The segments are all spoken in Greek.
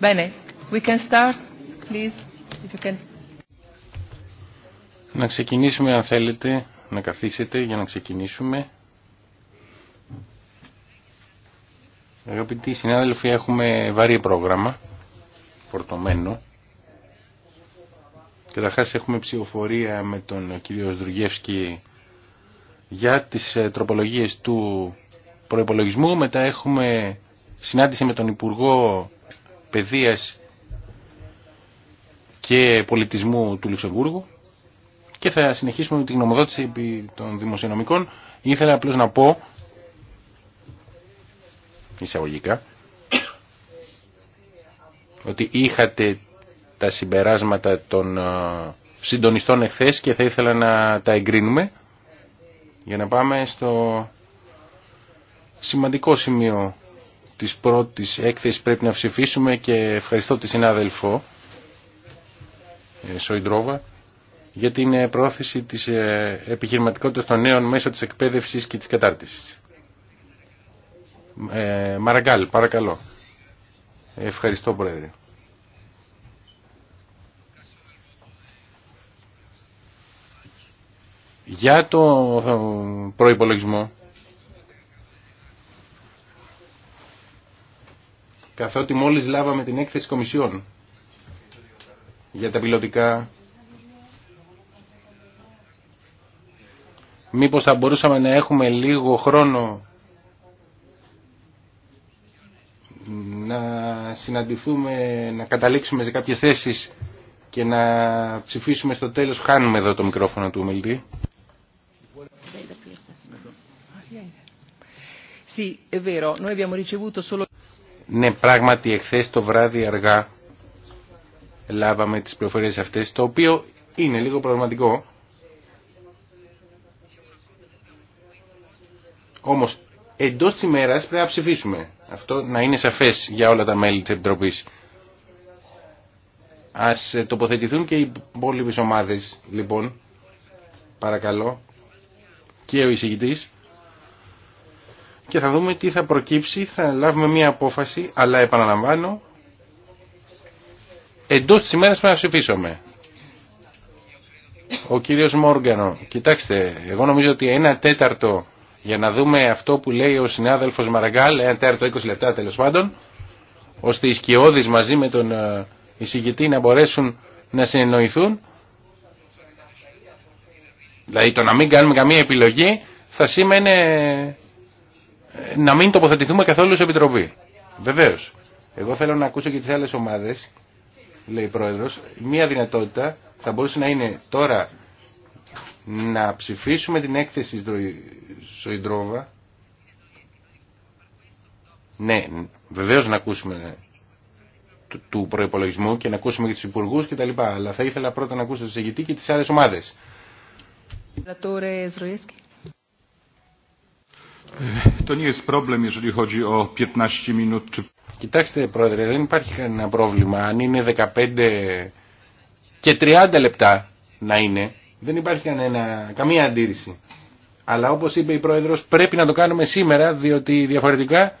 we Να ξεκινήσουμε αν θέλετε, να καθίσετε για να ξεκινήσουμε. Αγαπητοί συνάδελφοι, έχουμε βαρύ πρόγραμμα, φορτωμένο. Καταρχάς έχουμε ψηφοφορία με τον κύριο Σδρουγεύσκη για τις ε, τροπολογίες του προϋπολογισμού. Μετά έχουμε συνάντηση με τον Υπουργό παιδείας και πολιτισμού του Λουξεμβούργου και θα συνεχίσουμε με την γνωμοδότηση επί των δημοσιονομικών. Ήθελα απλώς να πω εισαγωγικά ότι είχατε τα συμπεράσματα των ε, συντονιστών εχθές και θα ήθελα να τα εγκρίνουμε για να πάμε στο σημαντικό σημείο της πρώτης έκθεσης πρέπει να ψηφίσουμε και ευχαριστώ τη συνάδελφο ε, Σοϊντρόβα για την ε, πρόθεση της ε, επιχειρηματικότητας των νέων μέσω της εκπαίδευσης και της κατάρτισης. Μαραγκάλ, παρακαλώ. Ευχαριστώ, Πρόεδρε. Για το προϋπολογισμό καθότι μόλις λάβαμε την έκθεση κομισιών για τα πιλωτικά. Μήπως θα μπορούσαμε να έχουμε λίγο χρόνο να συναντηθούμε, να καταλήξουμε σε κάποιες θέσεις και να ψηφίσουμε στο τέλος. Χάνουμε εδώ το μικρόφωνο του ομιλητή. Sì, è vero, noi abbiamo ricevuto solo... Ναι, πράγματι εχθές το βράδυ αργά λάβαμε τις πληροφορίες αυτές, το οποίο είναι λίγο προβληματικό. Όμως εντός της ημέρας πρέπει να ψηφίσουμε. Αυτό να είναι σαφές για όλα τα μέλη της Επιτροπής. Ας ε, τοποθετηθούν και οι υπόλοιπες ομάδες, λοιπόν, παρακαλώ, και ο εισηγητής και θα δούμε τι θα προκύψει, θα λάβουμε μια απόφαση, αλλά επαναλαμβάνω, εντός της ημέρας πρέπει να ψηφίσουμε. Ο κύριος Μόργανο, κοιτάξτε, εγώ νομίζω ότι ένα τέταρτο για να δούμε αυτό που λέει ο συνάδελφος Μαραγκάλ, ένα τέταρτο 20 λεπτά τέλος πάντων, ώστε οι σκιώδεις μαζί με τον ε, εισηγητή να μπορέσουν να συνεννοηθούν. Δηλαδή το να μην κάνουμε καμία επιλογή θα σήμαινε ε, να μην τοποθετηθούμε καθόλου σε επιτροπή. Βεβαίω. Εγώ θέλω να ακούσω και τι άλλε ομάδε, λέει η πρόεδρο. Μία δυνατότητα θα μπορούσε να είναι τώρα να ψηφίσουμε την έκθεση Σοϊντρόβα. Ναι, βεβαίω να ακούσουμε του προπολογισμού και να ακούσουμε και του υπουργού κτλ. Αλλά θα ήθελα πρώτα να ακούσω του ηγητή και τι άλλε ομάδε. Κοιτάξτε πρόεδρε, δεν υπάρχει κανένα πρόβλημα αν είναι 15 και 30 λεπτά να είναι. Δεν υπάρχει καμία αντίρρηση. Αλλά όπως είπε η πρόεδρος πρέπει να το κάνουμε σήμερα διότι διαφορετικά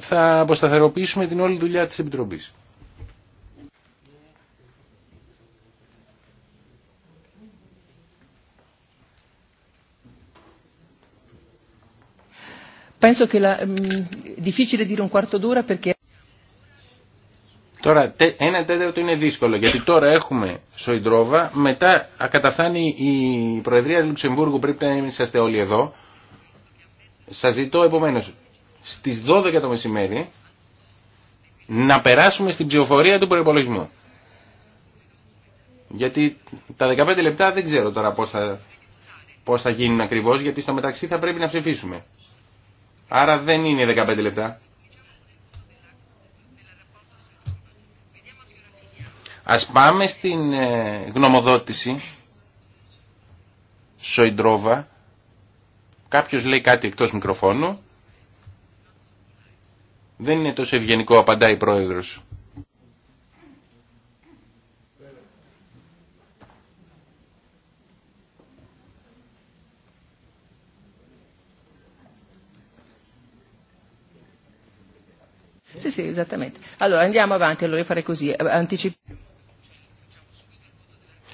θα αποσταθεροποιήσουμε την όλη δουλειά της Επιτροπής. Penso che la, mm, difficile dire un quarto d'ora perché... Τώρα ένα τέταρτο είναι δύσκολο γιατί τώρα έχουμε Σοϊντρόβα, μετά καταφθάνει η Προεδρία του Λουξεμβούργου, πρέπει να είσαστε όλοι εδώ. Σας ζητώ επομένω, στις 12 το μεσημέρι να περάσουμε στην ψηφοφορία του προπολογισμού. Γιατί τα 15 λεπτά δεν ξέρω τώρα πώς θα, πώς θα γίνουν ακριβώς, γιατί στο μεταξύ θα πρέπει να ψηφίσουμε. Άρα δεν είναι 15 λεπτά. Ας πάμε στην ε, γνωμοδότηση. Σοϊντρόβα. Κάποιος λέει κάτι εκτός μικροφώνου. Δεν είναι τόσο ευγενικό, απαντάει η πρόεδρος. esattamente. Allora andiamo avanti, allora eh,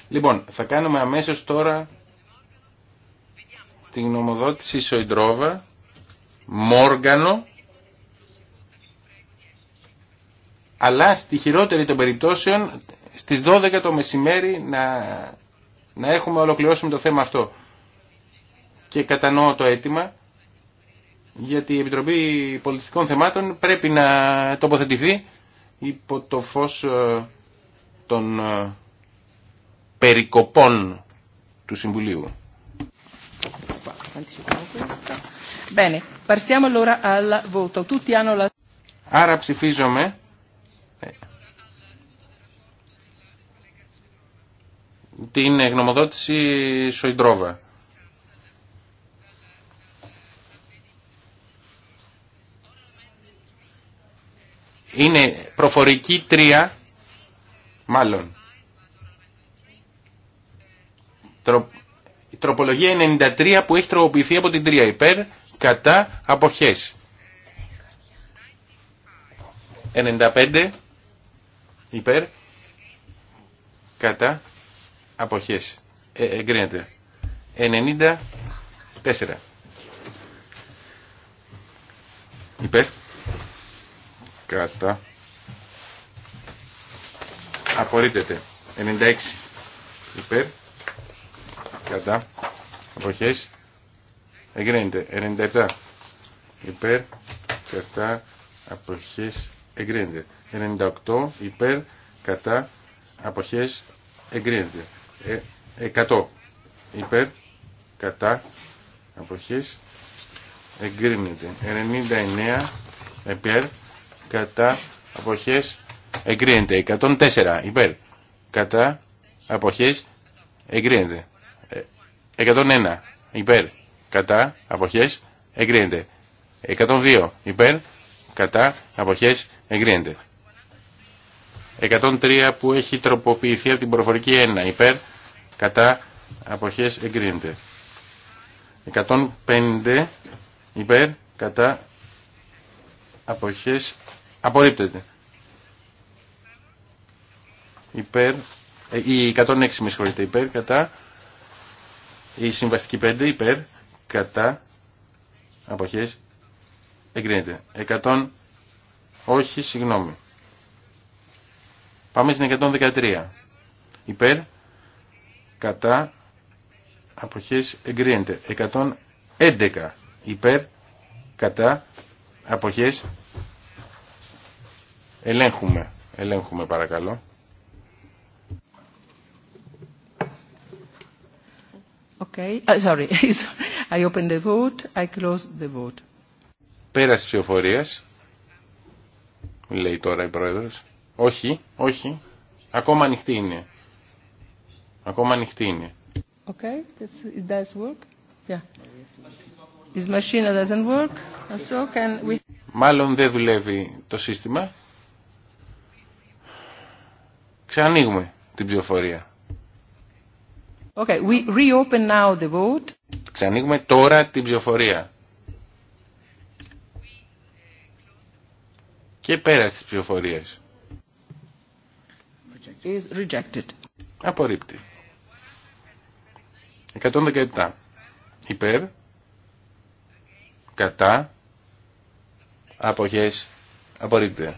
Λοιπόν, θα κάνουμε αμέσως τώρα την γνωμοδότηση Σοϊντρόβα, Μόργανο, αλλά στη χειρότερη των περιπτώσεων στις 12 το μεσημέρι να, να έχουμε ολοκληρώσει το θέμα αυτό. Και κατανοώ το αίτημα γιατί η Επιτροπή Πολιτιστικών Θεμάτων πρέπει να τοποθετηθεί υπό το φως ε, των ε, περικοπών του Συμβουλίου. Άρα ψηφίζομαι ε, την γνωμοδότηση Σοϊντρόβα. είναι προφορική 3, μάλλον. Η τροπολογία 93 που έχει τροποποιηθεί από την 3 υπέρ, κατά, αποχές. 95 υπέρ, κατά, αποχές. Ε, εγκρίνεται. 94 υπέρ. Κατά. απορρίτεται 96 υπέρ. Κατά. Αποχές. Εγκρίνεται. 97 υπέρ. Κατά. Αποχές. Εγκρίνεται. 98 υπέρ. Κατά. Αποχές. Εγκρίνεται. 100 ε, υπέρ. Κατά. Αποχές εγκρίνεται. 99 επέρ κατά αποχές εγκρίνεται. 104 υπέρ κατά αποχές εγκρίνεται. 101 ε, υπέρ κατά αποχές εγκρίνεται. 102 υπέρ κατά αποχές εγκρίνεται. 103 που έχει τροποποιηθεί από την προφορική 1 υπέρ κατά αποχές εγκρίνεται. 105 υπέρ κατά αποχές Απορρίπτεται. Υπέρ, ε, η 106 με συγχωρείτε, υπέρ, κατά. Η συμβαστική 5 υπέρ, κατά. Αποχές. Εγκρίνεται. 100, όχι, συγγνώμη. Πάμε στην 113. Υπέρ, κατά, αποχές εγκρίνεται. 111 υπέρ, κατά, αποχές Ελέγχουμε. Ελέγχουμε παρακαλώ. Okay. Uh, sorry. I open the vote. I close the vote. Πέρασε ψηφοφορίας. Λέει τώρα η πρόεδρος. Όχι, όχι. Ακόμα ανοιχτή είναι. Ακόμα ανοιχτή είναι. Okay, That's, it does work. Yeah. This machine doesn't work. So can we... Μάλλον δεν δουλεύει το σύστημα. Ξανοίγουμε την ψηφοφορία. Okay, we reopen now the vote. τώρα την ψηφοφορία. Και πέρα στις ψηφοφορίες. Is rejected. Απορρίπτει. 117. Υπέρ. Κατά. Αποχές. Απορρίπτει.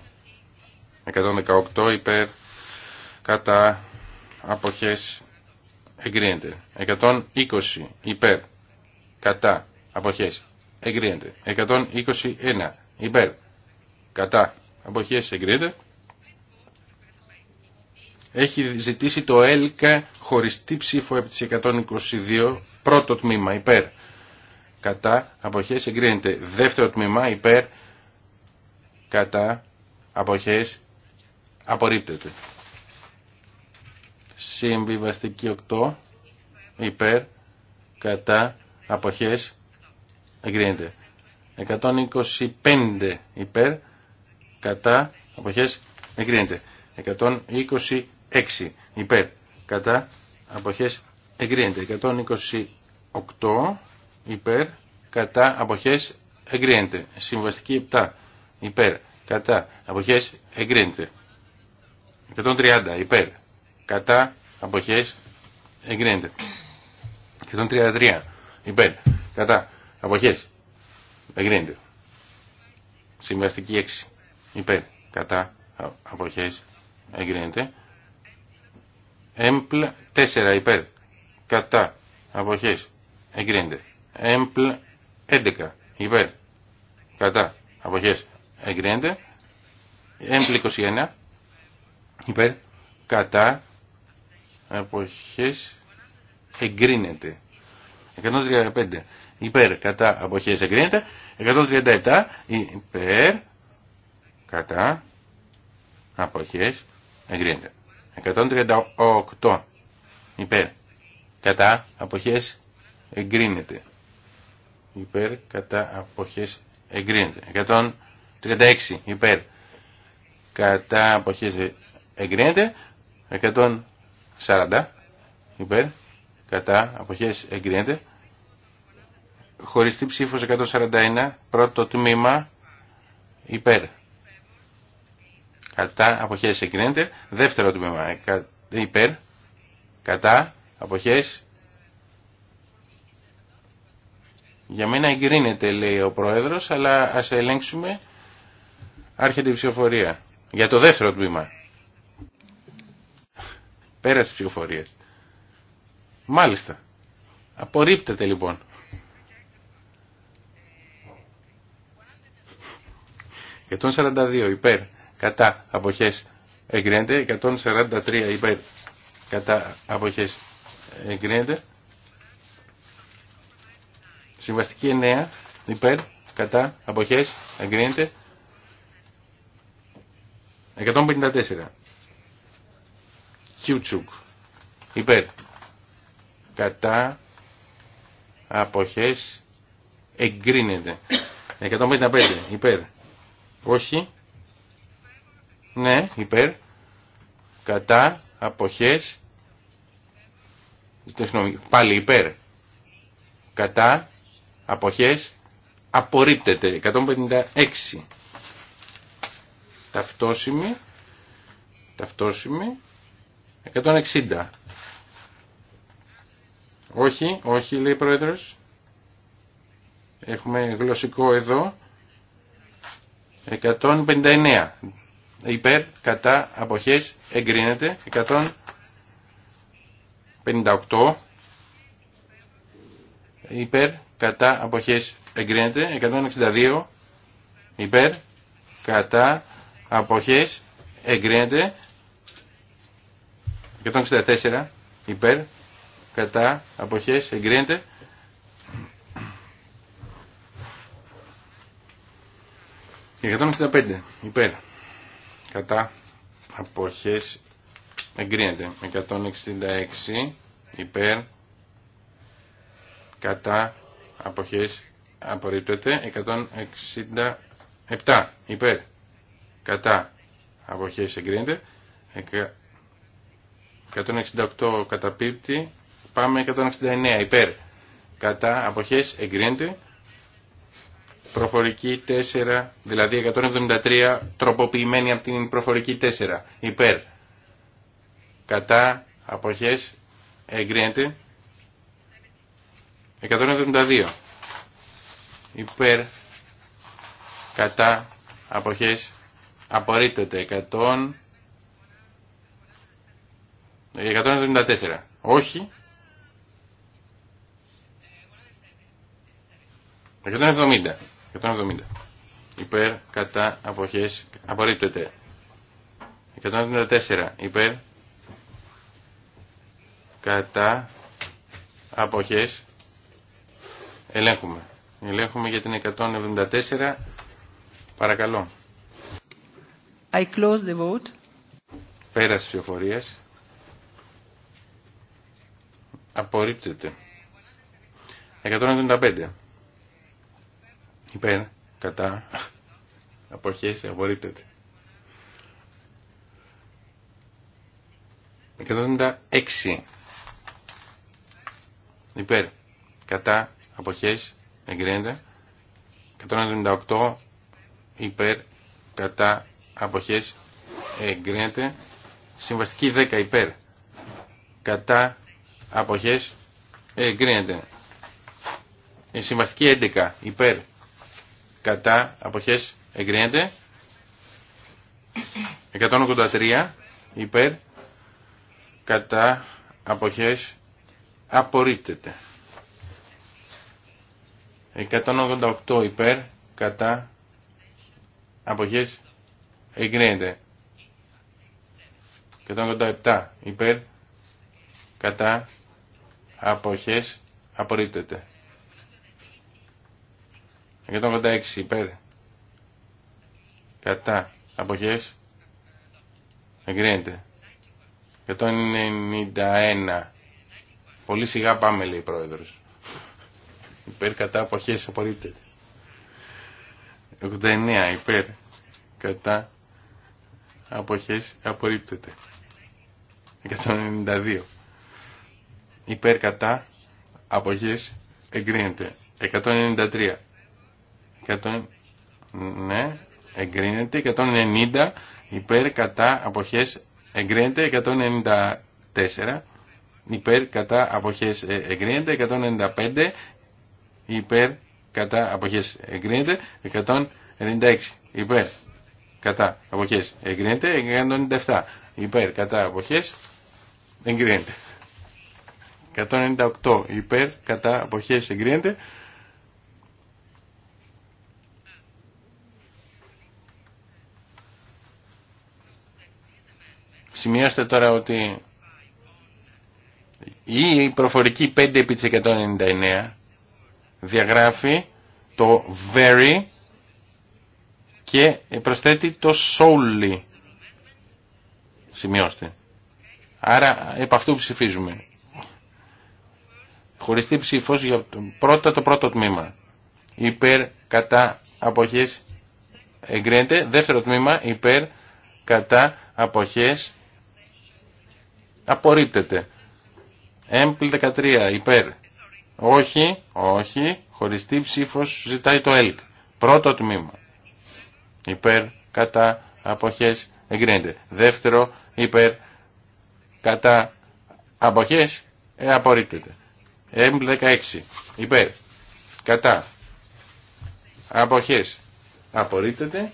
118 υπέρ κατά αποχές εγκρίνεται. 120 υπέρ κατά αποχές εγκρίνεται. 121 υπέρ κατά αποχές εγκρίνεται. Έχει ζητήσει το ΕΛΚΑ χωριστή ψήφο από τις 122 πρώτο τμήμα υπέρ κατά αποχές εγκρίνεται. Δεύτερο τμήμα υπέρ κατά αποχές απορρίπτεται. Συμβιβαστική 8 υπέρ κατά αποχές εγκρίνεται. 125 υπέρ κατά αποχές εγκρίνεται. 126 υπέρ κατά αποχές εγκρίνεται. 128 υπέρ κατά αποχές εγκρίνεται. Συμβαστική 7 υπέρ κατά αποχές εγκρίνεται. 130 υπέρ κατά αποχές εγκρίνεται 33, υπέρ κατά αποχές εγκρίνεται συμβαστική 6 υπέρ κατά αποχές εγκρίνεται έμπλ 4 υπέρ κατά αποχές εγκρίνεται έμπλ 11 υπέρ κατά αποχές εγκρίνεται έμπλ 21 υπέρ κατά αποχές εγκρίνεται. 135 υπέρ κατά αποχές εγκρίνεται. 137 υπέρ κατά αποχές εγκρίνεται. 138 υπέρ κατά αποχές εγκρίνεται. Υπέρ κατά αποχές εγκρίνεται. 136 υπέρ κατά αποχές εγκρίνεται. 40 υπέρ κατά αποχές εγκρίνεται χωριστή ψήφος 141 πρώτο τμήμα υπέρ κατά αποχές εγκρίνεται δεύτερο τμήμα υπέρ κατά αποχές για μένα εγκρίνεται λέει ο πρόεδρος αλλά ας ελέγξουμε άρχεται η ψηφοφορία για το δεύτερο τμήμα Πέρα στις ψηφοφορίες. Μάλιστα. Απορρίπτεται λοιπόν. 142 υπέρ κατά αποχές εγκρίνεται. 143 υπέρ κατά αποχές εγκρίνεται. Συμβαστική 9 υπέρ κατά αποχές εγκρίνεται. 154 Χιούτσουκ. Υπέρ. Κατά αποχές εγκρίνεται. 155. Υπέρ. Όχι. Ναι, υπέρ. Κατά αποχές ε, πάλι υπέρ. Κατά αποχές απορρίπτεται. 156. Ταυτόσημη. Ταυτόσημη. 160. Όχι, όχι λέει πρόεδρος. Έχουμε γλωσσικό εδώ. 159. Υπέρ, κατά, αποχές, εγκρίνεται. 158. Υπέρ, κατά, αποχές, εγκρίνεται. 162. Υπέρ, κατά, αποχές, εγκρίνεται. 164 υπέρ κατά αποχές εγκρίνεται. Και 165 υπέρ κατά αποχές εγκρίνεται. 166 υπέρ κατά αποχές απορρίπτεται 167 υπέρ κατά αποχές εγκρίνεται 168 καταπίπτει. Πάμε 169 υπέρ. Κατά αποχές εγκρίνεται. Προφορική 4, δηλαδή 173 τροποποιημένη από την προφορική 4 υπέρ. Κατά αποχές εγκρίνεται. 172 υπέρ. Κατά αποχές απορρίπτεται. 174. Όχι. 170. 170. Υπέρ, κατά, αποχές, απορρίπτεται. 174. Υπέρ, κατά, αποχές, ελέγχουμε. Ελέγχουμε για την 174. Παρακαλώ. I close the vote. ψηφοφορίας απορρίπτεται. 175 υπέρ κατά αποχές απορρίπτεται. 196 υπέρ κατά αποχές εγκρίνεται. 198 υπέρ κατά αποχές εγκρίνεται. Συμβαστική 10 υπέρ κατά αποχές εγκρίνεται. Η συμβαστική 11 υπέρ κατά αποχές εγκρίνεται. 183 υπέρ κατά αποχές απορρίπτεται. 188 υπέρ κατά αποχές εγκρίνεται. 187 υπέρ κατά αποχές απορρίπτεται. 186 υπέρ κατά αποχές εγκρίνεται. 191 πολύ σιγά πάμε λέει η πρόεδρος. Υπέρ κατά αποχές απορρίπτεται. 89 υπέρ κατά αποχές απορρίπτεται. 192 υπέρ κατά αποχές εγκρίνεται 193 100, ναι εγκρίνεται 190 υπέρ κατά αποχές εγκρίνεται 194 ε, υπέρ κατά αποχές εγκρίνεται 195 υπέρ κατά αποχές εγκρίνεται 196 υπέρ κατά αποχές εγκρίνεται 197 υπέρ κατά αποχές εγκρίνεται 198 υπέρ κατά αποχές εγκρίνεται. Σημειώστε τώρα ότι η προφορική 5 επί 199 διαγράφει το very και προσθέτει το solely. Σημειώστε. Άρα επ' αυτού ψηφίζουμε χωριστή ψήφος για το, πρώτο το πρώτο τμήμα. Υπέρ κατά αποχές εγκρίνεται. Δεύτερο τμήμα υπέρ κατά αποχές απορρίπτεται. Έμπλ 13 υπέρ. Όχι, όχι, χωριστή ψήφος ζητάει το ΕΛΚ. Πρώτο τμήμα. Υπέρ κατά αποχές εγκρίνεται. Δεύτερο υπέρ κατά αποχές ε, απορρίπτεται. Εμπλ 16 υπέρ κατά αποχές απορρίπτεται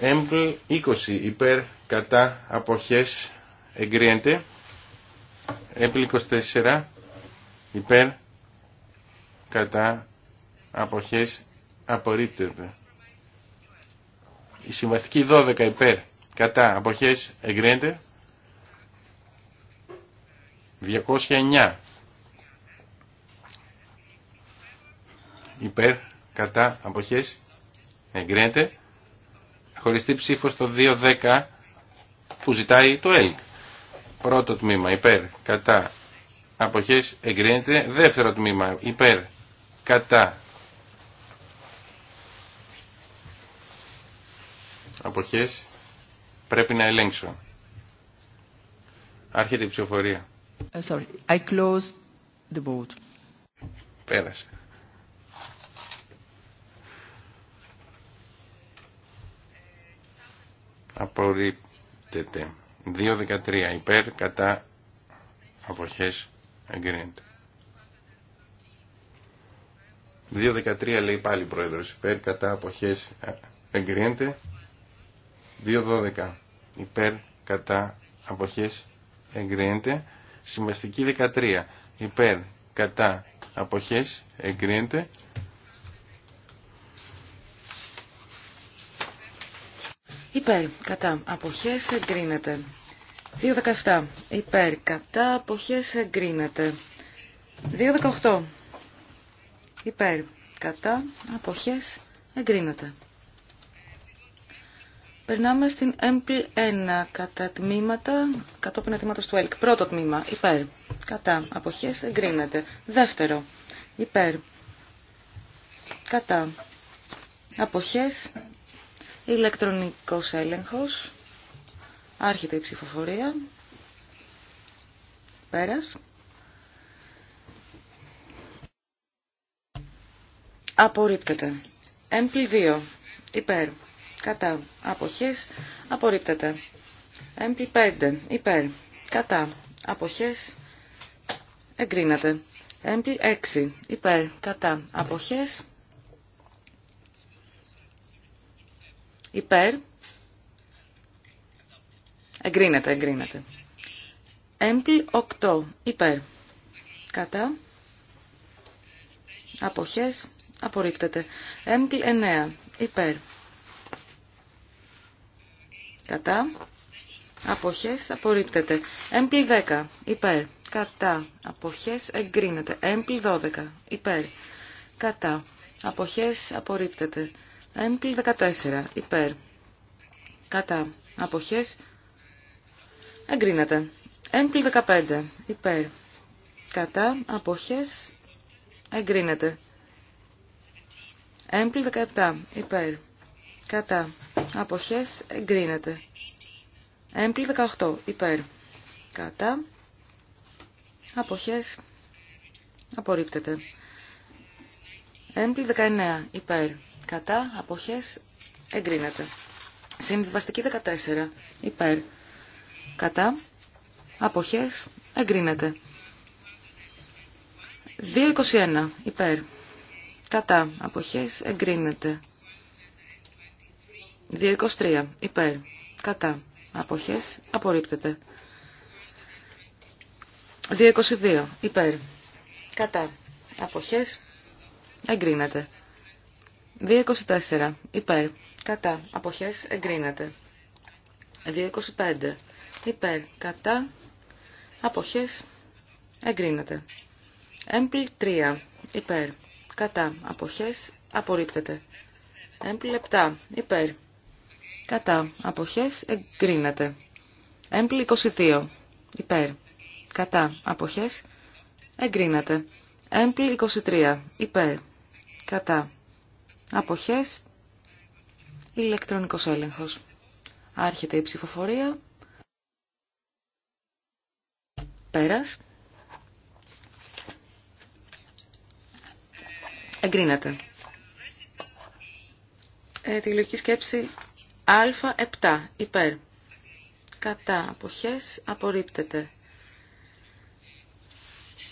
Εμπλ 20 υπέρ κατά αποχές εγκρίνεται Έμπλ 24 υπέρ κατά αποχές απορρίπτεται η συμβαστική 12 υπέρ κατά αποχές εγκρίνεται 209 υπέρ κατά αποχές εγκρίνεται χωριστή ψήφο στο 210 που ζητάει το ΕΛΚ. Πρώτο τμήμα υπέρ κατά αποχές εγκρίνεται. Δεύτερο τμήμα υπέρ κατά αποχές πρέπει να ελέγξω. Άρχεται η ψηφοφορία. Uh, sorry, I close the vote. Πέρασε. Απορρίπτεται. 2.13 υπέρ κατά αποχές εγκρίνεται. 2.13 λέει πάλι πρόεδρος υπέρ κατά αποχές εγκρίνεται. 12 υπέρ κατά αποχές εγκρίνεται. Συμβαστική 13. Υπέρ, κατά, αποχές, εγκρίνεται. Υπέρ, κατά, αποχές, εγκρίνεται. 2.17. Υπέρ, κατά, αποχές, εγκρίνεται. 2.18. Υπέρ, κατά, αποχές, εγκρίνεται. Περνάμε στην MP1 κατά τμήματα, κατόπιν αιτήματος του ΕΛΚ. Πρώτο τμήμα, υπέρ. Κατά. Αποχές εγκρίνεται. Δεύτερο, υπέρ. Κατά. Αποχές. Ηλεκτρονικός έλεγχος. Άρχεται η ψηφοφορία. Πέρας. Απορρίπτεται. MP2. Υπέρ κατά αποχές απορρίπτεται. MP5 υπέρ κατά αποχές εγκρίνεται. MP6 υπέρ κατά αποχές υπέρ εγκρίνεται, εγκρίνεται. MP8 υπέρ κατά αποχές απορρίπτεται. MP9 υπέρ κατά, αποχές απορρίπτεται. Έμπλη 10, υπέρ, κατά, αποχές εγκρίνεται. Έμπλη 12, υπέρ, κατά, αποχές απορρίπτεται. Έμπλη 14, υπέρ, κατά, αποχές εγκρίνεται. Έμπλη 15, υπέρ, κατά, αποχές εγκρίνεται. Έμπλη 17, υπέρ, κατά, αποχές εγκρίνεται. Έμπλη 18 υπέρ κατά αποχές απορρίπτεται. Έμπλη 19 υπέρ κατά αποχές εγκρίνεται. Συμβιβαστική 14 υπέρ κατά αποχές εγκρίνεται. 2.21 υπέρ κατά αποχές εγκρίνεται. 2.23 υπέρ κατά αποχές απορρίπτεται. 2.22 υπέρ κατά αποχές εγκρίνεται. 2.24 υπέρ κατά αποχές εγκρίνεται. 2.25 υπέρ κατά αποχές εγκρίνεται. Έμπλ 3 υπέρ κατά αποχές απορρίπτεται. Έμπλ 7 υπέρ Κατά. Αποχές εγκρίνεται. Έμπλη 22. Υπέρ. Κατά. Αποχές εγκρίνεται. Έμπλη 23. Υπέρ. Κατά. Αποχές ηλεκτρονικός έλεγχος. Άρχεται η ψηφοφορία. Πέρας. Εγκρίνεται. Ε, τη λογική σκέψη Α7 υπέρ. Κατά αποχές απορρίπτεται.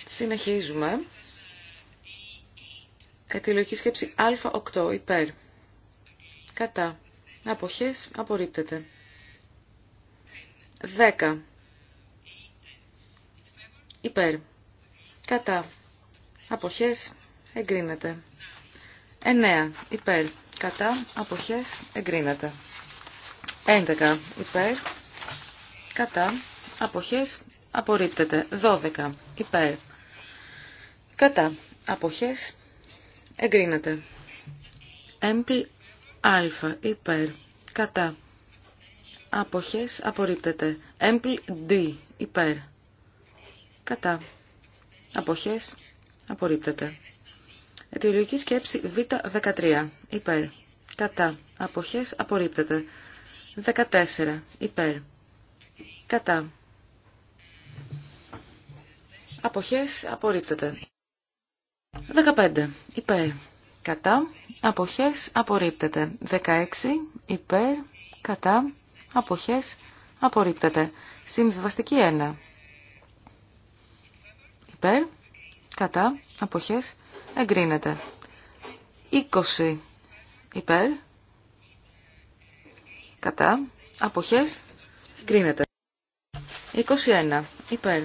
Συνεχίζουμε. Ετυλογική σκέψη Α8 υπέρ. Κατά. Αποχές απορρίπτεται. 10. Υπέρ. Κατά. Αποχές εγκρίνεται. 9. Υπέρ. Κατά. Αποχές εγκρίνεται. 11 υπέρ, κατά, αποχές, απορρίπτεται. 12 υπέρ, κατά, αποχές, εγκρίνεται. Έμπλ α υπέρ, κατά, αποχές, απορρίπτεται. Έμπλ d υπέρ, κατά, αποχές, απορρίπτεται. Αιτιολογική σκέψη Β13. Υπέρ. Κατά. Αποχές απορρίπτεται. 14. Υπέρ. Κατά. Αποχές απορρίπτεται. 15. Υπέρ. Κατά. Αποχές απορρίπτεται. 16. Υπέρ. Κατά. Αποχές απορρίπτεται. Συμβιβαστική 1. Υπέρ. Κατά. Αποχές εγκρίνεται. 20. Υπέρ. Κατά. Αποχές. Εγκρίνεται. 21. Υπέρ.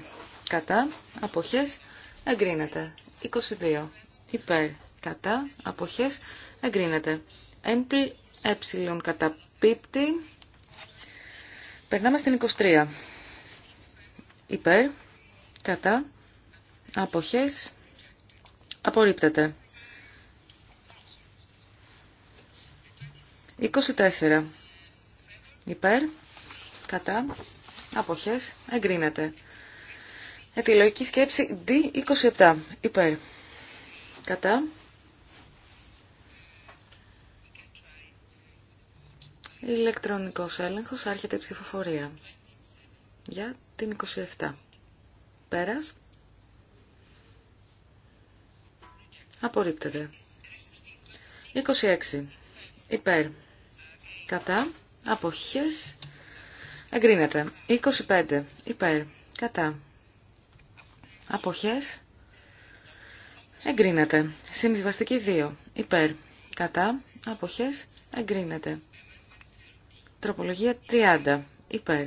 Κατά. Αποχές. Εγκρίνεται. 22. Υπέρ. Κατά. Αποχές. Εγκρίνεται. εμπλ ε κατά πίπτη. Περνάμε στην 23. Υπέρ. Κατά. Αποχές. Απορρίπτεται. 24. Υπέρ. Κατά. Αποχές. Εγκρίνεται. Ετυλογική σκέψη D27. Υπέρ. Κατά. Ηλεκτρονικός έλεγχος. Άρχεται η ψηφοφορία. Για την 27. Πέρας. Απορρίπτεται. 26. Υπέρ. Κατά αποχές εγκρίνεται. 25 υπέρ κατά αποχές εγκρίνεται. Συμβιβαστική 2 υπέρ κατά αποχές εγκρίνεται. Τροπολογία 30 υπέρ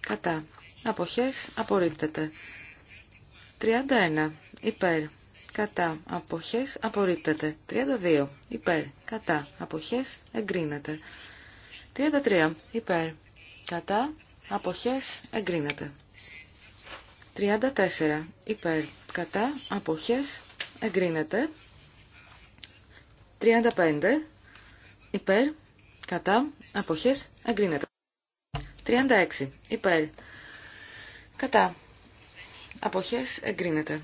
κατά αποχές απορρίπτεται. 31 υπέρ κατά αποχές απορρίπτεται. 32 υπέρ κατά αποχές εγκρίνεται. 33 υπέρ. Κατά αποχές εγκρίνεται. 34 υπέρ. Κατά αποχές εγκρίνεται. 35 υπέρ. Κατά αποχές εγκρίνεται. 36 υπέρ. Κατά αποχές εγκρίνεται.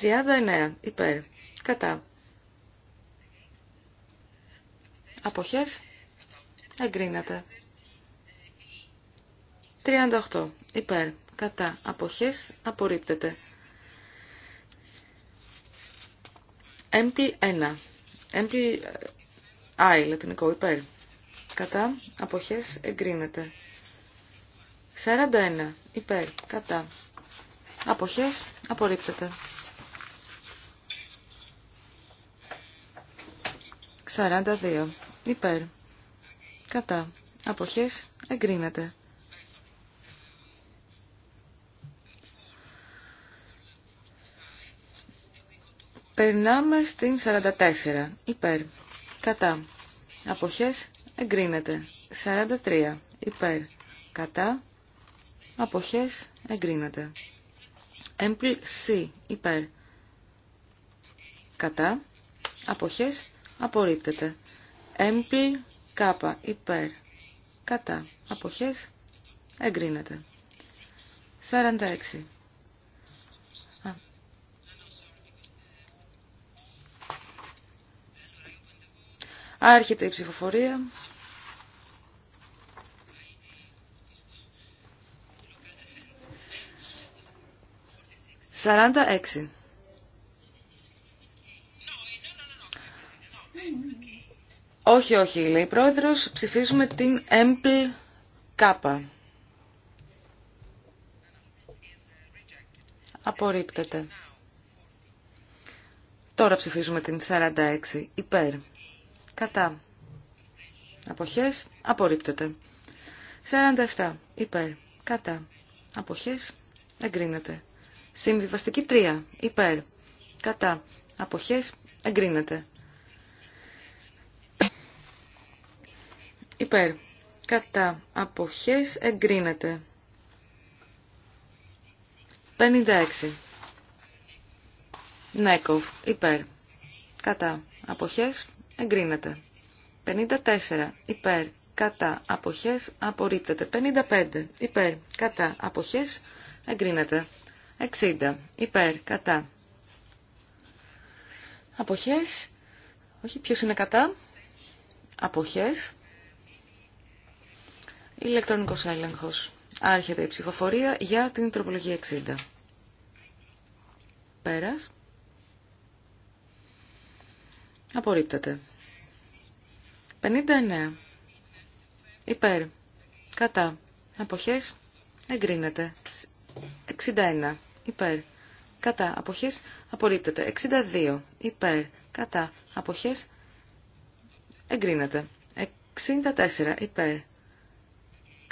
39 υπέρ. Κατά Αποχές. Εγκρίνεται. 38. Υπέρ. Κατά. Αποχές. Απορρίπτεται. Απορρίπτεται. 1. MPI. I, λατινικό, υπέρ. Κατά, αποχές, εγκρίνεται. 41, υπέρ, κατά. Αποχές, απορρίπτεται. 42, Υπέρ. Κατά. Αποχές. Εγκρίνεται. Περνάμε στην 44. Υπέρ. Κατά. Αποχές. Εγκρίνεται. 43. Υπέρ. Κατά. Αποχές. Εγκρίνεται. Έμπλ C. Υπέρ. Κατά. Αποχές. Απορρίπτεται. Έμπλ κάπα υπέρ κατά αποχές εγκρίνεται. 46. Α. Άρχεται η ψηφοφορία. Σαράντα έξι. Όχι, όχι, λέει η πρόεδρος, ψηφίζουμε την ΕΜΠΛ ΚΑΠΑ. Απορρίπτεται. Τώρα ψηφίζουμε την 46. Υπέρ. Κατά. Αποχές. Απορρίπτεται. 47. Υπέρ. Κατά. Αποχές. Εγκρίνεται. Συμβιβαστική 3. Υπέρ. Κατά. Αποχές. Εγκρίνεται. υπέρ. Κατά αποχές εγκρίνεται. 56. Νέκοφ. υπέρ. Κατά αποχές εγκρίνεται. 54. Υπέρ. Κατά αποχές απορρίπτεται. 55. Υπέρ. Κατά αποχές εγκρίνεται. 60. Υπέρ. Κατά. Αποχές. Όχι, ποιος είναι κατά. Αποχές. Ηλεκτρονικός έλεγχος. Άρχεται η ψηφοφορία για την τροπολογία 60. Πέρας. Απορρίπτεται. 59. Υπέρ. Κατά. Αποχές. Εγκρίνεται. 61. Υπέρ. Κατά. Αποχές. Απορρίπτεται. 62. Υπέρ. Κατά. Αποχές. Εγκρίνεται. 64. Υπέρ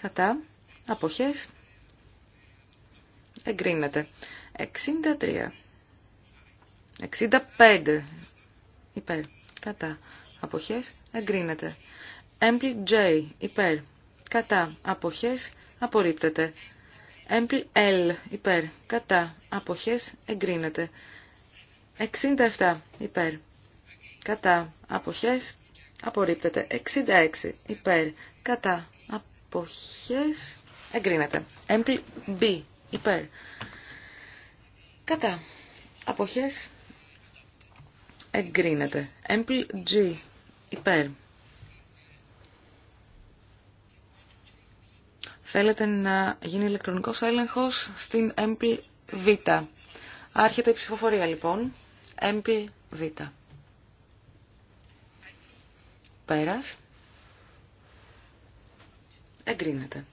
κατά, αποχές, εγκρίνεται. 63, 65, υπέρ, κατά, αποχές, εγκρίνεται. Έμπλη J, υπέρ, κατά, αποχές, απορρίπτεται. Έμπλη L, υπέρ, κατά, αποχές, εγκρίνεται. 67, υπέρ, κατά, αποχές, απορρίπτεται. 66, υπέρ, κατά, αποχές εγκρίνεται. Έμπλη B υπέρ. Κατά αποχές εγκρίνεται. Έμπλη G υπέρ. Θέλετε να γίνει ηλεκτρονικός έλεγχος στην Έμπλη Β. Άρχεται η ψηφοφορία λοιπόν. Έμπλη Β. Πέρας εγκρίνεται.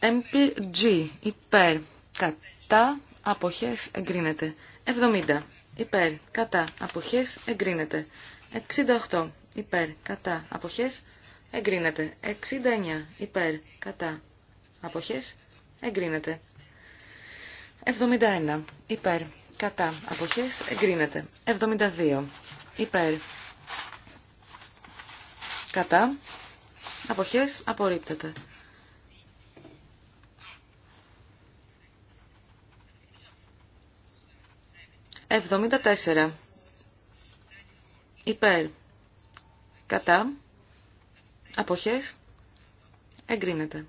MPG υπέρ κατά αποχές εγκρίνεται. 70 υπέρ κατά αποχές εγκρίνεται. 68 υπέρ κατά αποχές εγκρίνεται. 69 υπέρ κατά αποχές εγκρίνεται. 71 υπέρ κατά αποχές εγκρίνεται. 72 υπέρ κατά Αποχές απορρίπτεται. Εβδομήντα τέσσερα. Υπέρ. Κατά. Αποχές. Εγκρίνεται.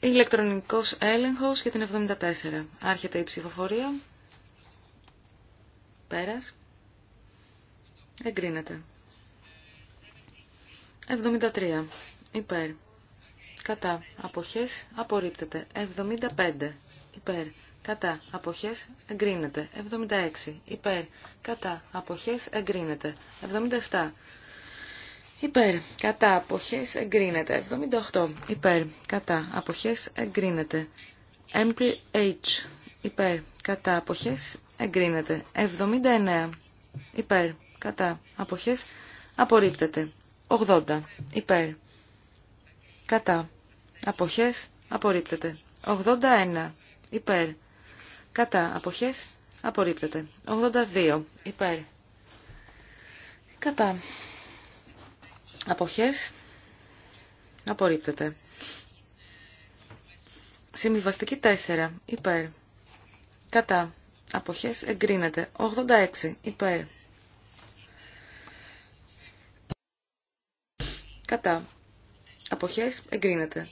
Ηλεκτρονικός έλεγχος για την 74. Άρχεται η ψηφοφορία. Πέρας. Εγκρίνεται. 73. Υπέρ. Κατά. Αποχές. Απορρίπτεται. 75. Υπέρ. Κατά. Αποχές. Εγκρίνεται. 76. Υπέρ. Κατά. Αποχές. Εγκρίνεται. 77. Υπέρ. Κατά. Αποχές. Εγκρίνεται. 78. Υπέρ. Κατά. Αποχές. Εγκρίνεται. MPH. Υπέρ. Κατά. Αποχές. Εγκρίνεται. 79. Υπέρ. Κατά. Αποχές. Απορρίπτεται. 80. Υπέρ. Κατά. Αποχές. Απορρίπτεται. 81. Υπέρ. Κατά. Αποχές. Απορρίπτεται. 82. Υπέρ. Κατά. Αποχές. Απορρίπτεται. Συμβιβαστική 4. Υπέρ. Κατά. Αποχές εγκρίνεται. 86. Υπέρ. Κατά. Αποχές εγκρίνεται.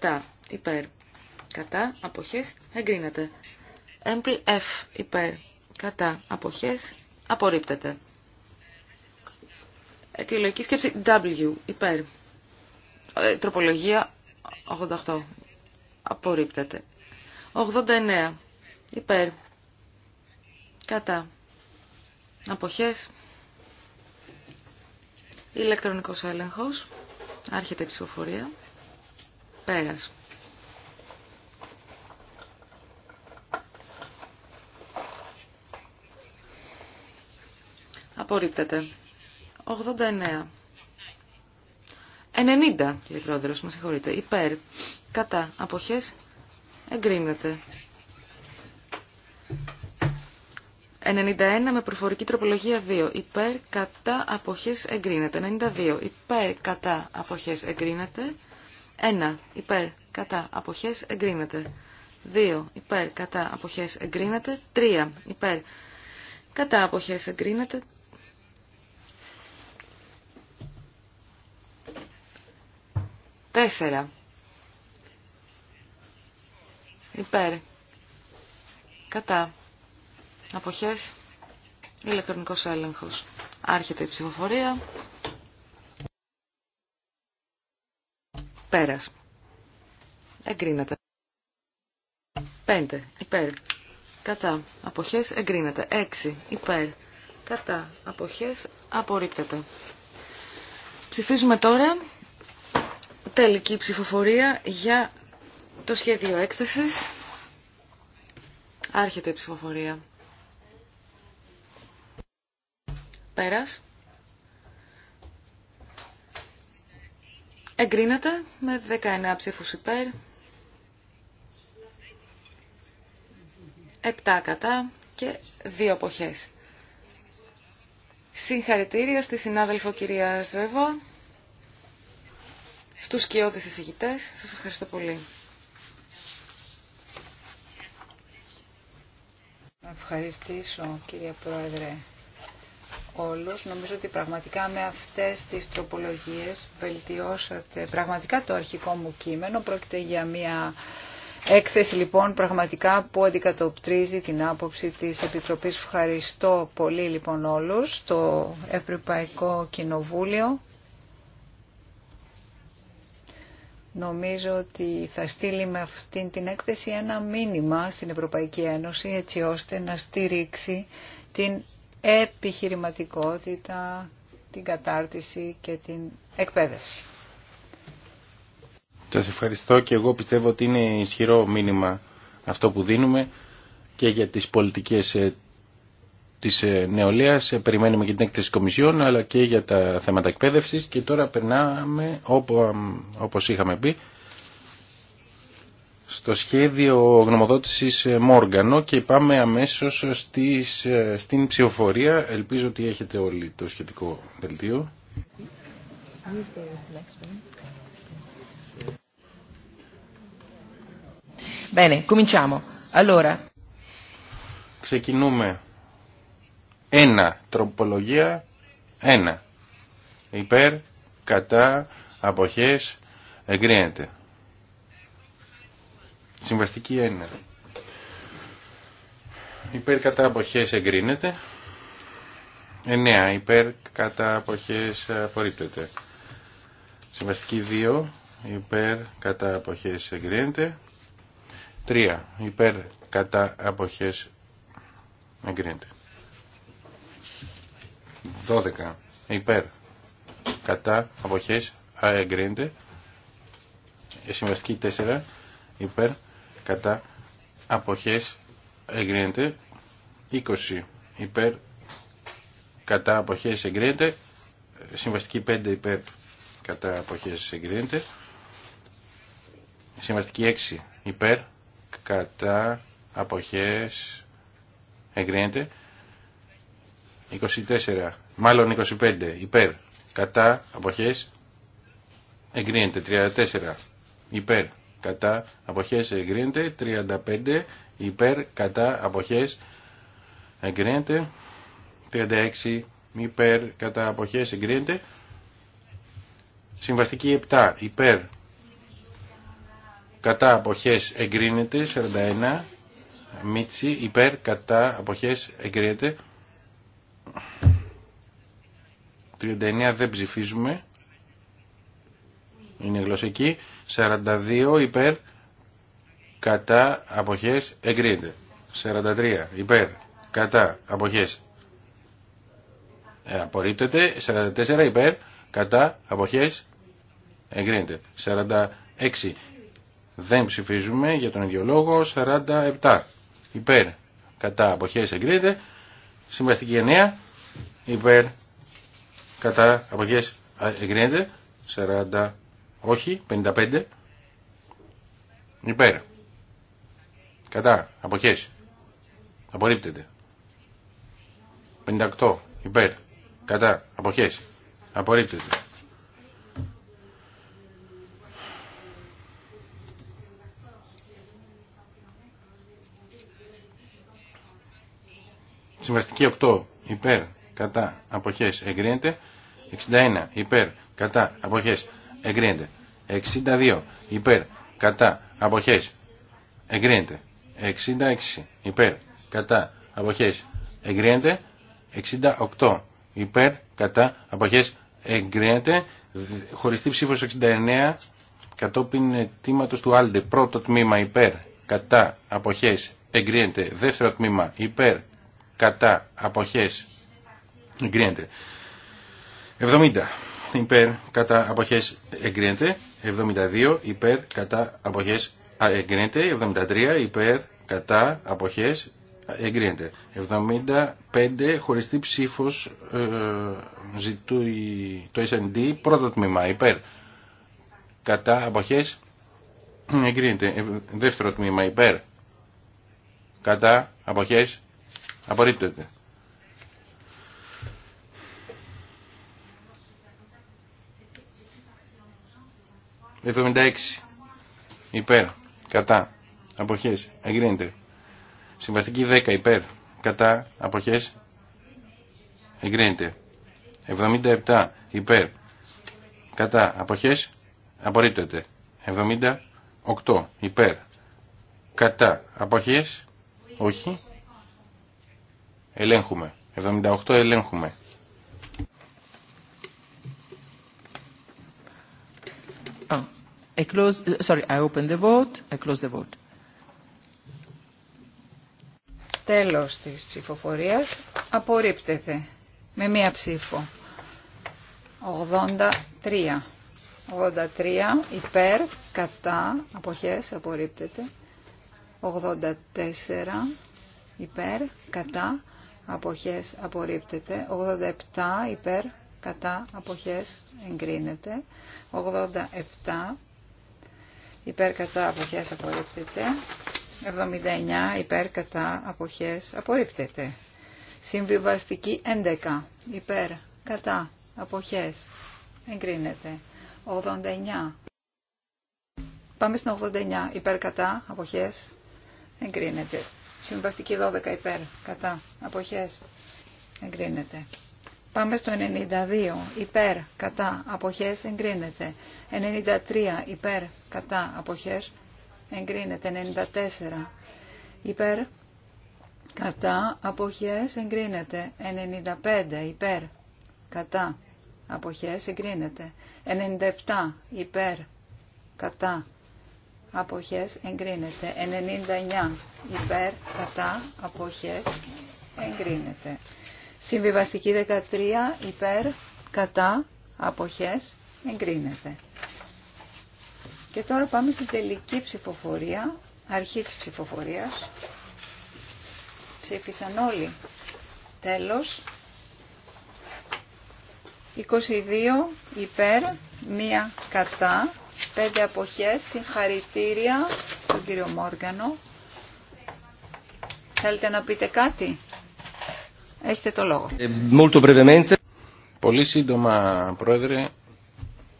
87 υπέρ. Κατά. Αποχές εγκρίνεται. Εμπλη F υπέρ. Κατά. Αποχές απορρίπτεται. Αιτιολογική σκέψη W υπέρ. Ε, τροπολογία 88. Απορρίπτεται. 89. Υπέρ. Κατά. Αποχές. Ηλεκτρονικός έλεγχος. Άρχεται η ψηφοφορία. Πέρας. Απορρίπτεται. 89. 90, λέει πρόεδρος, με συγχωρείτε. Υπέρ. Κατά. Αποχές. Εγκρίνεται. 91 με προφορική τροπολογία 2. Υπέρ κατά αποχές εγκρίνεται. 92. Υπέρ κατά αποχές εγκρίνεται. 1. Υπέρ κατά απόχέ εγκρίνεται. 2. Υπέρ κατά αποχές εγκρίνεται. 3. Υπέρ κατά αποχέ εγκρίνεται. 4. Υπέρ. Κατά αποχές, ηλεκτρονικός έλεγχος. Άρχεται η ψηφοφορία. Πέρας. Εγκρίνεται. 5. Υπέρ. Κατά. Αποχές εγκρίνεται. Έξι Υπέρ. Κατά. Αποχές απορρίπτεται. Ψηφίζουμε τώρα τελική ψηφοφορία για το σχέδιο έκθεσης. Άρχεται η ψηφοφορία. Πέρας. Εγκρίνεται με 19 ψήφους υπέρ. 7 κατά και 2 αποχές. Συγχαρητήρια στη συνάδελφο κυρία Στρεβό, στους σκιώδες εισηγητές. Σας ευχαριστώ πολύ. ευχαριστήσω κύριε Πρόεδρε όλους. Νομίζω ότι πραγματικά με αυτές τις τροπολογίες βελτιώσατε πραγματικά το αρχικό μου κείμενο. Πρόκειται για μια έκθεση λοιπόν πραγματικά που αντικατοπτρίζει την άποψη της Επιτροπής. Ευχαριστώ πολύ λοιπόν όλους το Ευρωπαϊκό Κοινοβούλιο. Νομίζω ότι θα στείλει με αυτήν την έκθεση ένα μήνυμα στην Ευρωπαϊκή Ένωση έτσι ώστε να στηρίξει την επιχειρηματικότητα, την κατάρτιση και την εκπαίδευση. Σας ευχαριστώ και εγώ πιστεύω ότι είναι ισχυρό μήνυμα αυτό που δίνουμε και για τις πολιτικές ε, της ε, νεολαίας. Ε, περιμένουμε και την έκθεση κομισιών αλλά και για τα θέματα εκπαίδευσης και τώρα περνάμε όπως είχαμε πει στο σχέδιο γνωμοδότησης ε, Μόργανο και πάμε αμέσως ε, στις, ε, στην ψηφοφορία. Ελπίζω ότι έχετε όλοι το σχετικό δελτίο. Bene, cominciamo. Allora. Ξεκινούμε. Ένα, τροπολογία, ένα. Υπέρ, κατά, αποχές, εγκρίνεται. Συμβαστική 1. Υπέρ κατά αποχές εγκρίνεται. 9. Υπέρ κατά αποχές απορρίπτεται. Συμβαστική 2. Υπέρ κατά αποχές εγκρίνεται. 3. Υπέρ κατά αποχές εγκρίνεται. 12. Υπέρ κατά αποχές εγκρίνεται. Ε, συμβαστική 4. Υπέρ κατά αποχές εγκρίνεται 20 υπέρ κατά αποχές εγκρίνεται συμβαστική 5 υπέρ κατά αποχές εγκρίνεται συμβαστική 6 υπέρ κατά αποχές εγκρίνεται 24 μάλλον 25 υπέρ κατά αποχές εγκρίνεται 34 υπέρ κατά αποχές εγκρίνεται 35 υπέρ κατά αποχές εγκρίνεται 36 υπέρ κατά αποχές εγκρίνεται συμβαστική 7 υπέρ κατά αποχές εγκρίνεται 41 μίτσι υπέρ κατά αποχές εγκρίνεται 39 δεν ψηφίζουμε είναι γλωσσική 42 υπέρ κατά αποχές εγκρίνεται. 43 υπέρ κατά αποχές ε, απορρίπτεται. 44 υπέρ κατά αποχές εγκρίνεται. 46 δεν ψηφίζουμε για τον ίδιο λόγο. 47 υπέρ κατά αποχές εγκρίνεται. Συμβαστική 9 υπέρ κατά αποχές εγκρίνεται. Όχι. 55. Υπέρ. Κατά. Αποχές. Απορρίπτεται. 58. Υπέρ. Κατά. Αποχές. Απορρίπτεται. 8. Υπέρ. Κατά. Αποχές. Εγκρίνεται. 61. Υπέρ. Κατά. Αποχές εγκρίνεται. 62 υπέρ κατά αποχές εγκρίνεται. 66 υπέρ κατά αποχές εγκρίνεται. 68 υπέρ κατά αποχές εγκρίνεται. Χωριστή ψήφος 69 κατόπιν αιτήματος του Άλντε. Πρώτο τμήμα υπέρ κατά αποχές εγκρίνεται. Δεύτερο τμήμα υπέρ κατά αποχές εγκρίνεται. 70 υπέρ κατά αποχές εγκρίνεται 72 υπέρ κατά αποχές εγκρίνεται 73 υπέρ κατά αποχές εγκρίνεται 75 χωριστή ψήφος ε, ζητούει το S&D πρώτο τμήμα υπέρ κατά αποχές εγκρίνεται δεύτερο τμήμα υπέρ κατά αποχές απορρίπτεται 76 υπέρ κατά αποχές εγκρίνεται. Συμβαστική 10 υπέρ κατά αποχές εγκρίνεται. 77 υπέρ κατά αποχές απορρίπτεται. 78 υπέρ κατά αποχές όχι ελέγχουμε. 78 ελέγχουμε. Oh. I close, sorry, I open the vote, I close the vote. Τέλος της ψηφοφορίας απορρίπτεται με μία ψήφο. 83. 83 υπέρ, κατά, αποχές, απορρίπτεται. 84 υπέρ, κατά, αποχές, απορρίπτεται. 87 υπέρ, κατά, αποχές, εγκρίνεται. 87 υπέρ κατά αποχές απορρίπτεται. 79 υπέρ κατά αποχές απορρίπτεται. Συμβιβαστική 11 υπέρ κατά αποχές εγκρίνεται. 89. Πάμε στην 89 υπέρ κατά αποχές εγκρίνεται. Συμβαστική 12 υπέρ κατά αποχές εγκρίνεται. Πάμε στο 92. Υπέρ, κατά, αποχές, εγκρίνεται. 93. Υπέρ, κατά, αποχές, εγκρίνεται. 94. Υπέρ, κατά, αποχές, εγκρίνεται. 95. Υπέρ, κατά, αποχές, εγκρίνεται. 97. Υπέρ, κατά, αποχές, εγκρίνεται. 99. Υπέρ, κατά, αποχές, εγκρίνεται. Συμβιβαστική 13 υπέρ κατά αποχές εγκρίνεται. Και τώρα πάμε στην τελική ψηφοφορία, αρχή της ψηφοφορίας. Ψήφισαν όλοι. Τέλος. 22 υπέρ, μία κατά, πέντε αποχές, συγχαρητήρια στον κύριο Μόργανο. Θέλετε να πείτε κάτι. Έχετε το λόγο. Ε, Πολύ σύντομα, Πρόεδρε,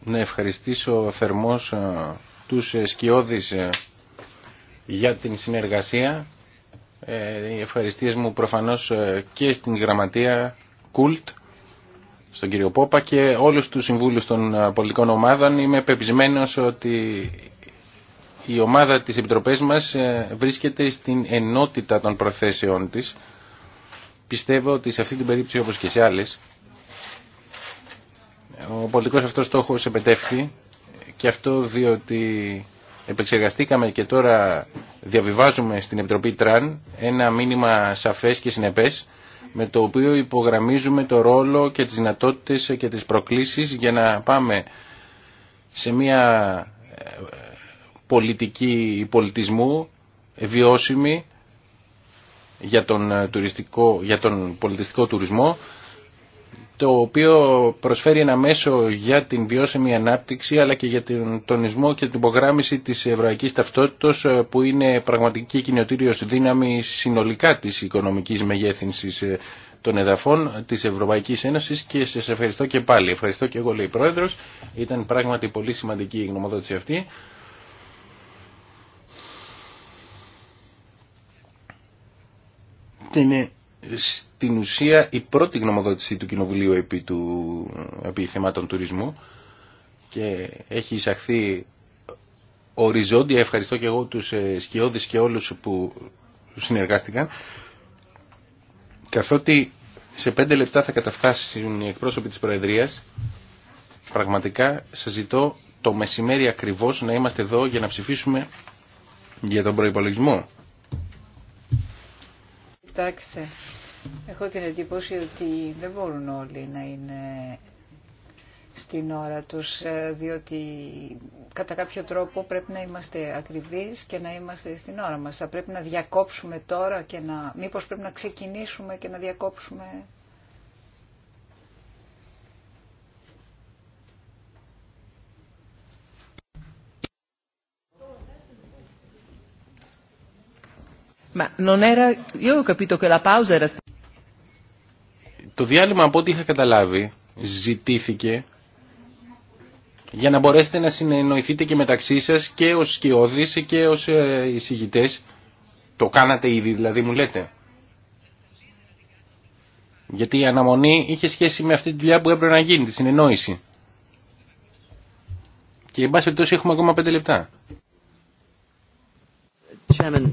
να ευχαριστήσω θερμός ε, τους σκιώδεις ε, για την συνεργασία. Οι ευχαριστίες μου προφανώς και στην γραμματεία Κούλτ, στον κύριο Πόπα και όλους τους συμβούλους των πολιτικών ομάδων. Είμαι πεπισμένος ότι η ομάδα της Επιτροπής μας βρίσκεται στην ενότητα των προθέσεών της πιστεύω ότι σε αυτή την περίπτωση όπως και σε άλλες ο πολιτικός αυτός στόχος επετεύχθη και αυτό διότι επεξεργαστήκαμε και τώρα διαβιβάζουμε στην Επιτροπή Τραν ένα μήνυμα σαφές και συνεπές με το οποίο υπογραμμίζουμε το ρόλο και τις δυνατότητες και τις προκλήσεις για να πάμε σε μια ε, πολιτική πολιτισμού βιώσιμη για τον, ε, τουριστικό, για τον πολιτιστικό τουρισμό το οποίο προσφέρει ένα μέσο για την βιώσιμη ανάπτυξη αλλά και για τον τονισμό και την υπογράμμιση της ευρωπαϊκής ταυτότητας ε, που είναι πραγματική κοινωτήριος δύναμη συνολικά της οικονομικής μεγέθυνσης ε, των εδαφών της Ευρωπαϊκής Ένωσης και σας ευχαριστώ και πάλι. Ευχαριστώ και εγώ λέει η Πρόεδρος. Ήταν πράγματι πολύ σημαντική η γνωμοδότηση αυτή. ήταν στην ουσία η πρώτη γνωμοδότηση του Κοινοβουλίου επί, του, επί θεμάτων τουρισμού και έχει εισαχθεί οριζόντια. Ευχαριστώ και εγώ τους ε, σκιώδεις και όλους που συνεργάστηκαν καθότι σε πέντε λεπτά θα καταφτάσουν οι εκπρόσωποι της Προεδρίας πραγματικά σας ζητώ το μεσημέρι ακριβώς να είμαστε εδώ για να ψηφίσουμε για τον προϋπολογισμό Κοιτάξτε, έχω την εντύπωση ότι δεν μπορούν όλοι να είναι στην ώρα τους, ε, διότι κατά κάποιο τρόπο πρέπει να είμαστε ακριβείς και να είμαστε στην ώρα μας. Θα πρέπει να διακόψουμε τώρα και να... Μήπως πρέπει να ξεκινήσουμε και να διακόψουμε Το διάλειμμα από ό,τι είχα καταλάβει ζητήθηκε για να μπορέσετε να συνεννοηθείτε και μεταξύ σας και ως σκιώδης και ως ε, εισηγητές. Το κάνατε ήδη δηλαδή μου λέτε. Γιατί η αναμονή είχε σχέση με αυτή τη δουλειά που έπρεπε να γίνει, τη συνεννόηση. Και εν πάση έχουμε ακόμα πέντε λεπτά. Chairman,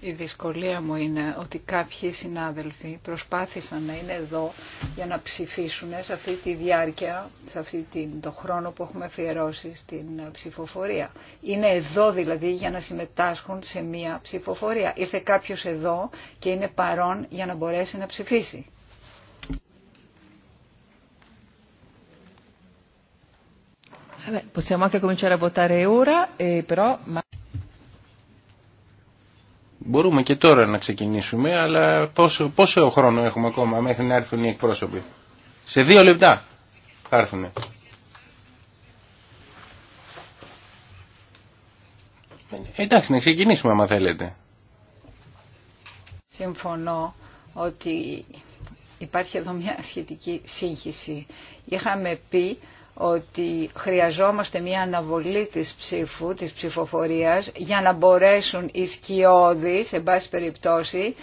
η δυσκολία μου είναι ότι κάποιοι συνάδελφοι προσπάθησαν να είναι εδώ για να ψηφίσουν σε αυτή τη διάρκεια, σε αυτή την, το χρόνο που έχουμε αφιερώσει στην ψηφοφορία. Είναι εδώ δηλαδή για να συμμετάσχουν σε μία ψηφοφορία. Ήρθε κάποιος εδώ και είναι παρόν για να μπορέσει να ψηφίσει. Μπορούμε και τώρα να ξεκινήσουμε, αλλά πόσο, πόσο χρόνο έχουμε ακόμα μέχρι να έρθουν οι εκπρόσωποι. Σε δύο λεπτά θα έρθουν. Εντάξει, να ξεκινήσουμε άμα θέλετε. Συμφωνώ ότι υπάρχει εδώ μια σχετική σύγχυση. Είχαμε πει ότι χρειαζόμαστε μια αναβολή της ψήφου, της ψηφοφορίας, για να μπορέσουν οι σκιώδεις, σε πάση περιπτώσει,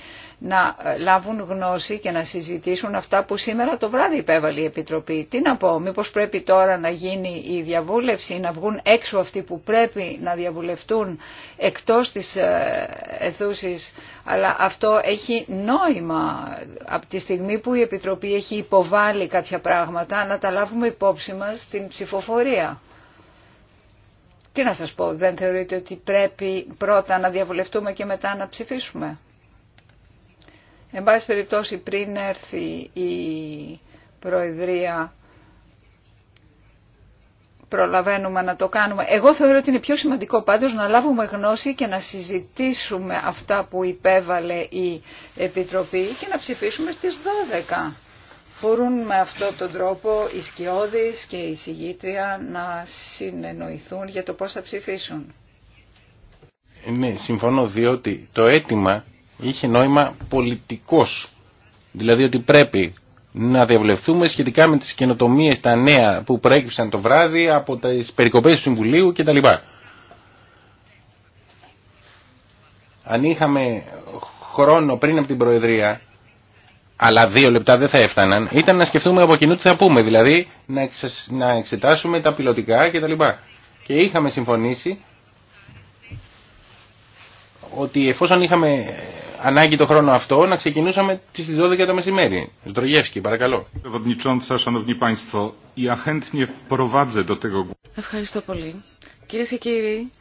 να λάβουν γνώση και να συζητήσουν αυτά που σήμερα το βράδυ υπέβαλε η Επιτροπή. Τι να πω, μήπως πρέπει τώρα να γίνει η διαβούλευση, να βγουν έξω αυτοί που πρέπει να διαβουλευτούν εκτός της ε, αιθούσης, αλλά αυτό έχει νόημα από τη στιγμή που η Επιτροπή έχει υποβάλει κάποια πράγματα να τα λάβουμε υπόψη μας στην ψηφοφορία. Τι να σας πω, δεν θεωρείτε ότι πρέπει πρώτα να διαβουλευτούμε και μετά να ψηφίσουμε. Εν πάση περιπτώσει πριν έρθει η Προεδρία προλαβαίνουμε να το κάνουμε. Εγώ θεωρώ ότι είναι πιο σημαντικό πάντως να λάβουμε γνώση και να συζητήσουμε αυτά που υπέβαλε η Επιτροπή και να ψηφίσουμε στις 12. Μπορούν με αυτόν τον τρόπο οι σκιώδεις και οι συγγήτρια να συνεννοηθούν για το πώς θα ψηφίσουν. Ε, ναι, συμφωνώ διότι το αίτημα είχε νόημα πολιτικός. Δηλαδή ότι πρέπει να διαβλεφθούμε σχετικά με τις καινοτομίε τα νέα που προέκυψαν το βράδυ από τις περικοπές του Συμβουλίου κτλ. Αν είχαμε χρόνο πριν από την Προεδρία, αλλά δύο λεπτά δεν θα έφταναν, ήταν να σκεφτούμε από κοινού τι θα πούμε, δηλαδή να εξετάσουμε τα πιλωτικά κτλ. Και είχαμε συμφωνήσει ότι εφόσον είχαμε ανάγκη το χρόνο αυτό να ξεκινούσαμε τις 12 το μεσημέρι. Σδρογεύσκη, παρακαλώ. Ευχαριστώ πολύ. Κυρίε και κύριοι,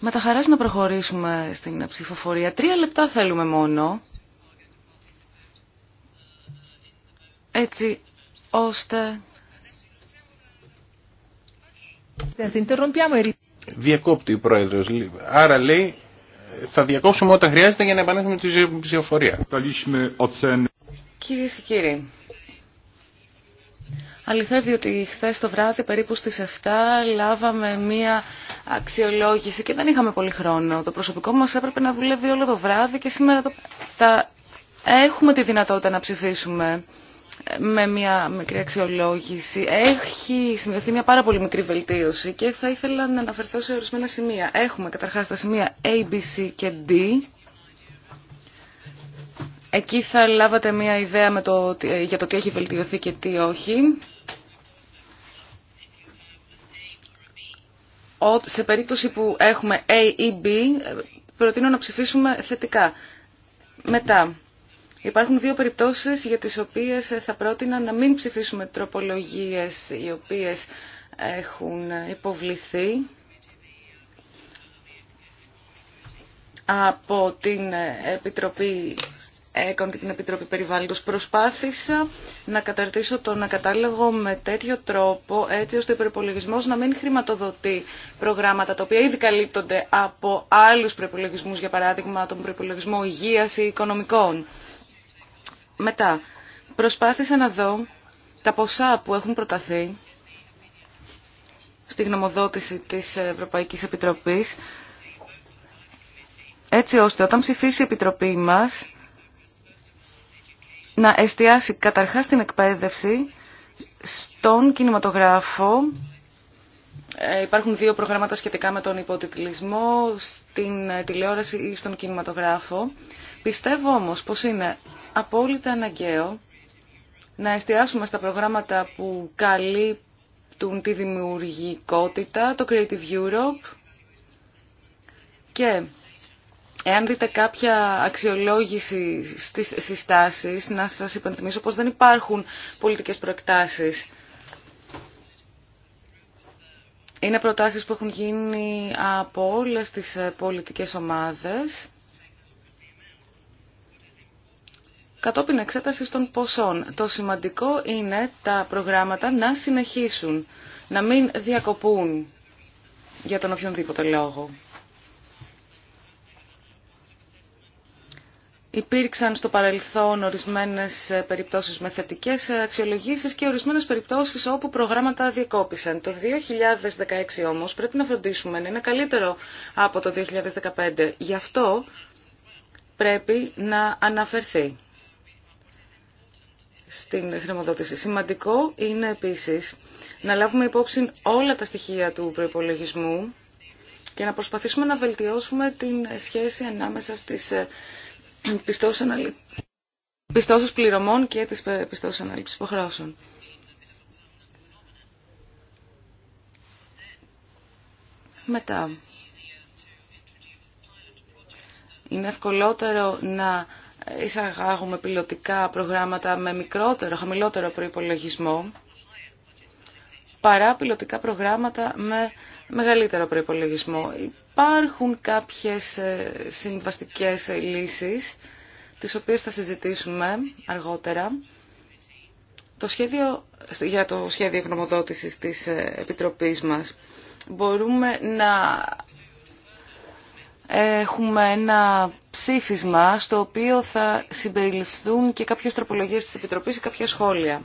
με τα χαράς να προχωρήσουμε στην ψηφοφορία. Τρία λεπτά θέλουμε μόνο. Έτσι ώστε... Διακόπτει ο πρόεδρος. Άρα λέει θα διακόψουμε όταν χρειάζεται για να επανέλθουμε τη ψηφοφορία. Κυρίε και κύριοι, αληθεύει ότι χθε το βράδυ περίπου στις 7 λάβαμε μία αξιολόγηση και δεν είχαμε πολύ χρόνο. Το προσωπικό μας έπρεπε να δουλεύει όλο το βράδυ και σήμερα το... θα έχουμε τη δυνατότητα να ψηφίσουμε με μια μικρή αξιολόγηση. Έχει σημειωθεί μια πάρα πολύ μικρή βελτίωση και θα ήθελα να αναφερθώ σε ορισμένα σημεία. Έχουμε καταρχάς τα σημεία A, B, C και D. Εκεί θα λάβατε μια ιδέα με το, ε, για το τι έχει βελτιωθεί και τι όχι. σε περίπτωση που έχουμε A ή B, ε, προτείνω να ψηφίσουμε θετικά. Μετά, Υπάρχουν δύο περιπτώσεις για τις οποίες θα πρότεινα να μην ψηφίσουμε τροπολογίες οι οποίες έχουν υποβληθεί από την Επιτροπή Έκον και την Επιτροπή Περιβάλλοντος. Προσπάθησα να καταρτήσω τον ακατάλογο με τέτοιο τρόπο έτσι ώστε ο προπολογισμό να μην χρηματοδοτεί προγράμματα τα οποία ήδη καλύπτονται από άλλους προπολογισμού, για παράδειγμα τον προπολογισμό υγείας ή οικονομικών. Μετά, προσπάθησα να δω τα ποσά που έχουν προταθεί στη γνωμοδότηση της Ευρωπαϊκής Επιτροπής, έτσι ώστε όταν ψηφίσει η Επιτροπή μας να εστιάσει καταρχάς την εκπαίδευση στον κινηματογράφο ε, υπάρχουν δύο προγράμματα σχετικά με τον υποτιτλισμό στην ε, τηλεόραση ή στον κινηματογράφο. Πιστεύω όμως πως είναι απόλυτα αναγκαίο να εστιάσουμε στα προγράμματα που καλύπτουν τη δημιουργικότητα, το Creative Europe και εάν δείτε κάποια αξιολόγηση στις συστάσεις, να σας υπενθυμίσω πως δεν υπάρχουν πολιτικές προεκτάσεις είναι προτάσεις που έχουν γίνει από όλες τις ε, πολιτικές ομάδες κατόπιν εξέτασης των ποσών. Το σημαντικό είναι τα προγράμματα να συνεχίσουν, να μην διακοπούν για τον οποιονδήποτε λόγο. Υπήρξαν στο παρελθόν ορισμένες ε, περιπτώσεις με θετικές αξιολογήσεις και ορισμένες περιπτώσεις όπου προγράμματα διεκόπησαν. Το 2016 όμως πρέπει να φροντίσουμε να είναι καλύτερο από το 2015. Γι' αυτό πρέπει να αναφερθεί στην χρηματοδότηση. Σημαντικό είναι επίσης να λάβουμε υπόψη όλα τα στοιχεία του προϋπολογισμού και να προσπαθήσουμε να βελτιώσουμε την σχέση ανάμεσα στις ε, πιστώσεις, πληρωμών και τις πιστώσεις αναλήψης υποχρεώσεων. Μετά, είναι ευκολότερο να εισαγάγουμε πιλωτικά προγράμματα με μικρότερο, χαμηλότερο προϋπολογισμό παρά πιλωτικά προγράμματα με μεγαλύτερο προϋπολογισμό. Υπάρχουν κάποιες ε, συμβαστικές λύσεις, τις οποίες θα συζητήσουμε αργότερα. Το σχέδιο, για το σχέδιο γνωμοδότησης της ε, Επιτροπής μας μπορούμε να έχουμε ένα ψήφισμα στο οποίο θα συμπεριληφθούν και κάποιες τροπολογίες της Επιτροπής ή κάποια σχόλια.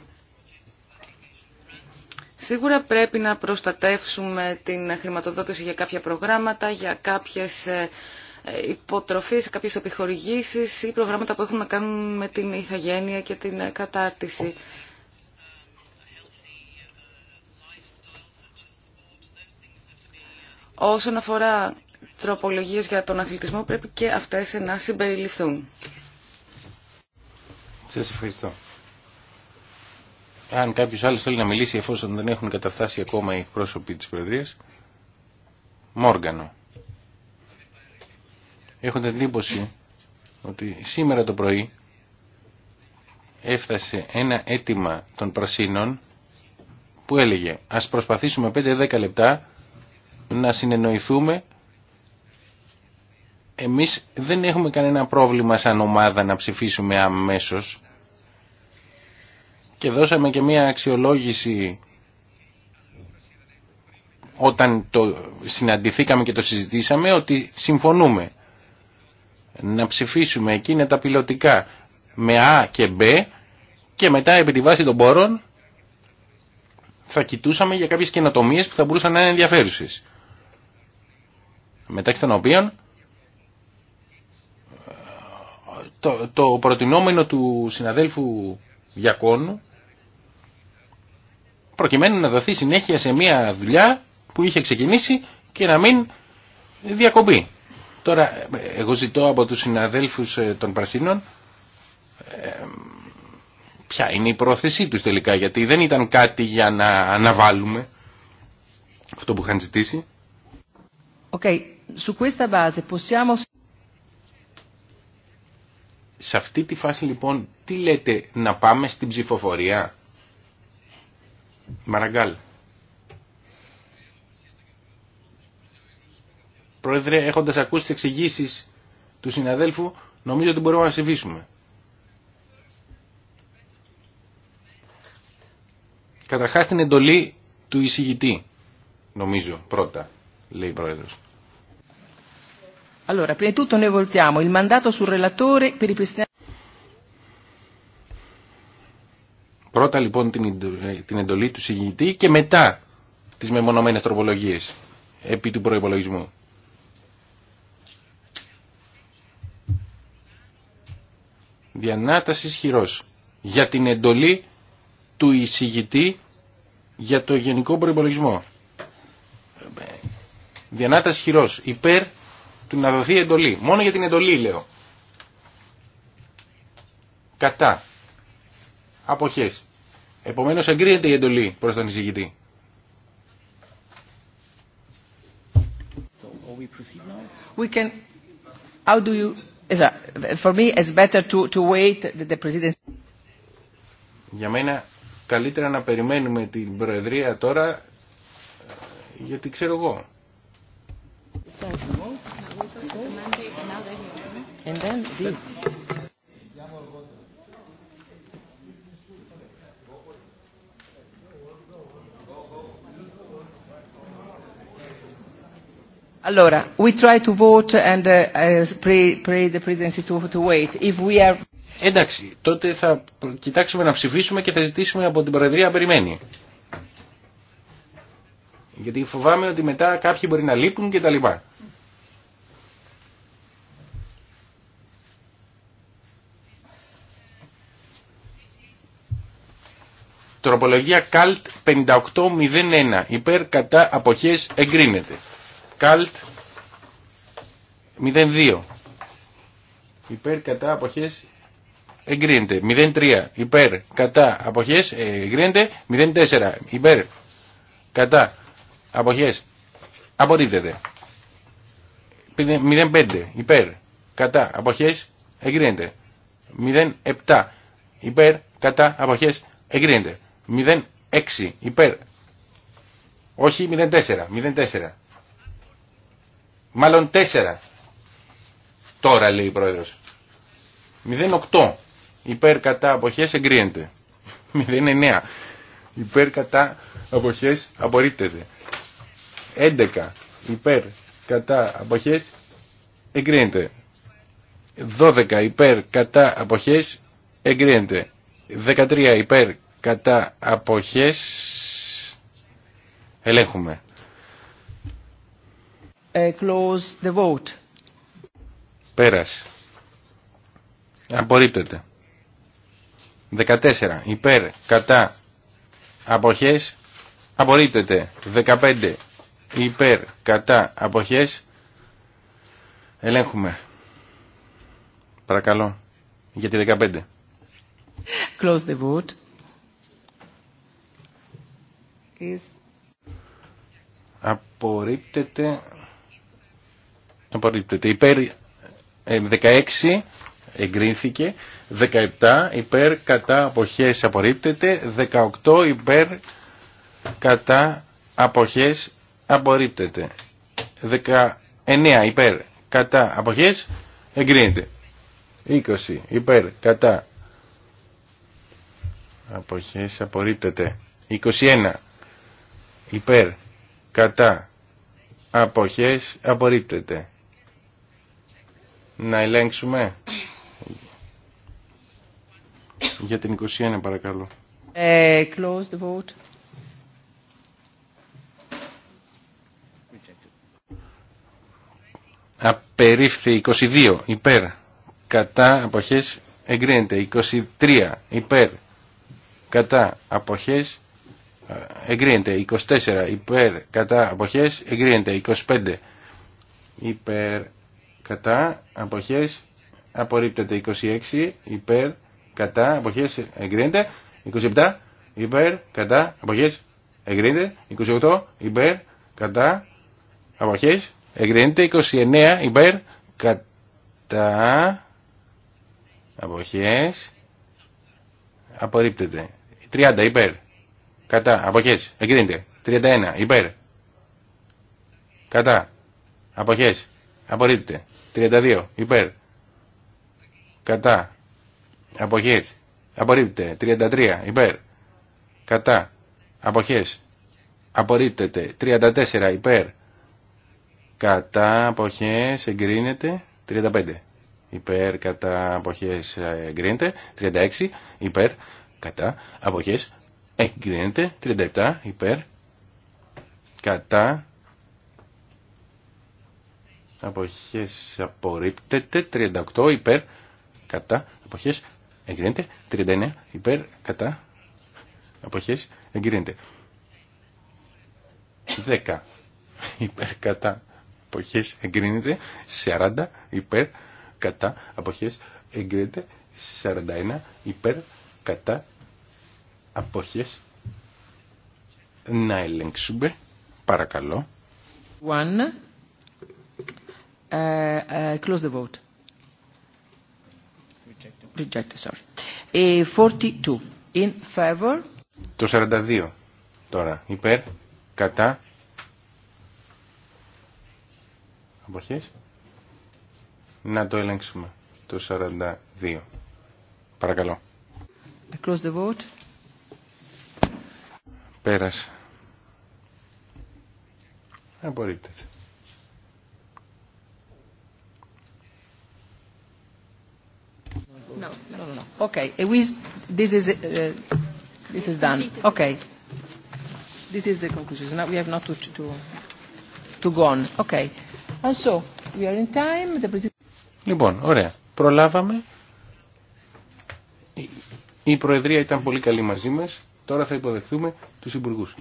Σίγουρα πρέπει να προστατεύσουμε την χρηματοδότηση για κάποια προγράμματα, για κάποιες ε, υποτροφίες, κάποιες επιχορηγήσεις ή προγράμματα που έχουν να κάνουν με την ηθαγένεια και την ε, κατάρτιση. Όσον αφορά τροπολογίες για τον αθλητισμό πρέπει και αυτές να συμπεριληφθούν. Σας ευχαριστώ. Αν κάποιος άλλος θέλει να μιλήσει εφόσον δεν έχουν καταφτάσει ακόμα οι πρόσωποι της Προεδρίας. Μόργανο. Έχω την εντύπωση ότι σήμερα το πρωί έφτασε ένα αίτημα των Πρασίνων που έλεγε ας προσπαθήσουμε 5-10 λεπτά να συνεννοηθούμε εμείς δεν έχουμε κανένα πρόβλημα σαν ομάδα να ψηφίσουμε αμέσως και δώσαμε και μία αξιολόγηση όταν το συναντηθήκαμε και το συζητήσαμε ότι συμφωνούμε να ψηφίσουμε εκείνα τα πιλωτικά με Α και Β και μετά επί τη βάση των πόρων θα κοιτούσαμε για κάποιες καινοτομίε που θα μπορούσαν να είναι ενδιαφέρουσες. Μεταξύ των οποίων το, το προτινόμενο του συναδέλφου Διακόνου προκειμένου να δοθεί συνέχεια σε μια δουλειά που είχε ξεκινήσει και να μην διακοπεί. Τώρα εγώ ζητώ από τους συναδέλφους ε, των Πρασίνων ε, ποια είναι η πρόθεσή τους τελικά γιατί δεν ήταν κάτι για να αναβάλουμε αυτό που είχαν ζητήσει. Σε αυτή τη φάση λοιπόν τι λέτε να πάμε στην ψηφοφορία Μαραγκάλ. Πρόεδρε, έχοντας ακούσει τις εξηγήσει του συναδέλφου, νομίζω ότι μπορούμε να συμβήσουμε. Καταρχά την εντολή του εισηγητή, νομίζω, πρώτα, λέει η Πρόεδρος. Allora, prima di tutto noi voltiamo il mandato sul relatore per ripristinare... Πρώτα λοιπόν την ε, εντολή του συγγητή και μετά τις μεμονωμένες τροπολογίες επί του προϋπολογισμού. Διανάταση χειρός για την εντολή του εισηγητή για το γενικό προϋπολογισμό. Διανάταση χειρός υπέρ του να δοθεί εντολή. Μόνο για την εντολή λέω. Κατά. Αποχέ. Επομένω εγκρίνεται η εντολή προ τον εισηγητή. Για μένα καλύτερα να περιμένουμε την Προεδρία τώρα γιατί ξέρω εγώ. And then this. Allora, we try to vote and pray, uh, pray the presidency to, wait. If we are... Εντάξει, τότε θα κοιτάξουμε να ψηφίσουμε και θα ζητήσουμε από την Προεδρία να περιμένει. Γιατί φοβάμαι ότι μετά κάποιοι μπορεί να λείπουν και τα λοιπά. Τροπολογία ΚΑΛΤ 5801. Υπέρ κατά αποχές εγκρίνεται. Καλτ 02. Υπέρ κατά αποχές εγκρίνεται. 03. Ε, Υπέρ κατά αποχές εγκρίνεται. 04. Υπέρ κατά αποχές απορρίπτεται. 05. Υπέρ κατά αποχές εγκρίνεται. 07. Υπέρ κατά αποχές εγκρίνεται. 06. Υπέρ. Όχι 04. 04. Μάλλον 4. Τώρα λέει η πρόεδρο. 08. Υπέρ κατά αποχές εγκρίνεται. 09. Υπέρ κατά αποχές απορρίπτεται. 11. Υπέρ κατά απόχέ, εγκρίνεται. 12. Υπέρ κατά αποχές εγκρίνεται. 13. Υπέρ κατά απόχέ ελέγχουμε. Ε, close the Πέρασε. Απορρίπτεται. 14. Υπέρ, κατά, αποχές. Απορρίπτεται. 15. Υπέρ, κατά, αποχές. Ελέγχουμε. Παρακαλώ. Για τη 15. Close the vote. Is... Απορρίπτεται απορρίπτεται. Υπέρ 16 ε, εγκρίνθηκε, 17 υπέρ κατά αποχές απορρίπτεται, 18 υπέρ κατά αποχές απορρίπτεται, 19 υπέρ κατά αποχές εγκρίνεται, 20 υπέρ κατά αποχές απορρίπτεται, 21 υπέρ κατά αποχές απορρίπτεται. Να ελέγξουμε. Για την 21 παρακαλώ. Uh, close vote. Απερίφθη 22 υπέρ. Κατά αποχές εγκρίνεται. 23 υπέρ. Κατά αποχές εγκρίνεται. 24 υπέρ. Κατά αποχές εγκρίνεται. 25 υπέρ κατά αποχές απορρίπτεται 26 υπέρ κατά αποχές εγκρίνεται 27 υπέρ κατά αποχές εγκρίνεται 28 υπέρ κατά αποχές εγκρίνεται 29 υπέρ κατά αποχές απορρίπτεται 30 υπέρ κατά αποχές εγκρίνεται 31 υπέρ κατά αποχές Απορρίπτεται. 32. Υπέρ. Κατά. Αποχές. Απορρίπτεται. 33. Υπέρ. Κατά. Αποχές. Απορρίπτεται. 34. Υπέρ. Κατά. Αποχές. Εγκρίνεται. 35. Υπέρ. Κατά. Αποχές. Εγκρίνεται. 36. Υπέρ. Κατά. Αποχές. Εγκρίνεται. 37. Υπέρ. Κατά αποχές απορρίπτεται 38 υπέρ κατά αποχές εγκρίνεται 39 υπέρ κατά αποχές εγκρίνεται 10 υπέρ κατά αποχές εγκρίνεται 40 υπέρ κατά αποχές εγκρίνεται 41 υπέρ κατά αποχές να ελέγξουμε παρακαλώ One. Uh, uh, close the vote. Rejected, sorry. 42 in favor. Το 42 τώρα. Υπέρ, κατά. Αποχές. Να το ελέγξουμε. Το 42. Παρακαλώ. I close the vote. Πέρασε. Απορρίπτεται. Okay, this is this is done. Okay, this is the conclusion. Now we have not to to to go on. Okay, and so we are in time. The Λοιπόν, ωραία. Προλάβαμε. Η Προεδρία ήταν πολύ καλή μαζί μας. Τώρα θα υποδεχθούμε τους Υπουργούς.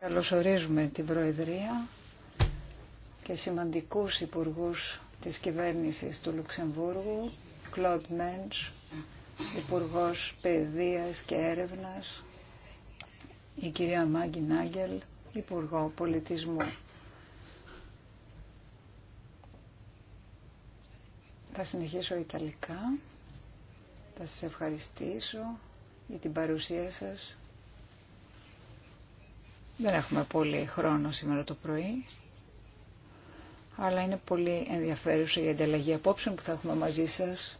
Καλωσορίζουμε την Προεδρία και σημαντικούς υπουργούς της κυβέρνηση του Λουξεμβούργου, Κλοντ Μέντς, Υπουργός Παιδείας και Έρευνας, η κυρία Μάγκη Νάγκελ, Υπουργό Πολιτισμού. Θα συνεχίσω Ιταλικά. Θα σας ευχαριστήσω για την παρουσία σας. Δεν έχουμε πολύ χρόνο σήμερα το πρωί, αλλά είναι πολύ ενδιαφέρουσα η ανταλλαγή απόψεων που θα έχουμε μαζί σας,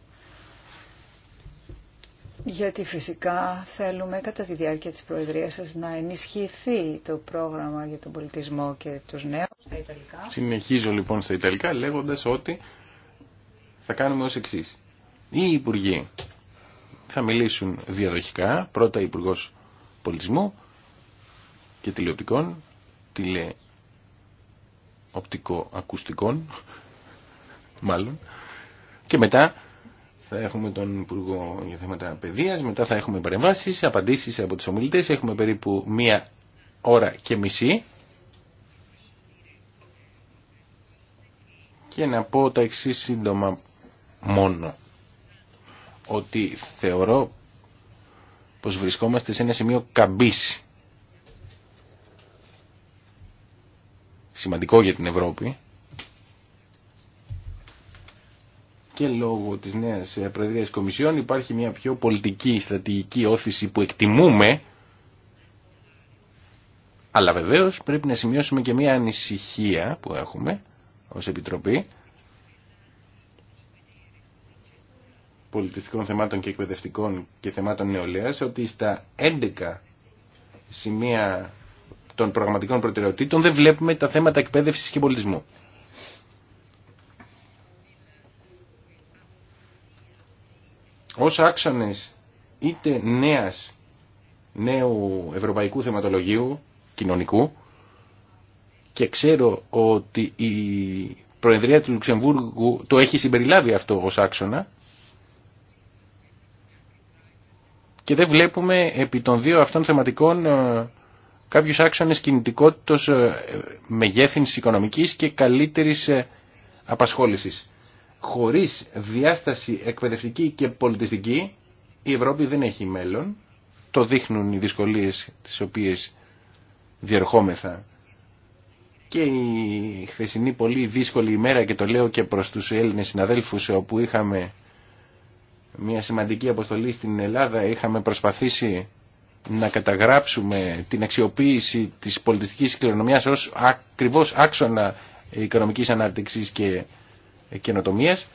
γιατί φυσικά θέλουμε κατά τη διάρκεια της Προεδρίας σας να ενισχυθεί το πρόγραμμα για τον πολιτισμό και τους νέους Συνεχίζω λοιπόν στα Ιταλικά λέγοντας ότι θα κάνουμε ως εξή. Οι υπουργοί θα μιλήσουν διαδοχικά, πρώτα υπουργό Πολιτισμού και Τηλεοπτικών, Τηλεοπτικο-ακουστικών, μάλλον, και μετά θα έχουμε τον Υπουργό για θέματα παιδείας, μετά θα έχουμε παρεμβάσεις, απαντήσεις από τους ομιλητές, έχουμε περίπου μία ώρα και μισή. Και να πω τα εξή σύντομα μόνο ότι θεωρώ πως βρισκόμαστε σε ένα σημείο καμπής σημαντικό για την Ευρώπη και λόγω της νέας ε, Προεδρίας Κομισιόν υπάρχει μια πιο πολιτική στρατηγική όθηση που εκτιμούμε αλλά βεβαίως πρέπει να σημειώσουμε και μια ανησυχία που έχουμε ως Επιτροπή πολιτιστικών θεμάτων και εκπαιδευτικών και θεμάτων νεολαίας ότι στα 11 σημεία των πραγματικών προτεραιοτήτων δεν βλέπουμε τα θέματα εκπαίδευσης και πολιτισμού. Ως άξονες είτε νέας, νέου ευρωπαϊκού θεματολογίου, κοινωνικού, και ξέρω ότι η Προεδρία του Λουξεμβούργου το έχει συμπεριλάβει αυτό ως άξονα, και δεν βλέπουμε επί των δύο αυτών θεματικών ε, κάποιους άξονες κινητικότητος ε, μεγέθυνσης οικονομικής και καλύτερης ε, απασχόλησης. Χωρίς διάσταση εκπαιδευτική και πολιτιστική η Ευρώπη δεν έχει μέλλον. Το δείχνουν οι δυσκολίες τις οποίες διερχόμεθα και η χθεσινή πολύ δύσκολη ημέρα και το λέω και προς τους Έλληνες συναδέλφους όπου είχαμε μια σημαντική αποστολή στην Ελλάδα είχαμε προσπαθήσει να καταγράψουμε την αξιοποίηση της πολιτιστικής κληρονομιάς ως ακριβώς άξονα οικονομικής ανάπτυξης και καινοτομίας.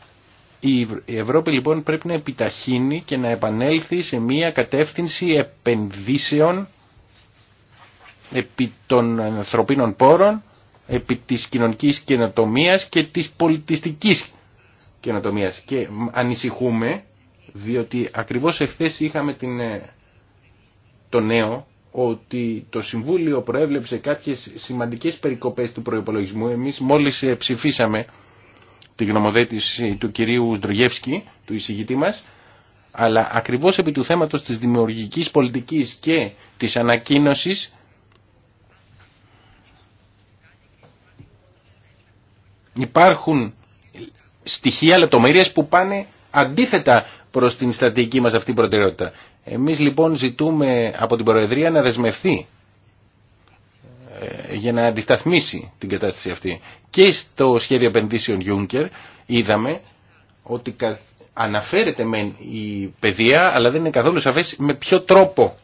Η Ευρώπη λοιπόν πρέπει να επιταχύνει και να επανέλθει σε μια κατεύθυνση επενδύσεων επί των ανθρωπίνων πόρων, επί της κοινωνικής καινοτομίας και της πολιτιστικής καινοτομίας. Και ανησυχούμε διότι ακριβώς εχθές είχαμε την, ε, το νέο ότι το Συμβούλιο προέβλεψε κάποιες σημαντικές περικοπές του προϋπολογισμού. Εμείς μόλις ε, ψηφίσαμε τη γνωμοδέτηση του κυρίου Σντρογεύσκη, του εισηγητή μας, αλλά ακριβώς επί του θέματος της δημιουργικής πολιτικής και της ανακοίνωσης υπάρχουν στοιχεία λεπτομερείε που πάνε αντίθετα προς την στρατηγική μας αυτή προτεραιότητα. Εμείς λοιπόν ζητούμε από την Προεδρία να δεσμευθεί ε, για να αντισταθμίσει την κατάσταση αυτή. Και στο σχέδιο επενδύσεων Juncker είδαμε ότι αναφέρεται μεν η παιδεία, αλλά δεν είναι καθόλου σαφές με ποιο τρόπο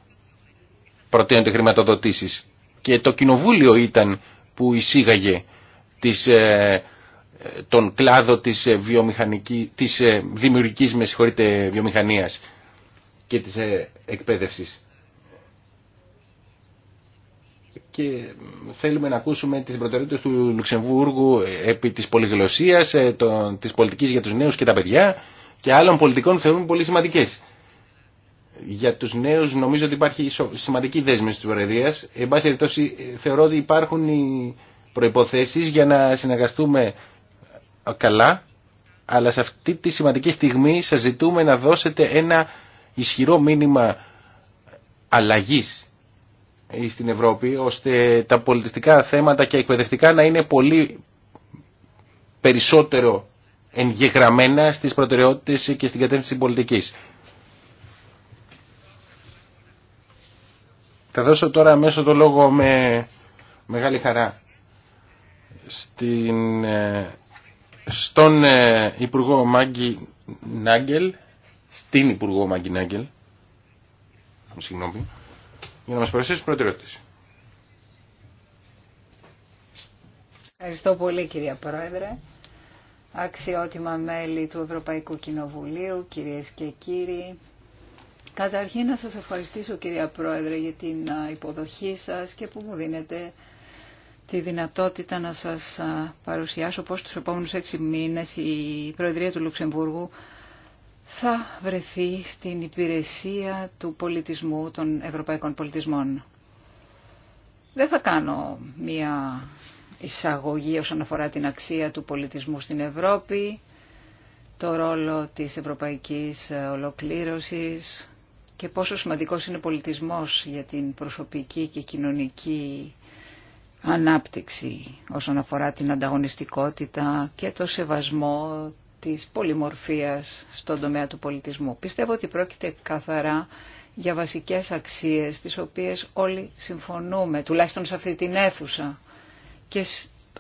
προτείνονται χρηματοδοτήσεις. Και το Κοινοβούλιο ήταν που εισήγαγε τις ε, τον κλάδο της, ε, βιομηχανική, της ε, δημιουργικής με βιομηχανίας και της ε, εκπαίδευσης. Και θέλουμε να ακούσουμε τις προτεραιότητες του Λουξεμβούργου επί της πολυγλωσσίας, της πολιτικής για τους νέους και τα παιδιά και άλλων πολιτικών που θεωρούμε πολύ σημαντικές. Για τους νέους νομίζω ότι υπάρχει σημαντική δέσμευση της Βορειδίας. Εν πάση θεωρώ ότι υπάρχουν οι προϋποθέσεις για να συνεργαστούμε καλά, αλλά σε αυτή τη σημαντική στιγμή σας ζητούμε να δώσετε ένα ισχυρό μήνυμα αλλαγής στην Ευρώπη, ώστε τα πολιτιστικά θέματα και εκπαιδευτικά να είναι πολύ περισσότερο εγγεγραμμένα στις προτεραιότητες και στην κατεύθυνση της πολιτικής. Θα δώσω τώρα μέσω το λόγο με μεγάλη χαρά στην ε, στον ε, Υπουργό Μάγκη Νάγκελ, στην Υπουργό Μάγκη Νάγκελ, συγγνώμη, για να μας παρουσιάσει ερώτηση. Ευχαριστώ πολύ κυρία Πρόεδρε. Αξιότιμα μέλη του Ευρωπαϊκού Κοινοβουλίου, κυρίες και κύριοι. Καταρχήν να σας ευχαριστήσω κυρία Πρόεδρε για την ε, υποδοχή σας και που μου δίνετε τη δυνατότητα να σας παρουσιάσω πώς τους επόμενους έξι μήνες η Προεδρία του Λουξεμβούργου θα βρεθεί στην υπηρεσία του πολιτισμού των ευρωπαϊκών πολιτισμών. Δεν θα κάνω μία εισαγωγή όσον αφορά την αξία του πολιτισμού στην Ευρώπη, το ρόλο της ευρωπαϊκής ε, ολοκλήρωσης και πόσο σημαντικός είναι ο πολιτισμός για την προσωπική και κοινωνική ανάπτυξη όσον αφορά την ανταγωνιστικότητα και το σεβασμό της πολυμορφίας στον τομέα του πολιτισμού. Πιστεύω ότι πρόκειται καθαρά για βασικές αξίες τις οποίες όλοι συμφωνούμε, τουλάχιστον σε αυτή την αίθουσα. Και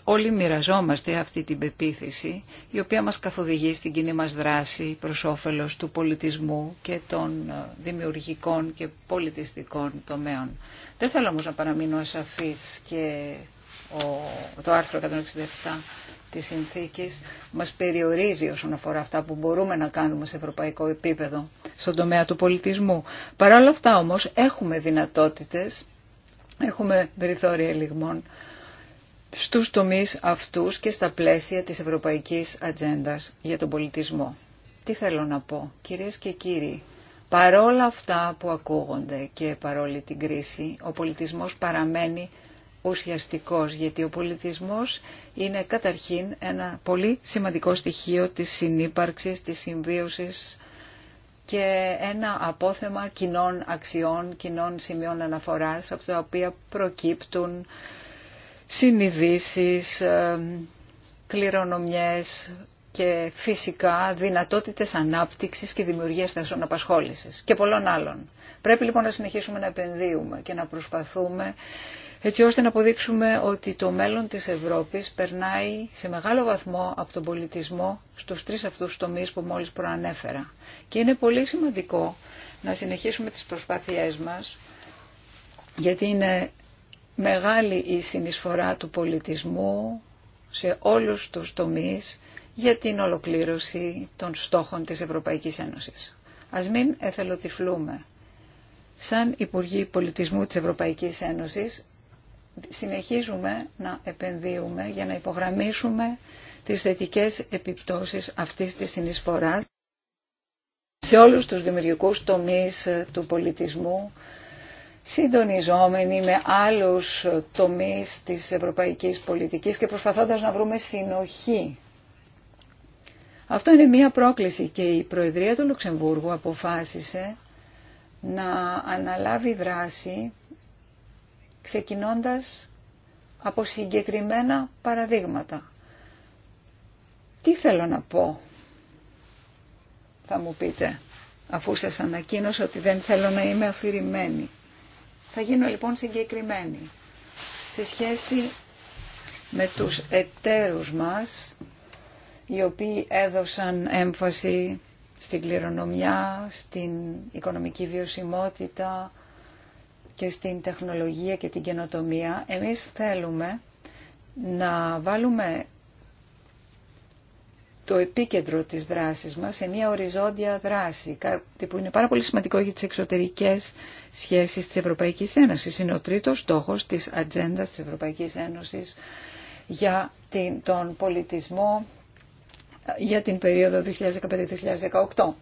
όλοι μοιραζόμαστε αυτή την πεποίθηση η οποία μας καθοδηγεί στην κοινή μας δράση προς όφελος του πολιτισμού και των ε, δημιουργικών και πολιτιστικών τομέων. Δεν θέλω όμως να παραμείνω ασαφής και το άρθρο 167 της συνθήκης μας περιορίζει όσον αφορά αυτά που μπορούμε να κάνουμε σε ευρωπαϊκό επίπεδο στον τομέα του πολιτισμού. Παρ' όλα αυτά όμως έχουμε δυνατότητες, έχουμε περιθώρια λιγμών στους τομείς αυτούς και στα πλαίσια της Ευρωπαϊκής Ατζέντα για τον πολιτισμό. Τι θέλω να πω, κυρίες και κύριοι, παρόλα αυτά που ακούγονται και παρόλη την κρίση, ο πολιτισμός παραμένει ουσιαστικός, γιατί ο πολιτισμός είναι καταρχήν ένα πολύ σημαντικό στοιχείο της συνύπαρξης, της συμβίωσης και ένα απόθεμα κοινών αξιών, κοινών σημείων αναφοράς, από τα οποία προκύπτουν συνειδήσεις, ε, κληρονομιές και φυσικά δυνατότητες ανάπτυξης και δημιουργίας θέσεων απασχόλησης και πολλών άλλων. Πρέπει λοιπόν να συνεχίσουμε να επενδύουμε και να προσπαθούμε έτσι ώστε να αποδείξουμε ότι το μέλλον της Ευρώπης περνάει σε μεγάλο βαθμό από τον πολιτισμό στους τρεις αυτούς τομείς που μόλις προανέφερα. Και είναι πολύ σημαντικό να συνεχίσουμε τις προσπάθειές μας, γιατί είναι μεγάλη η συνεισφορά του πολιτισμού σε όλους τους τομείς για την ολοκλήρωση των στόχων της Ευρωπαϊκής Ένωσης. Ας μην εθελοτυφλούμε. Σαν Υπουργοί Πολιτισμού της Ευρωπαϊκής Ένωσης συνεχίζουμε να επενδύουμε για να υπογραμμίσουμε τις θετικές επιπτώσεις αυτής της συνεισφοράς σε όλους τους δημιουργικούς τομείς του πολιτισμού συντονιζόμενοι με άλλους τομείς της ευρωπαϊκής πολιτικής και προσπαθώντας να βρούμε συνοχή. Αυτό είναι μία πρόκληση και η Προεδρία του Λουξεμβούργου αποφάσισε να αναλάβει δράση ξεκινώντας από συγκεκριμένα παραδείγματα. Τι θέλω να πω, θα μου πείτε, αφού σας ανακοίνωσα ότι δεν θέλω να είμαι αφηρημένη. Θα γίνω λοιπόν συγκεκριμένη. Σε σχέση με τους εταίρους μας, οι οποίοι έδωσαν έμφαση στην κληρονομιά, στην οικονομική βιωσιμότητα και στην τεχνολογία και την καινοτομία, εμείς θέλουμε να βάλουμε το επίκεντρο της δράσης μας σε μια οριζόντια δράση, κάτι που είναι πάρα πολύ σημαντικό για τις εξωτερικές σχέσεις της Ευρωπαϊκής Ένωσης. Είναι ο τρίτος στόχος της ατζέντα της Ευρωπαϊκής Ένωσης για την, τον πολιτισμό για την περίοδο 2015-2018.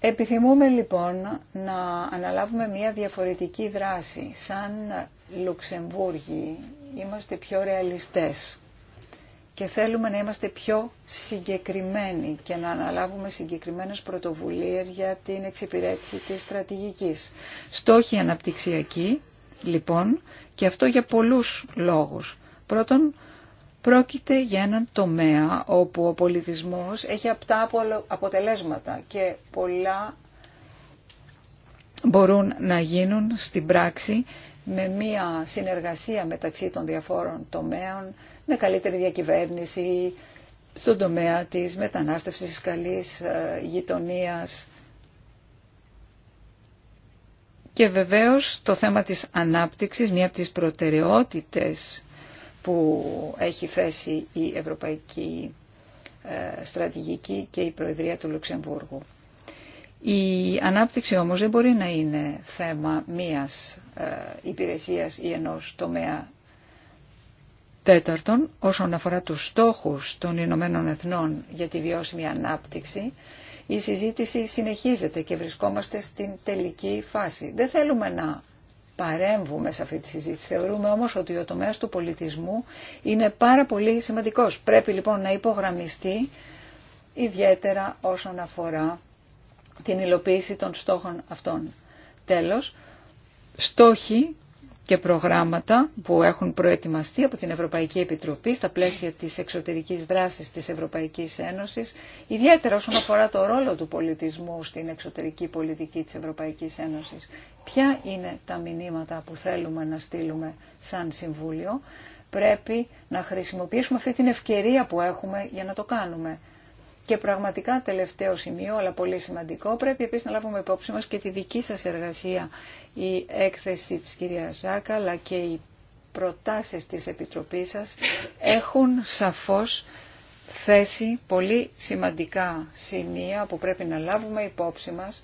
Επιθυμούμε λοιπόν να αναλάβουμε μια διαφορετική δράση. Σαν Λουξεμβούργοι είμαστε πιο ρεαλιστές και θέλουμε να είμαστε πιο συγκεκριμένοι και να αναλάβουμε συγκεκριμένες πρωτοβουλίες για την εξυπηρέτηση της στρατηγικής. Στόχοι αναπτυξιακοί, λοιπόν, και αυτό για πολλούς λόγους. Πρώτον, πρόκειται για έναν τομέα όπου ο πολιτισμός έχει απτά αποτελέσματα και πολλά μπορούν να γίνουν στην πράξη με μία συνεργασία μεταξύ των διαφόρων τομέων, με καλύτερη διακυβέρνηση στον τομέα της μετανάστευσης της καλής ε, γειτονίας. Και βεβαίως το θέμα της ανάπτυξης, μία από τις προτεραιότητες που έχει θέσει η Ευρωπαϊκή ε, Στρατηγική και η Προεδρία του Λουξεμβούργου. Η ανάπτυξη όμως δεν μπορεί να είναι θέμα μίας ε, υπηρεσίας ή ενός τομέα. Τέταρτον, όσον αφορά τους στόχους των Ηνωμένων Εθνών για τη βιώσιμη ανάπτυξη, η συζήτηση συνεχίζεται και βρισκόμαστε στην τελική φάση. Δεν θέλουμε να παρέμβουμε σε αυτή τη συζήτηση. Θεωρούμε όμως ότι ο τομέας του πολιτισμού είναι πάρα πολύ σημαντικός. Πρέπει λοιπόν να υπογραμμιστεί ιδιαίτερα όσον αφορά την υλοποίηση των στόχων αυτών. Τέλος, στόχοι και προγράμματα που έχουν προετοιμαστεί από την Ευρωπαϊκή Επιτροπή στα πλαίσια της εξωτερικής δράσης της Ευρωπαϊκής Ένωσης, ιδιαίτερα όσον αφορά το ρόλο του πολιτισμού στην εξωτερική πολιτική της Ευρωπαϊκής Ένωσης. Ποια είναι τα μηνύματα που θέλουμε να στείλουμε σαν Συμβούλιο. Πρέπει να χρησιμοποιήσουμε αυτή την ευκαιρία που έχουμε για να το κάνουμε. Και πραγματικά τελευταίο σημείο, αλλά πολύ σημαντικό, πρέπει επίσης να λάβουμε υπόψη μας και τη δική σας εργασία, η έκθεση της κυρίας Ζάκα, αλλά και οι προτάσεις της Επιτροπής σας έχουν σαφώς θέσει πολύ σημαντικά σημεία που πρέπει να λάβουμε υπόψη μας,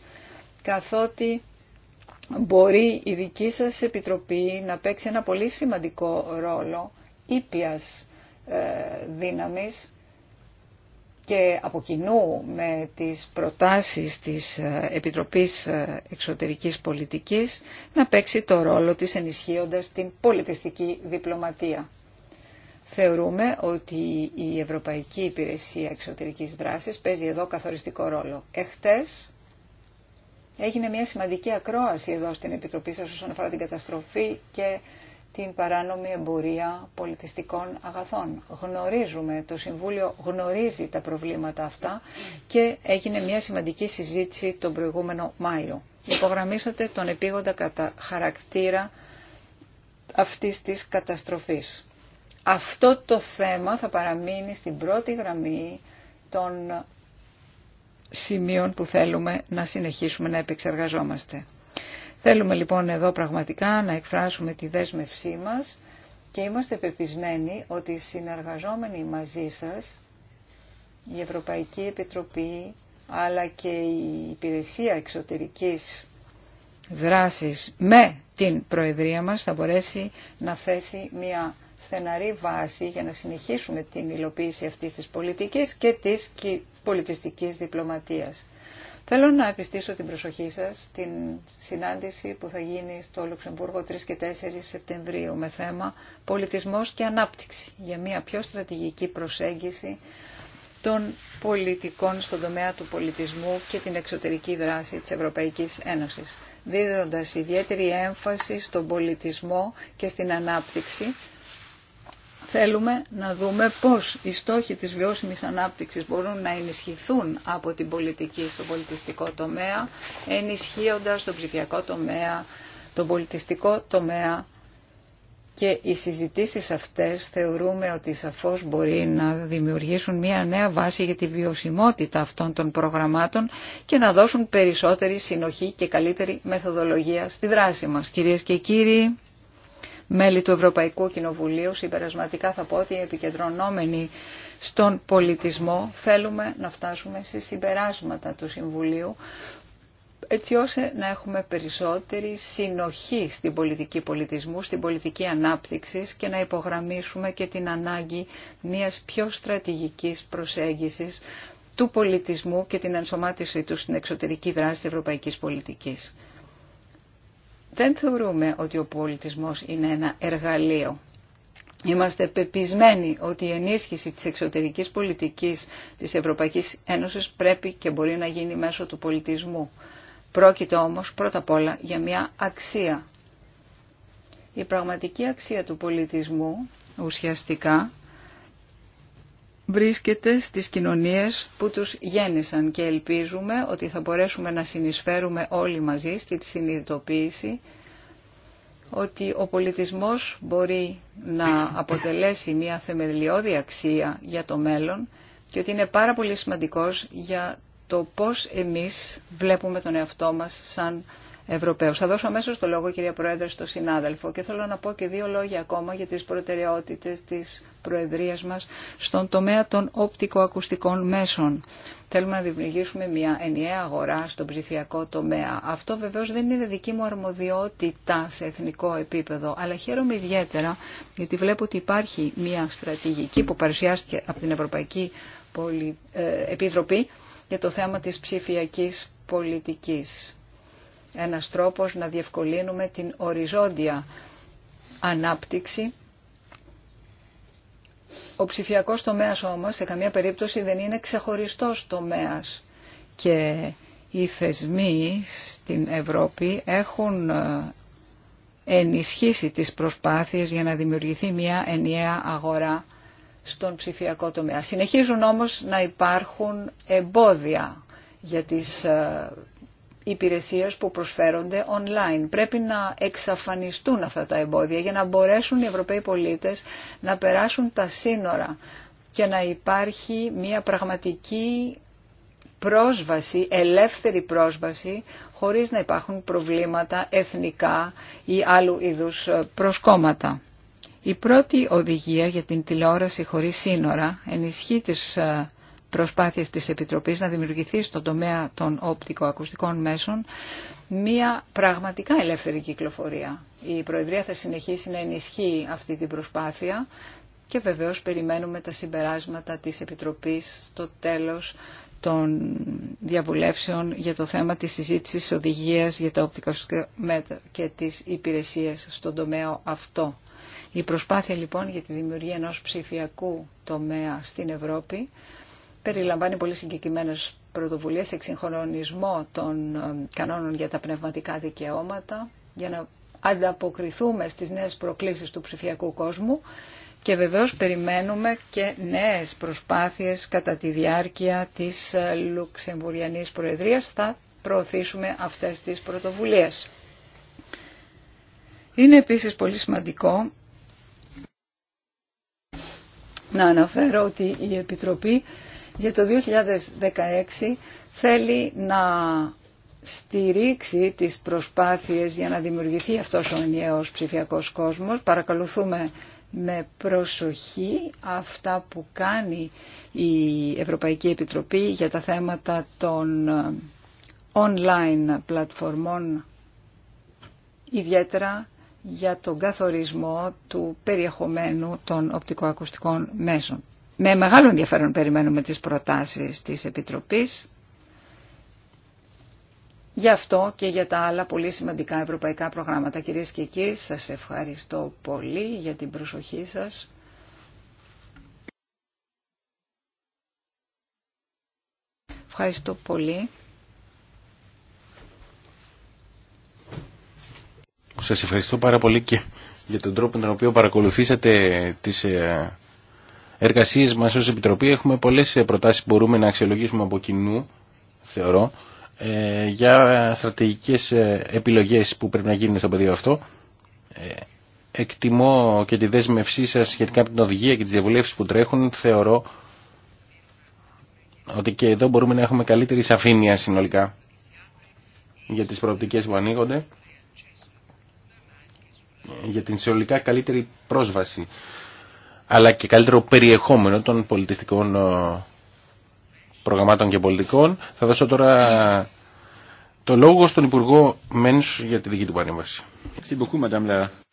καθότι μπορεί η δική σας Επιτροπή να παίξει ένα πολύ σημαντικό ρόλο ήπιας ε, δύναμης και από κοινού με τις προτάσεις της ε, Επιτροπής ε, Εξωτερικής Πολιτικής να παίξει το ρόλο της ενισχύοντας την πολιτιστική διπλωματία. Θεωρούμε ότι η Ευρωπαϊκή Υπηρεσία Εξωτερικής Δράσης παίζει εδώ καθοριστικό ρόλο. Εχθές έγινε μια σημαντική ακρόαση εδώ στην Επιτροπή σας όσον αφορά την καταστροφή και την παράνομη εμπορία πολιτιστικών αγαθών. Γνωρίζουμε, το Συμβούλιο γνωρίζει τα προβλήματα αυτά και έγινε μια σημαντική συζήτηση τον προηγούμενο Μάιο. Υπογραμμίσατε τον επίγοντα κατά χαρακτήρα αυτής της καταστροφής. Αυτό το θέμα θα παραμείνει στην πρώτη γραμμή των σημείων που θέλουμε να συνεχίσουμε να επεξεργαζόμαστε. Θέλουμε λοιπόν εδώ πραγματικά να εκφράσουμε τη δέσμευσή μας και είμαστε πεπισμένοι ότι συνεργαζόμενοι μαζί σας η Ευρωπαϊκή Επιτροπή αλλά και η Υπηρεσία Εξωτερικής Δράσης με την Προεδρία μας θα μπορέσει να θέσει μια στεναρή βάση για να συνεχίσουμε την υλοποίηση αυτής της πολιτικής και της πολιτιστικής διπλωματίας. Θέλω να επιστήσω την προσοχή σας στην συνάντηση που θα γίνει στο Λουξεμβούργο 3 και 4 Σεπτεμβρίου με θέμα πολιτισμός και ανάπτυξη για μια πιο στρατηγική προσέγγιση των πολιτικών στον τομέα του πολιτισμού και την εξωτερική δράση της Ευρωπαϊκής Ένωσης, δίδοντας ιδιαίτερη έμφαση στον πολιτισμό και στην ανάπτυξη Θέλουμε να δούμε πώς οι στόχοι της βιώσιμης ανάπτυξης μπορούν να ενισχυθούν από την πολιτική στο πολιτιστικό τομέα, ενισχύοντας τον ψηφιακό τομέα, τον πολιτιστικό τομέα και οι συζητήσεις αυτές θεωρούμε ότι σαφώς μπορεί να δημιουργήσουν μια νέα βάση για τη βιωσιμότητα αυτών των προγραμμάτων και να δώσουν περισσότερη συνοχή και καλύτερη μεθοδολογία στη δράση μας. Κυρίες και κύριοι, μέλη του Ευρωπαϊκού Κοινοβουλίου, συμπερασματικά θα πω ότι επικεντρωνόμενοι στον πολιτισμό θέλουμε να φτάσουμε σε συμπεράσματα του Συμβουλίου έτσι ώστε να έχουμε περισσότερη συνοχή στην πολιτική πολιτισμού, στην πολιτική ανάπτυξης και να υπογραμμίσουμε και την ανάγκη μιας πιο στρατηγικής προσέγγισης του πολιτισμού και την ενσωμάτισή του στην εξωτερική δράση της ευρωπαϊκής πολιτικής. Δεν θεωρούμε ότι ο πολιτισμός είναι ένα εργαλείο. Είμαστε πεπισμένοι ότι η ενίσχυση της εξωτερικής πολιτικής της Ευρωπαϊκής Ένωσης πρέπει και μπορεί να γίνει μέσω του πολιτισμού. Πρόκειται όμως πρώτα απ' όλα για μια αξία. Η πραγματική αξία του πολιτισμού ουσιαστικά βρίσκεται στις κοινωνίες που τους γέννησαν και ελπίζουμε ότι θα μπορέσουμε να συνεισφέρουμε όλοι μαζί στη συνειδητοποίηση ότι ο πολιτισμός μπορεί να αποτελέσει μια θεμελιώδη αξία για το μέλλον και ότι είναι πάρα πολύ σημαντικός για το πώς εμείς βλέπουμε τον εαυτό μας σαν θα δώσω αμέσω το λόγο, κυρία Πρόεδρε, στο συνάδελφο και θέλω να πω και δύο λόγια ακόμα για τις προτεραιότητες της Προεδρίας μας στον τομέα των οπτικοακουστικών μέσων. Θέλουμε να δημιουργήσουμε μια ενιαία αγορά στον ψηφιακό τομέα. Αυτό βεβαίως δεν είναι δική μου αρμοδιότητα σε εθνικό επίπεδο, αλλά χαίρομαι ιδιαίτερα γιατί βλέπω ότι υπάρχει μια στρατηγική που παρουσιάστηκε από την Ευρωπαϊκή ε, Επιτροπή για το θέμα της ψηφιακής πολιτικής ένας τρόπος να διευκολύνουμε την οριζόντια ανάπτυξη. Ο ψηφιακός τομέας όμως σε καμία περίπτωση δεν είναι ξεχωριστός τομέας και οι θεσμοί στην Ευρώπη έχουν ε, ενισχύσει τις προσπάθειες για να δημιουργηθεί μια ενιαία αγορά στον ψηφιακό τομέα. Συνεχίζουν όμως να υπάρχουν εμπόδια για τις ε, υπηρεσίες που προσφέρονται online. Πρέπει να εξαφανιστούν αυτά τα εμπόδια για να μπορέσουν οι Ευρωπαίοι πολίτες να περάσουν τα σύνορα και να υπάρχει μια πραγματική πρόσβαση, ελεύθερη πρόσβαση, χωρίς να υπάρχουν προβλήματα εθνικά ή άλλου είδους ε, προσκόμματα. Η πρώτη οδηγία για την τηλεόραση χωρίς σύνορα ενισχύει τις ε, προσπάθειες της Επιτροπής να δημιουργηθεί στον τομέα των οπτικοακουστικών μέσων μία πραγματικά ελεύθερη κυκλοφορία. Η Προεδρία θα συνεχίσει να ενισχύει αυτή την προσπάθεια και βεβαίως περιμένουμε τα συμπεράσματα της Επιτροπής στο τέλος των διαβουλεύσεων για το θέμα της συζήτησης οδηγίας για τα οπτικά και τις υπηρεσίες στον τομέα αυτό. Η προσπάθεια λοιπόν για τη δημιουργία ενός ψηφιακού τομέα στην Ευρώπη περιλαμβάνει πολύ συγκεκριμένες πρωτοβουλίες, εξυγχρονισμό των ε, κανόνων για τα πνευματικά δικαιώματα, για να ανταποκριθούμε στις νέες προκλήσεις του ψηφιακού κόσμου και βεβαίως περιμένουμε και νέες προσπάθειες κατά τη διάρκεια της ε, Λουξεμβουριανής Προεδρίας. Θα προωθήσουμε αυτές τις πρωτοβουλίες. Είναι επίσης πολύ σημαντικό να αναφέρω ότι η Επιτροπή για το 2016 θέλει να στηρίξει τις προσπάθειες για να δημιουργηθεί αυτός ο ενιαίος ψηφιακός κόσμος. Παρακολουθούμε με προσοχή αυτά που κάνει η Ευρωπαϊκή Επιτροπή για τα θέματα των online πλατφορμών, ιδιαίτερα για τον καθορισμό του περιεχομένου των οπτικοακουστικών μέσων με μεγάλο ενδιαφέρον περιμένουμε τις προτάσεις της Επιτροπής γι' αυτό και για τα άλλα πολύ σημαντικά ευρωπαϊκά προγράμματα. Κυρίες και κύριοι, σας ευχαριστώ πολύ για την προσοχή σας. Ευχαριστώ πολύ. Σας ευχαριστώ πάρα πολύ και για τον τρόπο τον οποίο παρακολουθήσατε τις ε, εργασίες μας ως Επιτροπή έχουμε πολλές προτάσεις που μπορούμε να αξιολογήσουμε από κοινού, θεωρώ, ε, για στρατηγικές ε, επιλογές που πρέπει να γίνουν στο πεδίο αυτό. Ε, εκτιμώ και τη δέσμευσή σας σχετικά με την οδηγία και τις διαβουλεύσεις που τρέχουν. Θεωρώ ότι και εδώ μπορούμε να έχουμε καλύτερη σαφήνεια συνολικά για τις προοπτικές που ανοίγονται για την συνολικά καλύτερη πρόσβαση αλλά και καλύτερο περιεχόμενο των πολιτιστικών ε, προγραμμάτων και πολιτικών. Θα δώσω τώρα το λόγο στον Υπουργό Μένσου για τη δική του παρέμβαση.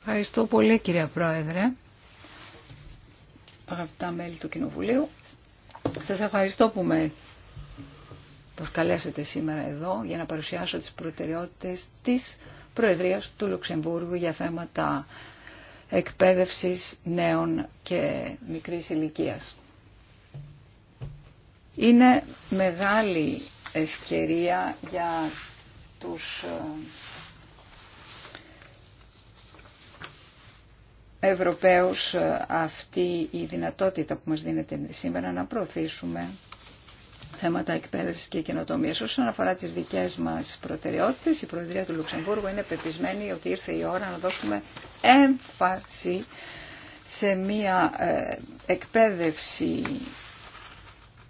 Ευχαριστώ πολύ κυρία Πρόεδρε, αγαπητά μέλη του Κοινοβουλίου. Σας ευχαριστώ που με προσκαλέσατε σήμερα εδώ για να παρουσιάσω τις προτεραιότητες της Προεδρίας του Λουξεμβούργου για θέματα εκπαίδευσης νέων και μικρής ηλικίας. Είναι μεγάλη ευκαιρία για τους ε, Ευρωπαίους ε, αυτή η δυνατότητα που μας δίνεται σήμερα να προωθήσουμε θέματα εκπαίδευση και καινοτομία. Όσον αφορά τι δικέ μα προτεραιότητε, η Προεδρία του Λουξεμβούργου είναι πεπισμένη ότι ήρθε η ώρα να δώσουμε έμφαση σε μια ε, εκπαίδευση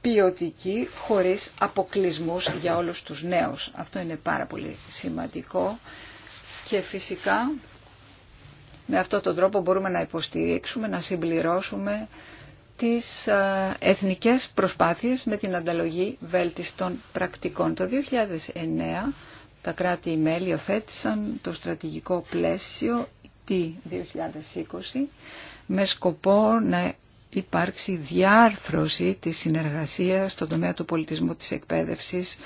ποιοτική χωρίς αποκλεισμού για όλους τους νέους. Αυτό είναι πάρα πολύ σημαντικό και φυσικά με αυτόν τον τρόπο μπορούμε να υποστηρίξουμε, να συμπληρώσουμε τις ε, εθνικές προσπάθειες με την ανταλογή βέλτιστων πρακτικών. Το 2009 τα κράτη-μέλη οφέτησαν το στρατηγικό πλαίσιο T 2020 με σκοπό να υπάρξει διάρθρωση της συνεργασίας στον τομέα του πολιτισμού της εκπαίδευσης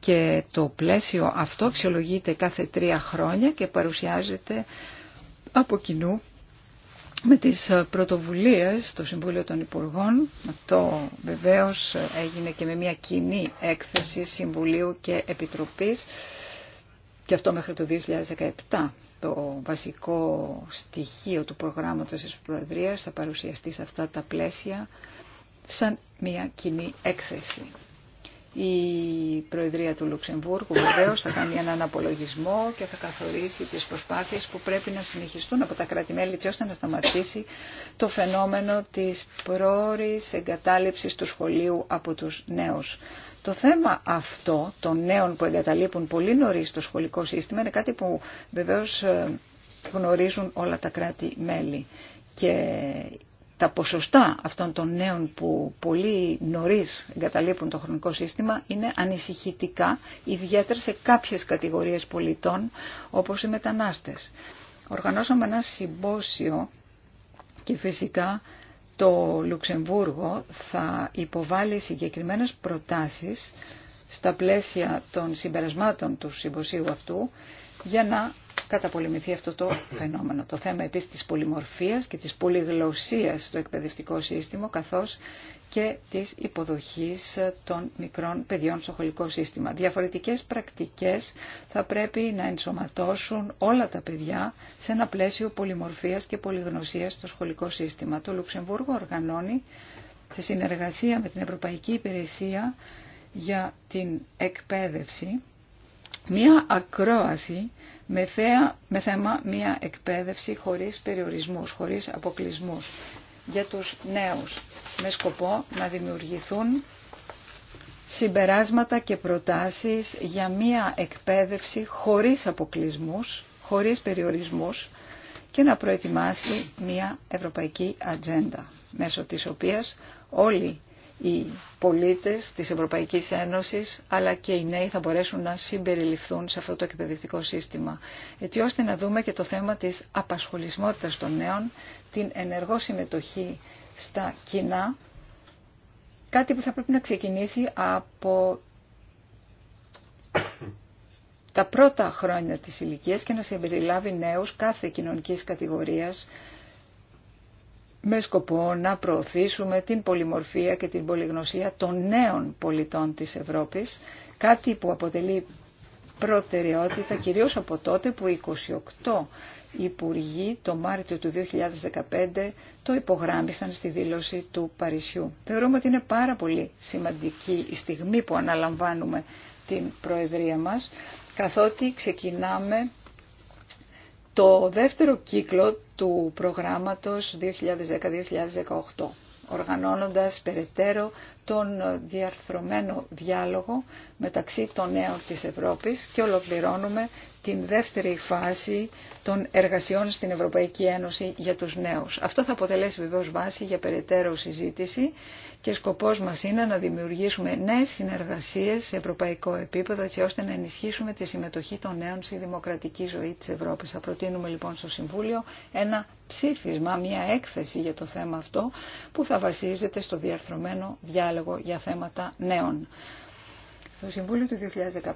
και το πλαίσιο αυτό αξιολογείται κάθε τρία χρόνια και παρουσιάζεται από κοινού με τις ε, πρωτοβουλίες στο Συμβούλιο των Υπουργών. Αυτό βεβαίως ε, έγινε και με μια κοινή έκθεση Συμβουλίου και Επιτροπής και αυτό μέχρι το 2017. Το βασικό στοιχείο του προγράμματος της Προεδρίας θα παρουσιαστεί σε αυτά τα πλαίσια σαν μια κοινή έκθεση. Η Προεδρία του Λουξεμβούργου βεβαίως θα κάνει έναν απολογισμό και θα καθορίσει τις προσπάθειες που πρέπει να συνεχιστούν από τα κράτη-μέλη έτσι ώστε να σταματήσει το φαινόμενο της πρόορης εγκατάλειψης του σχολείου από τους νέους. Το θέμα αυτό των νέων που εγκαταλείπουν πολύ νωρί το σχολικό σύστημα είναι κάτι που βεβαίως γνωρίζουν όλα τα κράτη-μέλη και τα ποσοστά αυτών των νέων που πολύ νωρίς εγκαταλείπουν το χρονικό σύστημα είναι ανησυχητικά, ιδιαίτερα σε κάποιες κατηγορίες πολιτών όπως οι μετανάστες. Οργανώσαμε ένα συμπόσιο και φυσικά το Λουξεμβούργο θα υποβάλει συγκεκριμένες προτάσεις στα πλαίσια των συμπερασμάτων του συμποσίου αυτού για να καταπολεμηθεί αυτό το φαινόμενο. Το θέμα επίσης της πολυμορφίας και της πολυγλωσσίας στο εκπαιδευτικό σύστημα, καθώς και της υποδοχής των μικρών παιδιών στο σχολικό σύστημα. Διαφορετικές πρακτικές θα πρέπει να ενσωματώσουν όλα τα παιδιά σε ένα πλαίσιο πολυμορφίας και πολυγνωσίας στο σχολικό σύστημα. Το Λουξεμβούργο οργανώνει σε συνεργασία με την Ευρωπαϊκή Υπηρεσία για την εκπαίδευση μία ακρόαση με, θέα, με θέμα μία εκπαίδευση χωρίς περιορισμούς, χωρίς αποκλεισμούς για τους νέους με σκοπό να δημιουργηθούν συμπεράσματα και προτάσεις για μία εκπαίδευση χωρίς αποκλεισμούς, χωρίς περιορισμούς και να προετοιμάσει μία ευρωπαϊκή ατζέντα μέσω της οποίας όλοι οι πολίτες της Ευρωπαϊκής Ένωσης αλλά και οι νέοι θα μπορέσουν να συμπεριληφθούν σε αυτό το εκπαιδευτικό σύστημα. Έτσι ώστε να δούμε και το θέμα της απασχολησμότητας των νέων, την ενεργό συμμετοχή στα κοινά, κάτι που θα πρέπει να ξεκινήσει από τα πρώτα χρόνια της ηλικίας και να συμπεριλάβει νέους κάθε κοινωνικής κατηγορίας με σκοπό να προωθήσουμε την πολυμορφία και την πολυγνωσία των νέων πολιτών της Ευρώπης, κάτι που αποτελεί προτεραιότητα κυρίως από τότε που 28 υπουργοί το Μάρτιο του 2015 το υπογράμμισαν στη δήλωση του Παρισιού. Θεωρούμε ότι είναι πάρα πολύ σημαντική η στιγμή που αναλαμβάνουμε την Προεδρία μας, καθότι ξεκινάμε το δεύτερο κύκλο του προγράμματος 2010-2018, οργανώνοντας περαιτέρω τον διαρθρωμένο διάλογο μεταξύ των νέων της Ευρώπης και ολοκληρώνουμε την δεύτερη φάση των εργασιών στην Ευρωπαϊκή Ένωση για τους νέους. Αυτό θα αποτελέσει βεβαίως βάση για περαιτέρω συζήτηση και σκοπός μας είναι να δημιουργήσουμε νέες συνεργασίες σε ευρωπαϊκό επίπεδο έτσι ώστε να ενισχύσουμε τη συμμετοχή των νέων στη δημοκρατική ζωή της Ευρώπης. Θα προτείνουμε λοιπόν στο Συμβούλιο ένα ψήφισμα, μια έκθεση για το θέμα αυτό που θα βασίζεται στο διαρθρωμένο διάλογο για θέματα νέων. Στο Συμβούλιο του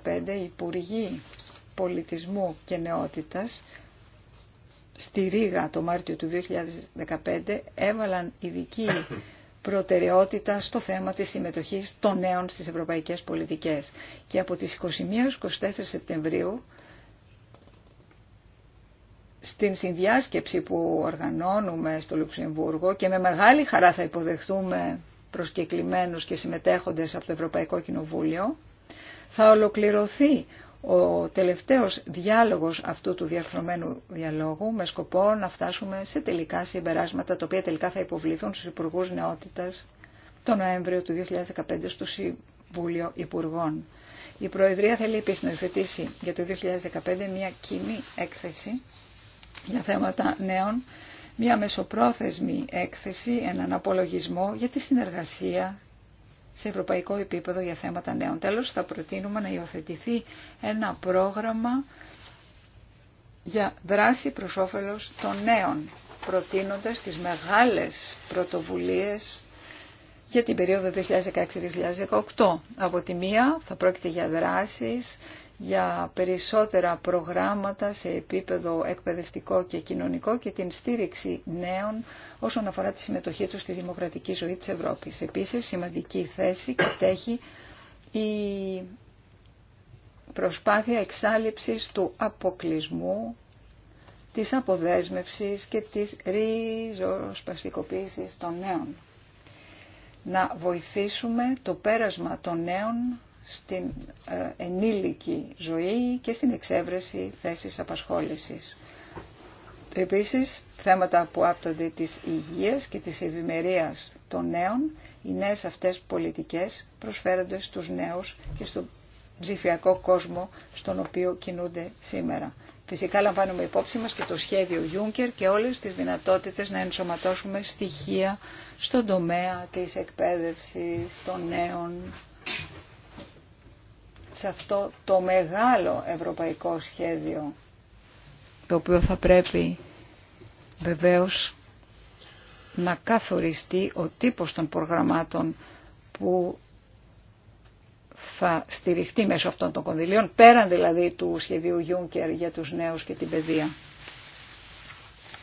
2015 οι Υπουργοί πολιτισμού και νεότητας στη Ρήγα το Μάρτιο του 2015 έβαλαν ειδική προτεραιότητα στο θέμα της συμμετοχής των νέων στις ευρωπαϊκές πολιτικές. Και από τις 21-24 Σεπτεμβρίου στην συνδιάσκεψη που οργανώνουμε στο Λουξεμβούργο και με μεγάλη χαρά θα υποδεχθούμε προσκεκλημένους και συμμετέχοντες από το Ευρωπαϊκό Κοινοβούλιο, θα ολοκληρωθεί ο τελευταίος διάλογος αυτού του διαρθρωμένου διαλόγου με σκοπό να φτάσουμε σε τελικά συμπεράσματα τα οποία τελικά θα υποβληθούν στους υπουργού Νεότητας το Νοέμβριο του 2015 στο Συμβούλιο Υπουργών. Η Προεδρία θέλει επίσης να εξετήσει για το 2015 μια κοινή έκθεση για θέματα νέων, μια μεσοπρόθεσμη έκθεση, έναν απολογισμό για τη συνεργασία σε ευρωπαϊκό επίπεδο για θέματα νέων. Τέλος, θα προτείνουμε να υιοθετηθεί ένα πρόγραμμα για δράση προς όφελος των νέων, προτείνοντας τις μεγάλες πρωτοβουλίες για την περίοδο 2016-2018. Από τη μία θα πρόκειται για δράσεις, για περισσότερα προγράμματα σε επίπεδο εκπαιδευτικό και κοινωνικό και την στήριξη νέων όσον αφορά τη συμμετοχή τους στη δημοκρατική ζωή της Ευρώπης. Επίσης, σημαντική θέση κατέχει η προσπάθεια εξάλληψης του αποκλεισμού, της αποδέσμευσης και της ριζοσπαστικοποίησης των νέων να βοηθήσουμε το πέρασμα των νέων στην ε, ενήλικη ζωή και στην εξέβρεση θέσης απασχόλησης. Επίσης, θέματα που άπτονται της υγείας και της ευημερία των νέων, οι νέες αυτές πολιτικές προσφέρονται στους νέους και στον ψηφιακό κόσμο στον οποίο κινούνται σήμερα. Φυσικά λαμβάνουμε υπόψη μας και το σχέδιο Juncker και όλες τις δυνατότητες να ενσωματώσουμε στοιχεία στον τομέα της εκπαίδευσης των νέων, σε αυτό το μεγάλο ευρωπαϊκό σχέδιο, το οποίο θα πρέπει βεβαίως να καθοριστεί ο τύπος των προγραμμάτων που θα στηριχτεί μέσω αυτών των κονδυλίων, πέραν δηλαδή του σχεδίου Juncker για τους νέους και την παιδεία.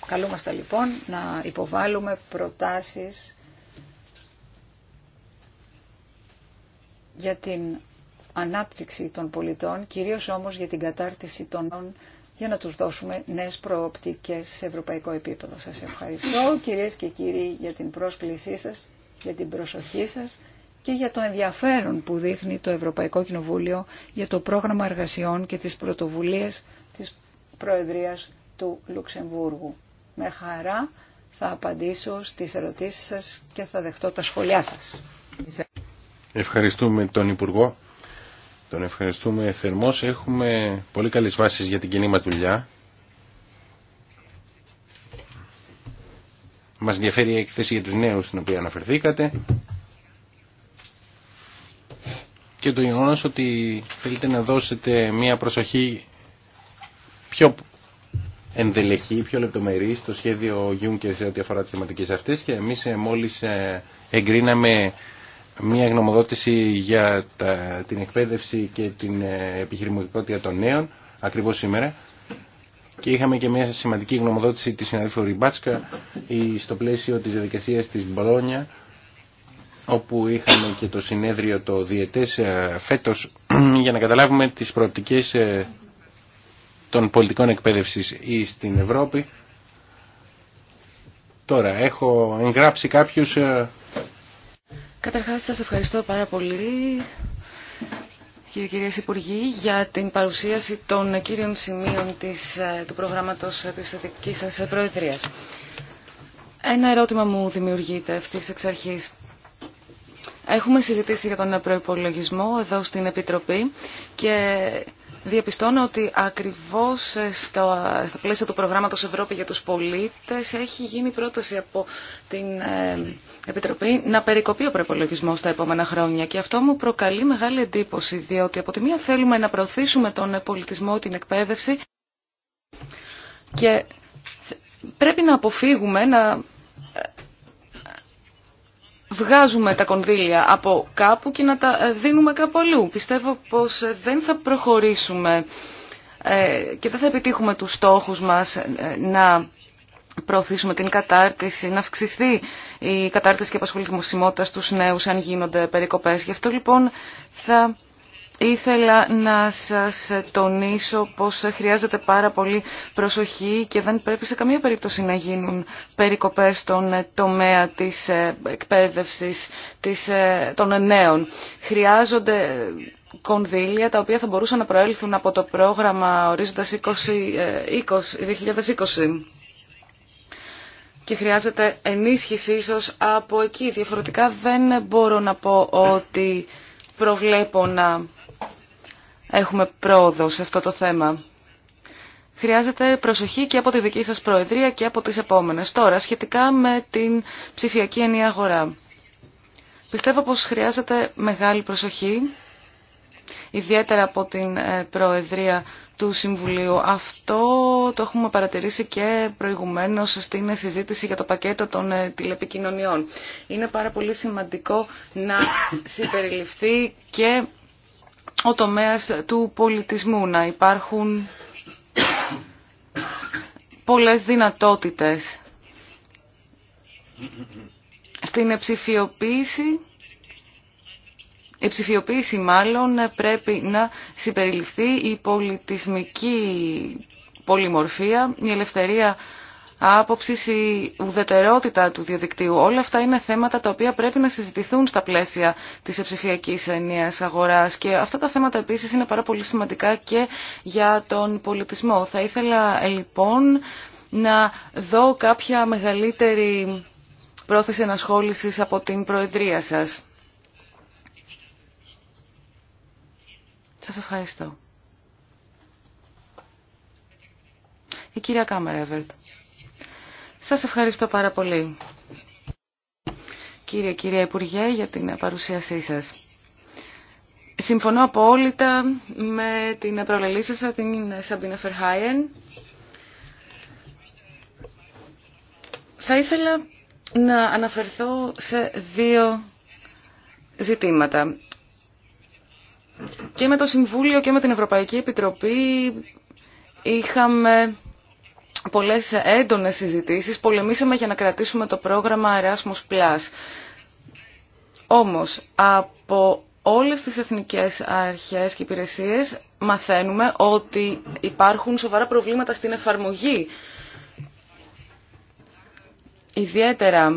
Καλούμαστε λοιπόν να υποβάλουμε προτάσεις για την ανάπτυξη των πολιτών, κυρίως όμως για την κατάρτιση των νέων, για να τους δώσουμε νέες προοπτικές σε ευρωπαϊκό επίπεδο. Σας ευχαριστώ κυρίες και κύριοι για την πρόσκλησή σας, για την προσοχή σας και για το ενδιαφέρον που δείχνει το Ευρωπαϊκό Κοινοβούλιο για το πρόγραμμα εργασιών και τις πρωτοβουλίες της Προεδρίας του Λουξεμβούργου. Με χαρά θα απαντήσω στις ερωτήσεις σας και θα δεχτώ τα σχόλιά σας. Ευχαριστούμε τον Υπουργό. Τον ευχαριστούμε θερμός. Έχουμε πολύ καλές βάσεις για την κοινή μας δουλειά. Μας ενδιαφέρει η έκθεση για τους νέους στην οποία αναφερθήκατε και το γεγονό ότι θέλετε να δώσετε μια προσοχή πιο ενδελεχή, πιο λεπτομερή στο σχέδιο Juncker σε ό,τι αφορά τις θεματικές αυτές και εμείς ε, μόλις ε, εγκρίναμε μια γνωμοδότηση για την εκπαίδευση και την ε, επιχειρηματικότητα των νέων ακριβώς σήμερα και είχαμε και μια σημαντική γνωμοδότηση της συναδέλφου Ριμπάτσκα στο πλαίσιο της διαδικασίας της Μπρόνια όπου είχαμε και το συνέδριο το διετές ε, φέτος για να καταλάβουμε τις προοπτικές ε, των πολιτικών εκπαίδευσης ή στην Ευρώπη. Τώρα, έχω εγγράψει κάποιους... Ε, Καταρχάς, σας ευχαριστώ πάρα πολύ, κύριε κυρίες Υπουργοί, για την παρουσίαση των κύριων σημείων της, του προγράμματος της δικής σας Προεδρίας. Ένα ερώτημα μου δημιουργείται αυτή εξ αρχής. Έχουμε συζητήσει για τον προπολογισμό εδώ στην Επιτροπή και διαπιστώνω ότι ακριβώς στα, στα πλαίσια του προγράμματος Ευρώπη για τους πολίτες έχει γίνει πρόταση από την ε, Επιτροπή να περικοπεί ο προπολογισμό τα επόμενα χρόνια και αυτό μου προκαλεί μεγάλη εντύπωση διότι από τη μία θέλουμε να προωθήσουμε τον πολιτισμό, την εκπαίδευση και πρέπει να αποφύγουμε να βγάζουμε τα κονδύλια από κάπου και να τα ε, δίνουμε κάπου αλλού. Πιστεύω πως ε, δεν θα προχωρήσουμε ε, και δεν θα επιτύχουμε τους στόχους μας να προωθήσουμε την κατάρτιση, να αυξηθεί η κατάρτιση και απασχοληθμοσιμότητα στους νέους αν γίνονται περικοπές. Γι' αυτό λοιπόν θα Ήθελα να σας τονίσω πως χρειάζεται πάρα πολύ προσοχή και δεν πρέπει σε καμία περίπτωση να γίνουν περικοπές στον τομέα της ε, εκπαίδευσης της, ε, των νέων. Χρειάζονται κονδύλια τα οποία θα μπορούσαν να προέλθουν από το πρόγραμμα Ορίζοντας 2020 ε, και χρειάζεται ενίσχυση ίσως από εκεί. Διαφορετικά δεν μπορώ να πω ότι προβλέπω να έχουμε πρόοδο σε αυτό το θέμα. Χρειάζεται προσοχή και από τη δική σας Προεδρία και από τις επόμενες. Τώρα, σχετικά με την ψηφιακή ενιαία αγορά. Πιστεύω πως χρειάζεται μεγάλη προσοχή, ιδιαίτερα από την ε, Προεδρία του Συμβουλίου. Αυτό το έχουμε παρατηρήσει και προηγουμένως στην συζήτηση για το πακέτο των ε, τηλεπικοινωνιών. Είναι πάρα πολύ σημαντικό να συμπεριληφθεί και ο τομέας του πολιτισμού, να υπάρχουν πολλές δυνατότητες στην ψηφιοποίηση η ψηφιοποίηση μάλλον πρέπει να συμπεριληφθεί η πολιτισμική πολυμορφία, η ελευθερία Απόψη η ουδετερότητα του διαδικτύου. Όλα αυτά είναι θέματα τα οποία πρέπει να συζητηθούν στα πλαίσια της ψηφιακή ενία αγορά. και αυτά τα θέματα επίσης είναι πάρα πολύ σημαντικά και για τον πολιτισμό. Θα ήθελα ε, λοιπόν να δω κάποια μεγαλύτερη πρόθεση ενασχόληση από την Προεδρία σας. Σας ευχαριστώ. Η κυρία Κάμερα σας ευχαριστώ πάρα πολύ. Κύριε, κυρία Υπουργέ, για την παρουσίασή σας. Συμφωνώ απόλυτα με την προλελή σας, την Σαμπίνα Φερχάιεν. Θα ήθελα να αναφερθώ σε δύο ζητήματα. Και με το Συμβούλιο και με την Ευρωπαϊκή Επιτροπή είχαμε πολλές έντονες συζητήσεις, πολεμήσαμε για να κρατήσουμε το πρόγραμμα Erasmus+. Όμως, από όλες τις εθνικές αρχές και υπηρεσίες μαθαίνουμε ότι υπάρχουν σοβαρά προβλήματα στην εφαρμογή. Ιδιαίτερα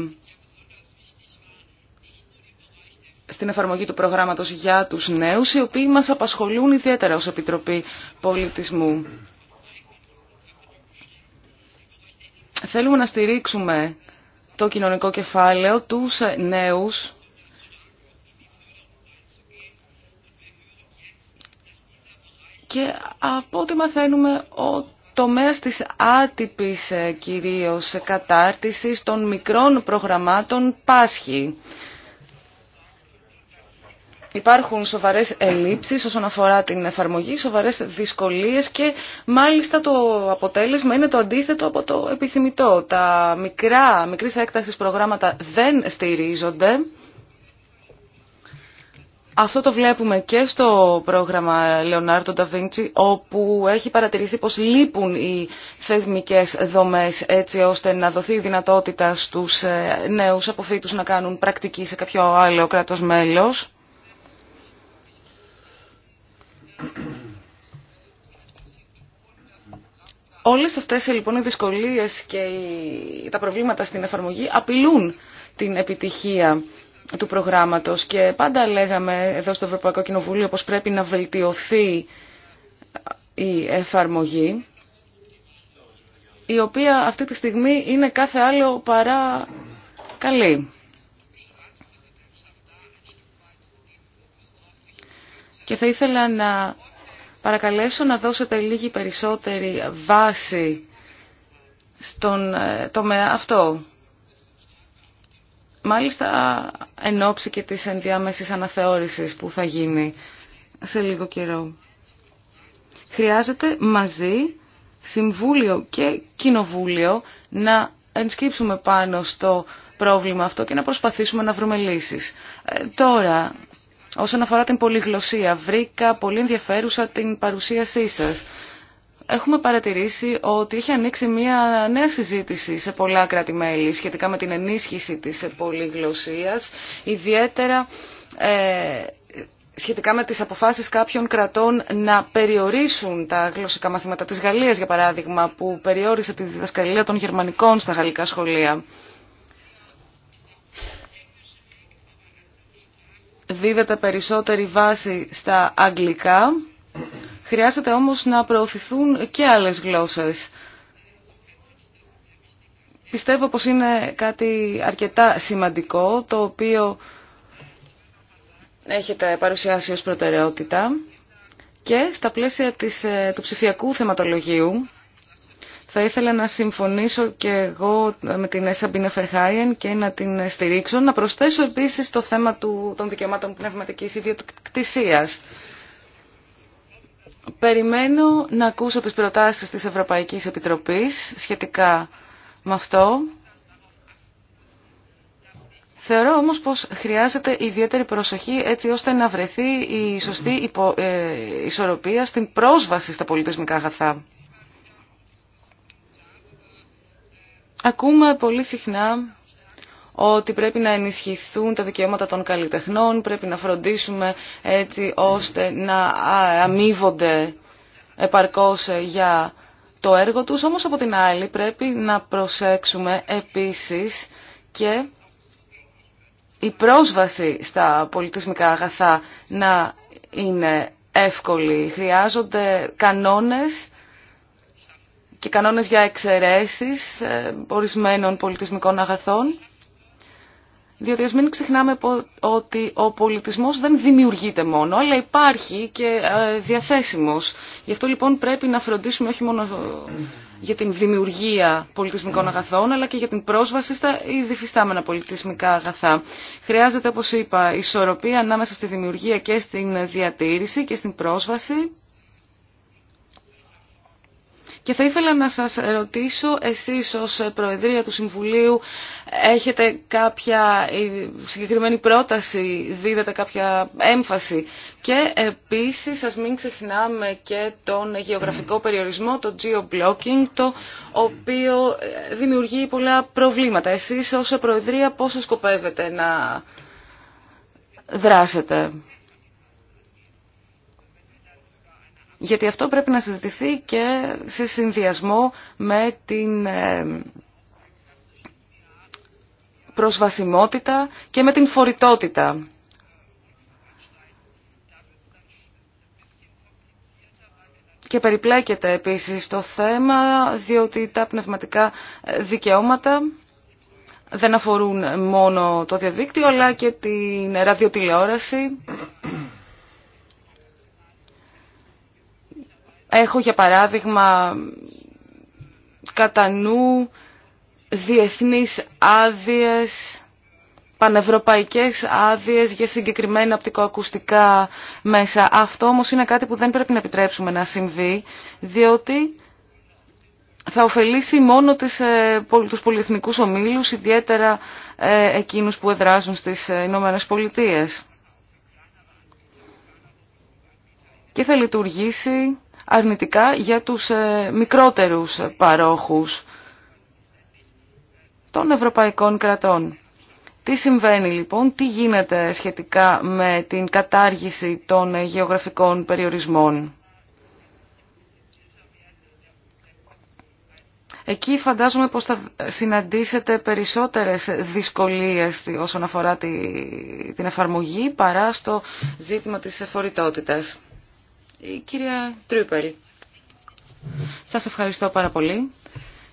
στην εφαρμογή του προγράμματος για τους νέους, οι οποίοι μας απασχολούν ιδιαίτερα ως Επιτροπή Πολιτισμού. Θέλουμε να στηρίξουμε το κοινωνικό κεφάλαιο, τους ε, νέους, και από ό,τι μαθαίνουμε ο τομέας της άτυπης ε, κυρίως κατάρτισης των μικρών προγραμμάτων πάσχει. Υπάρχουν σοβαρές ελλείψεις όσον αφορά την εφαρμογή, σοβαρές δυσκολίες και μάλιστα το αποτέλεσμα είναι το αντίθετο από το επιθυμητό. Τα μικρά, μικρής έκτασης προγράμματα δεν στηρίζονται. Αυτό το βλέπουμε και στο πρόγραμμα Λεωνάρτο Νταβίντσι, όπου έχει παρατηρηθεί πως λείπουν οι θεσμικές δομές έτσι ώστε να δοθεί η δυνατότητα στους ε, νέους αποφύτους να κάνουν πρακτική σε κάποιο άλλο κράτος μέλος. Όλες αυτές λοιπόν οι δυσκολίες και τα προβλήματα στην εφαρμογή απειλούν την επιτυχία του προγράμματος και πάντα λέγαμε εδώ στο Ευρωπαϊκό Κοινοβούλιο πως πρέπει να βελτιωθεί η εφαρμογή η οποία αυτή τη στιγμή είναι κάθε άλλο παρά καλή. Και θα ήθελα να παρακαλέσω να δώσετε λίγη περισσότερη βάση στον ε, τομέα αυτό. Μάλιστα εν ώψη και της ενδιάμεσης αναθεώρησης που θα γίνει σε λίγο καιρό. Χρειάζεται μαζί Συμβούλιο και Κοινοβούλιο να ενσκύψουμε πάνω στο πρόβλημα αυτό και να προσπαθήσουμε να βρούμε λύσεις. Ε, τώρα, Όσον αφορά την πολυγλωσία, βρήκα πολύ ενδιαφέρουσα την παρουσίασή σας. Έχουμε παρατηρήσει ότι έχει ανοίξει μια νέα συζήτηση σε πολλά κράτη-μέλη σχετικά με την ενίσχυση της πολυγλωσσίας, ιδιαίτερα ε, σχετικά με τις αποφάσεις κάποιων κρατών να περιορίσουν τα γλωσσικά μαθήματα της Γαλλίας, για παράδειγμα, που περιόρισε τη διδασκαλία των γερμανικών στα γαλλικά σχολεία. δίδεται περισσότερη βάση στα αγγλικά. Χρειάζεται όμως να προωθηθούν και άλλες γλώσσες. Πιστεύω πως είναι κάτι αρκετά σημαντικό, το οποίο έχετε παρουσιάσει ως προτεραιότητα και στα πλαίσια της, ε, του ψηφιακού θεματολογίου θα ήθελα να συμφωνήσω και εγώ με την ΕΣΑ Φερχάιεν και να την στηρίξω. Να προσθέσω επίσης το θέμα του, των δικαιωμάτων πνευματικής ιδιοκτησίας. Περιμένω να ακούσω τις προτάσεις της Ευρωπαϊκής Επιτροπής σχετικά με αυτό. Θεωρώ όμως πως χρειάζεται ιδιαίτερη προσοχή έτσι ώστε να βρεθεί η σωστή ε, ισορροπία στην πρόσβαση στα πολιτισμικά αγαθά. Ακούμε πολύ συχνά ότι πρέπει να ενισχυθούν τα δικαιώματα των καλλιτεχνών, πρέπει να φροντίσουμε έτσι ώστε να αμείβονται επαρκώς για το έργο τους, όμως από την άλλη πρέπει να προσέξουμε επίσης και η πρόσβαση στα πολιτισμικά αγαθά να είναι εύκολη. Χρειάζονται κανόνες και κανόνες για εξαιρέσεις ε, ορισμένων πολιτισμικών αγαθών. Διότι ας μην ξεχνάμε ότι ο πολιτισμός δεν δημιουργείται μόνο, αλλά υπάρχει και ε, διαθέσιμος. Γι' αυτό λοιπόν πρέπει να φροντίσουμε όχι μόνο για την δημιουργία πολιτισμικών αγαθών, αλλά και για την πρόσβαση στα ήδη φυστάμενα πολιτισμικά αγαθά. Χρειάζεται, όπως είπα, ισορροπία ανάμεσα στη δημιουργία και στην διατήρηση και στην πρόσβαση. Και θα ήθελα να σας ρωτήσω, εσείς ως Προεδρία του Συμβουλίου έχετε κάποια ε, συγκεκριμένη πρόταση, δίδετε κάποια έμφαση και επίσης σας μην ξεχνάμε και τον γεωγραφικό περιορισμό, το geo-blocking, το οποίο ε, δημιουργεί πολλά προβλήματα. Εσείς ως Προεδρία πόσο σκοπεύετε να δράσετε. γιατί αυτό πρέπει να συζητηθεί και σε συνδυασμό με την ε, προσβασιμότητα και με την φορητότητα. Και περιπλέκεται επίσης το θέμα, διότι τα πνευματικά ε, δικαιώματα δεν αφορούν μόνο το διαδίκτυο, αλλά και την ραδιοτηλεόραση Έχω για παράδειγμα κατά νου διεθνείς άδειες, πανευρωπαϊκές άδειες για συγκεκριμένα οπτικοακουστικά μέσα. Αυτό όμως είναι κάτι που δεν πρέπει να επιτρέψουμε να συμβεί, διότι θα ωφελήσει μόνο τις, ε, τους πολυεθνικούς ομίλους, ιδιαίτερα ε, εκείνους που εδράζουν στις ε, Ηνωμένες Πολιτείες. Και θα λειτουργήσει αρνητικά για τους ε, μικρότερους παρόχους των ευρωπαϊκών κρατών. Τι συμβαίνει λοιπόν, τι γίνεται σχετικά με την κατάργηση των ε, γεωγραφικών περιορισμών. Εκεί φαντάζομαι πως θα συναντήσετε περισσότερες δυσκολίες όσον αφορά την εφαρμογή παρά στο ζήτημα της εφορητότητας. Η κυρία Τρουπελ. σας ευχαριστώ πάρα πολύ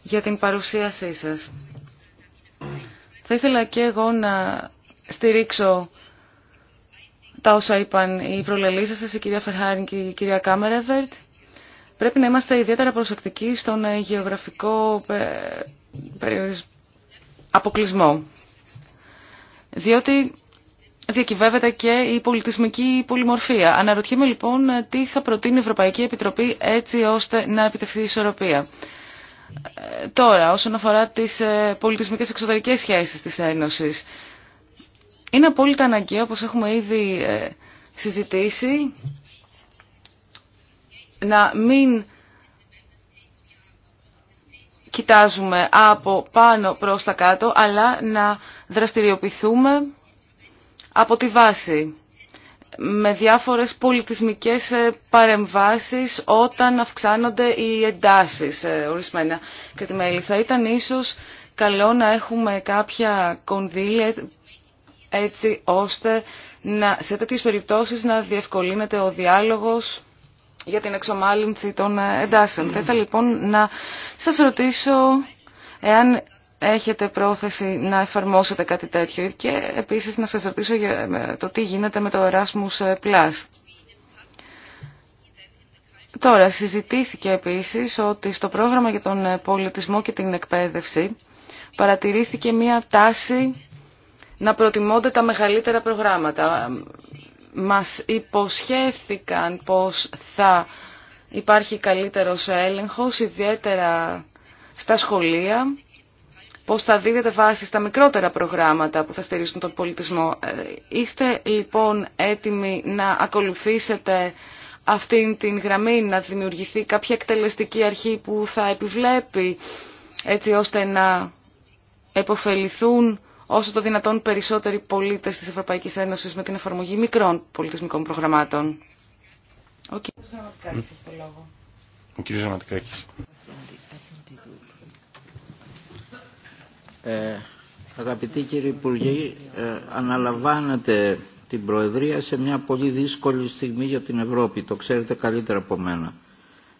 για την παρουσίασή σας. Θα ήθελα και εγώ να στηρίξω τα όσα είπαν οι προλελήσεις σας, η κυρία Φερχάριν και η κυρία Κάμερεβερτ. Πρέπει να είμαστε ιδιαίτερα προσεκτικοί στον ε, γεωγραφικό ε, αποκλεισμό. Διότι διακυβεύεται και η πολιτισμική πολυμορφία. Αναρωτιέμαι λοιπόν τι θα προτείνει η Ευρωπαϊκή Επιτροπή έτσι ώστε να επιτευχθεί η ισορροπία. Ε, τώρα, όσον αφορά τις ε, πολιτισμικές εξωτερικές σχέσεις της Ένωσης, είναι απόλυτα αναγκαίο, όπως έχουμε ήδη ε, συζητήσει, να μην κοιτάζουμε από πάνω προς τα κάτω, αλλά να δραστηριοποιηθούμε από τη βάση με διάφορες πολιτισμικές ε, παρεμβάσεις όταν αυξάνονται οι εντάσεις ε, ορισμένα μέλη. Θα ήταν ίσως καλό να έχουμε κάποια κονδύλια έτσι ώστε να, σε τέτοιες περιπτώσεις να διευκολύνεται ο διάλογος για την εξομάλυνση των ε, εντάσεων. Θα ήθελα λοιπόν να σας ρωτήσω εάν έχετε πρόθεση να εφαρμόσετε κάτι τέτοιο και επίσης να σας ρωτήσω για το τι γίνεται με το Erasmus Plus. Τώρα, συζητήθηκε επίσης ότι στο πρόγραμμα για τον πολιτισμό και την εκπαίδευση παρατηρήθηκε μία τάση να προτιμώνται τα μεγαλύτερα προγράμματα. Μας υποσχέθηκαν πως θα υπάρχει καλύτερος έλεγχος, ιδιαίτερα στα σχολεία πώς θα δίδεται βάση στα μικρότερα προγράμματα που θα στηρίζουν τον πολιτισμό. Ε, είστε λοιπόν έτοιμοι να ακολουθήσετε αυτήν την γραμμή, να δημιουργηθεί κάποια εκτελεστική αρχή που θα επιβλέπει έτσι ώστε να επωφεληθούν όσο το δυνατόν περισσότεροι πολίτες της Ευρωπαϊκής Ένωσης με την εφαρμογή μικρών πολιτισμικών προγραμμάτων. Ο έχει το λόγο. Ο ε, αγαπητοί κύριοι Υπουργοί, ε, αναλαμβάνετε την Προεδρία σε μια πολύ δύσκολη στιγμή για την Ευρώπη. Το ξέρετε καλύτερα από μένα.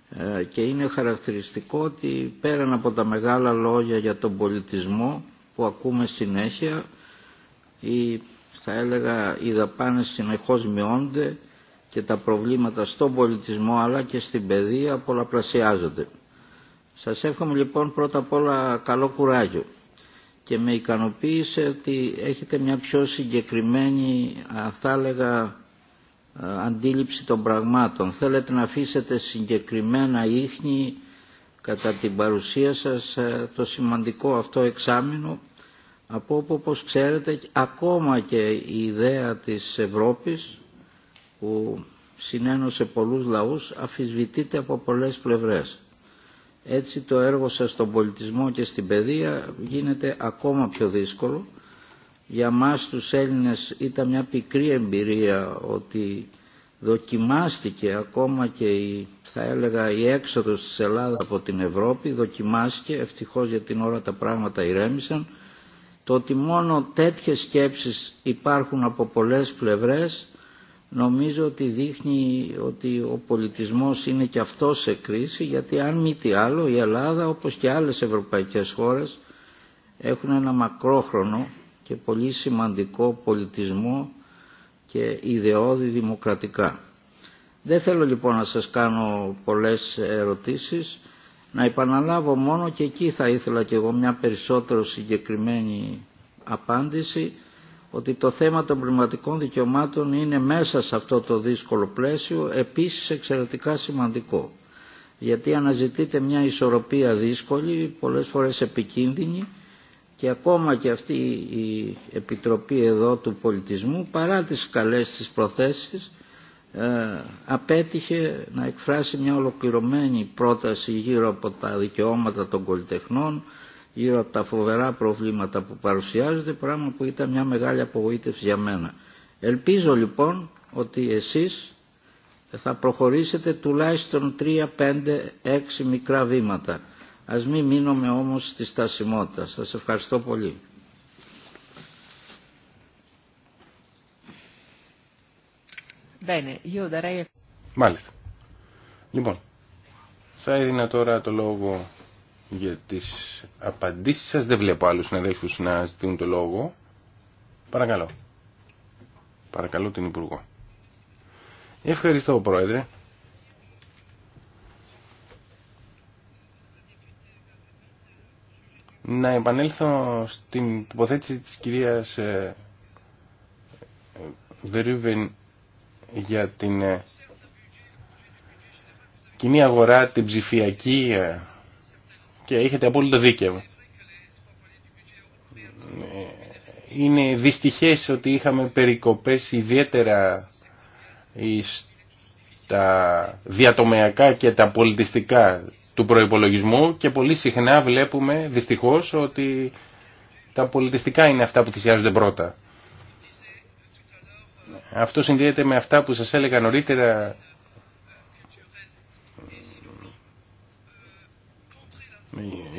Ε, και είναι χαρακτηριστικό ότι πέραν από τα μεγάλα λόγια για τον πολιτισμό που ακούμε συνέχεια, ή θα έλεγα οι δαπάνες συνεχώς μειώνται και τα προβλήματα στον πολιτισμό αλλά και στην παιδεία πολλαπλασιάζονται. Σας εύχομαι λοιπόν πρώτα απ' όλα καλό κουράγιο και με ικανοποίησε ότι έχετε μια πιο συγκεκριμένη, θα έλεγα, αντίληψη των πραγμάτων. Θέλετε να αφήσετε συγκεκριμένα ίχνη κατά την παρουσία σας ε, το σημαντικό αυτό εξάμεινο από όπου όπως ξέρετε ακόμα και η ιδέα της Ευρώπης που συνένωσε πολλούς λαούς αφισβητείται από πολλές πλευρές. Έτσι το έργο σας στον πολιτισμό και στην παιδεία γίνεται ακόμα πιο δύσκολο. Για μας τους Έλληνες ήταν μια πικρή εμπειρία ότι δοκιμάστηκε ακόμα και η, θα έλεγα η έξοδος της Ελλάδα από την Ευρώπη δοκιμάστηκε, ευτυχώς για την ώρα τα πράγματα ηρέμησαν το ότι μόνο τέτοιες σκέψεις υπάρχουν από πολλές πλευρές νομίζω ότι δείχνει ότι ο πολιτισμός είναι και αυτό σε κρίση γιατί αν μη τι άλλο η Ελλάδα όπως και άλλες ευρωπαϊκές χώρες έχουν ένα μακρόχρονο και πολύ σημαντικό πολιτισμό και ιδεώδη δημοκρατικά. Δεν θέλω λοιπόν να σας κάνω πολλές ερωτήσεις. Να επαναλάβω μόνο και εκεί θα ήθελα και εγώ μια περισσότερο συγκεκριμένη απάντηση ότι το θέμα των πνευματικών δικαιωμάτων είναι μέσα σε αυτό το δύσκολο πλαίσιο επίσης εξαιρετικά σημαντικό. Γιατί αναζητείται μια ισορροπία δύσκολη, πολλές φορές επικίνδυνη και ακόμα και αυτή η Επιτροπή εδώ του πολιτισμού παρά τις καλές της προθέσεις ε, απέτυχε να εκφράσει μια ολοκληρωμένη πρόταση γύρω από τα δικαιώματα των πολιτεχνών γύρω από τα φοβερά προβλήματα που παρουσιάζονται, πράγμα που ήταν μια μεγάλη απογοήτευση για μένα. Ελπίζω λοιπόν ότι εσείς θα προχωρήσετε τουλάχιστον 3, 5, 6 μικρά βήματα. Ας μην μείνουμε όμως στη στασιμότητα. Σας ευχαριστώ πολύ. Μάλιστα. Λοιπόν, θα έδινα τώρα το λόγο για τις απαντήσεις σας. Δεν βλέπω άλλους συναδέλφους να ζητούν το λόγο. Παρακαλώ. Παρακαλώ την Υπουργό. Ευχαριστώ, Πρόεδρε. Να επανέλθω στην τοποθέτηση της κυρίας δερούβεν ε, για την ε, κοινή αγορά, την ψηφιακή ε, και έχετε απόλυτο δίκαιο. Είναι δυστυχές ότι είχαμε περικοπές ιδιαίτερα τα διατομεακά και τα πολιτιστικά του προϋπολογισμού και πολύ συχνά βλέπουμε δυστυχώς ότι τα πολιτιστικά είναι αυτά που θυσιάζονται πρώτα. Αυτό συνδέεται με αυτά που σας έλεγα νωρίτερα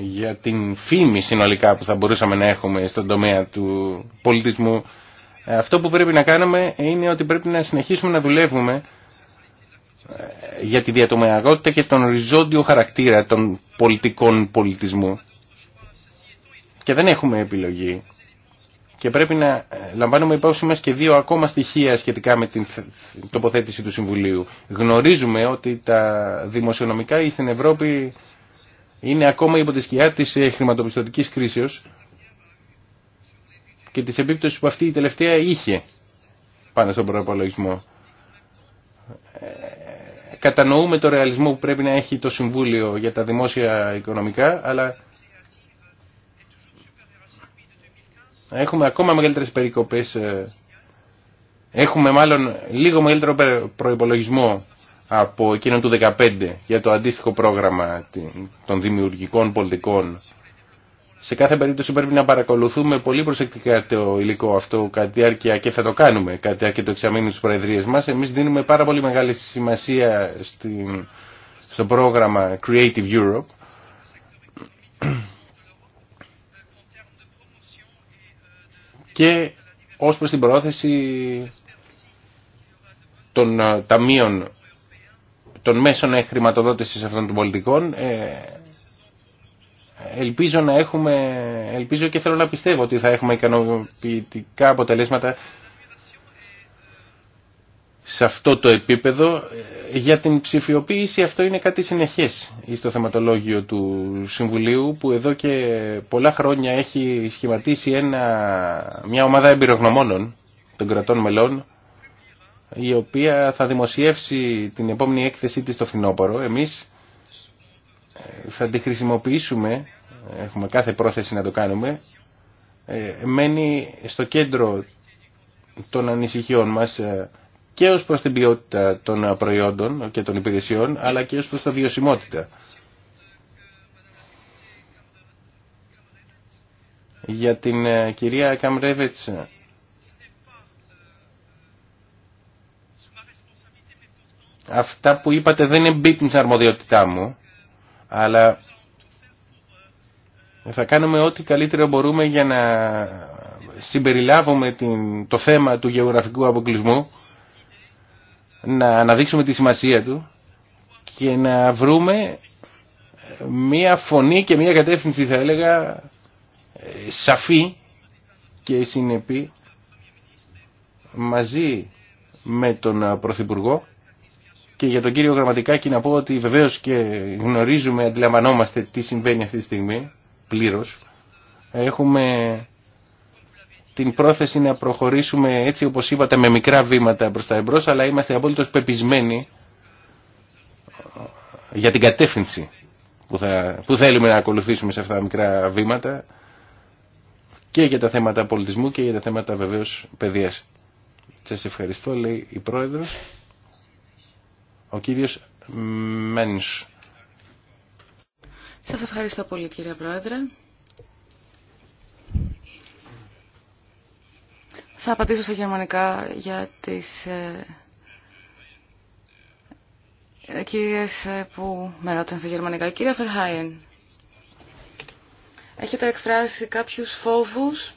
για την φήμη συνολικά που θα μπορούσαμε να έχουμε στον τομέα του πολιτισμού. Ε, αυτό που πρέπει να κάνουμε είναι ότι πρέπει να συνεχίσουμε να δουλεύουμε ε, για τη διατομεαγότητα και τον οριζόντιο χαρακτήρα των πολιτικών πολιτισμού. Και δεν έχουμε επιλογή. Και πρέπει να ε, λαμβάνουμε υπόψη μας και δύο ακόμα στοιχεία σχετικά με την τοποθέτηση του Συμβουλίου. Γνωρίζουμε ότι τα δημοσιονομικά στην Ευρώπη είναι ακόμα υπό τη σκιά της ε, χρηματοπιστωτικής κρίσεως και της επίπτωσης που αυτή η τελευταία είχε πάνω στον προπολογισμό. Ε, κατανοούμε το ρεαλισμό που πρέπει να έχει το Συμβούλιο για τα δημόσια οικονομικά, αλλά έχουμε ακόμα μεγαλύτερες περικοπές. Ε, έχουμε μάλλον λίγο μεγαλύτερο προϋπολογισμό από εκείνον του 2015 για το αντίστοιχο πρόγραμμα των δημιουργικών πολιτικών. Σε κάθε περίπτωση πρέπει να παρακολουθούμε πολύ προσεκτικά το υλικό αυτό κατά τη διάρκεια και θα το κάνουμε κατά τη διάρκεια του εξαμήνου της Προεδρίας μας. Εμείς δίνουμε πάρα πολύ μεγάλη σημασία στην, στο πρόγραμμα Creative Europe και ως προς την πρόθεση των ε, ταμείων των μέσων χρηματοδότησης αυτών των πολιτικών ε, ελπίζω να έχουμε ελπίζω και θέλω να πιστεύω ότι θα έχουμε ικανοποιητικά αποτελέσματα σε αυτό το επίπεδο ε, για την ψηφιοποίηση αυτό είναι κάτι συνεχές στο θεματολόγιο του Συμβουλίου που εδώ και πολλά χρόνια έχει σχηματίσει ένα, μια ομάδα εμπειρογνωμόνων των κρατών μελών η οποία θα δημοσιεύσει την επόμενη έκθεσή της στο φθινόπωρο. Εμείς ε, θα τη χρησιμοποιήσουμε, έχουμε κάθε πρόθεση να το κάνουμε, ε, μένει στο κέντρο των ανησυχιών μας ε, και ως προς την ποιότητα των προϊόντων και των υπηρεσιών, αλλά και ως προς τα βιωσιμότητα. Για την κυρία Καμρέβετς αυτά που είπατε δεν εμπίπτουν στην αρμοδιότητά μου, αλλά θα κάνουμε ό,τι καλύτερο μπορούμε για να συμπεριλάβουμε την, το θέμα του γεωγραφικού αποκλεισμού, να αναδείξουμε τη σημασία του και να βρούμε μία φωνή και μία κατεύθυνση θα έλεγα σαφή και συνεπή μαζί με τον Πρωθυπουργό και για τον κύριο Γραμματικάκη να πω ότι βεβαίως και γνωρίζουμε, αντιλαμβανόμαστε τι συμβαίνει αυτή τη στιγμή, πλήρως. Έχουμε την πρόθεση να προχωρήσουμε έτσι όπως είπατε με μικρά βήματα προς τα εμπρός, αλλά είμαστε απόλυτος πεπισμένοι ε, για την κατεύθυνση που, θα, που θέλουμε να ακολουθήσουμε σε αυτά τα μικρά βήματα και για τα θέματα πολιτισμού και για τα θέματα βεβαίως παιδείας. Σας ευχαριστώ, λέει η Πρόεδρος. Ο κύριος Μένς. Σας ευχαριστώ πολύ κύριε Πρόεδρε. Θα απαντήσω στα γερμανικά για τις ε, ε κυρίες ε, που με ρώτησαν στα γερμανικά. Κύριε Φερχάιεν, έχετε εκφράσει κάποιους φόβους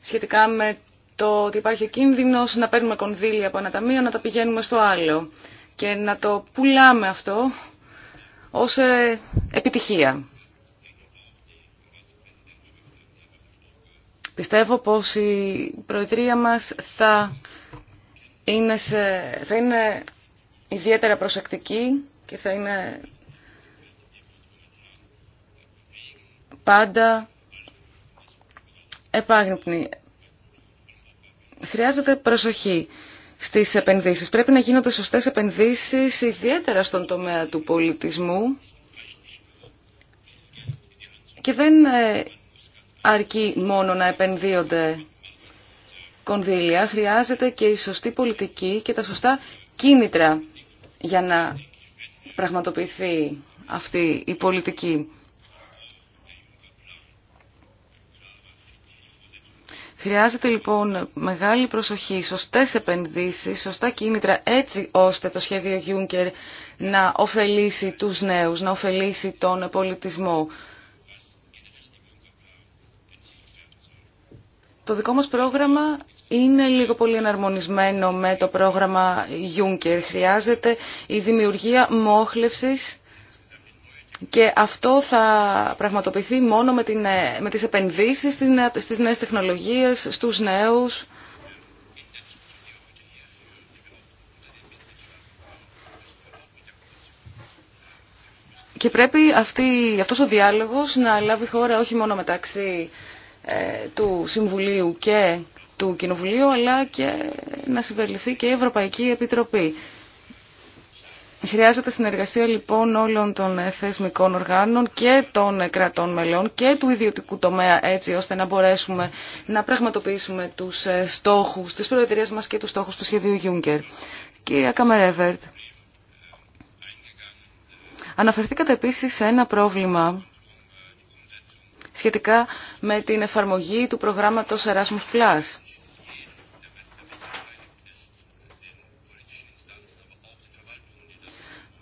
σχετικά με το ότι υπάρχει ο κίνδυνος να παίρνουμε κονδύλια από ένα ταμείο, να τα πηγαίνουμε στο άλλο και να το πουλάμε αυτό ως ε, επιτυχία. Πιστεύω πως η Προεδρία μας θα είναι, σε, θα είναι ιδιαίτερα προσεκτική και θα είναι πάντα επάγνυπνη χρειάζεται προσοχή στις επενδύσεις. Πρέπει να γίνονται σωστές επενδύσεις, ιδιαίτερα στον τομέα του πολιτισμού. Και δεν ε, αρκεί μόνο να επενδύονται κονδύλια, χρειάζεται και η σωστή πολιτική και τα σωστά κίνητρα για να πραγματοποιηθεί αυτή η πολιτική. Χρειάζεται λοιπόν μεγάλη προσοχή, σωστές επενδύσεις, σωστά κίνητρα έτσι ώστε το σχέδιο Juncker να ωφελήσει τους νέους, να ωφελήσει τον πολιτισμό. Το δικό μας πρόγραμμα είναι λίγο πολύ εναρμονισμένο με το πρόγραμμα Juncker. Χρειάζεται η δημιουργία μόχλευσης και αυτό θα πραγματοποιηθεί μόνο με, την, ε, με τις επενδύσεις στις, στις νέες τεχνολογίες, στους νέους. Και πρέπει αυτή, αυτός ο διάλογος να λάβει χώρα όχι μόνο μεταξύ ε, του Συμβουλίου και του Κοινοβουλίου, αλλά και να συμπεριληφθεί και η Ευρωπαϊκή Επιτροπή. Χρειάζεται συνεργασία λοιπόν όλων των ε, θεσμικών οργάνων και των ε, κρατών μελών και του ιδιωτικού τομέα έτσι ώστε να μπορέσουμε να πραγματοποιήσουμε τους ε, στόχους της Προεδρίας μας και τους στόχους του σχεδίου Juncker. Κυρία Καμερέβερτ, αναφερθήκατε επίσης σε ένα πρόβλημα σχετικά με την εφαρμογή του προγράμματος Erasmus+.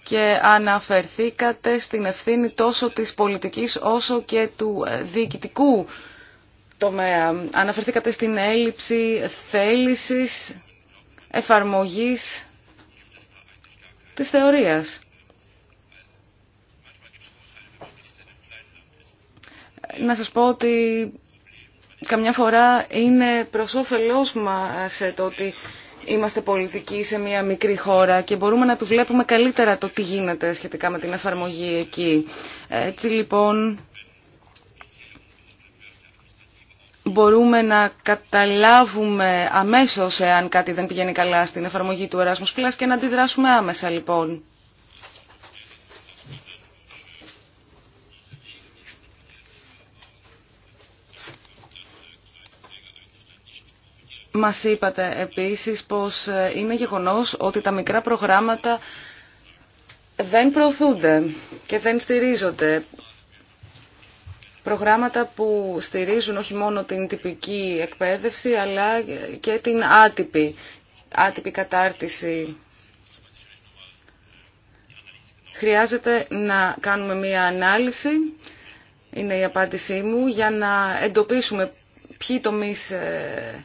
και αναφερθήκατε στην ευθύνη τόσο της πολιτικής όσο και του ε, διοικητικού τομέα. Αναφερθήκατε στην έλλειψη θέλησης εφαρμογής της θεωρίας. Να σας πω ότι καμιά φορά είναι προς όφελός μας ε, το ότι είμαστε πολιτικοί σε μια μικρή χώρα και μπορούμε να επιβλέπουμε καλύτερα το τι γίνεται σχετικά με την εφαρμογή εκεί. Έτσι λοιπόν μπορούμε να καταλάβουμε αμέσως εάν κάτι δεν πηγαίνει καλά στην εφαρμογή του Erasmus Plus και να αντιδράσουμε άμεσα λοιπόν. Μας είπατε επίσης πως ε, είναι γεγονός ότι τα μικρά προγράμματα δεν προωθούνται και δεν στηρίζονται. Προγράμματα που στηρίζουν όχι μόνο την τυπική εκπαίδευση αλλά και την άτυπη, άτυπη κατάρτιση. Χρειάζεται να κάνουμε μία ανάλυση, είναι η απάντησή μου, για να εντοπίσουμε ποιοι τομείς ε,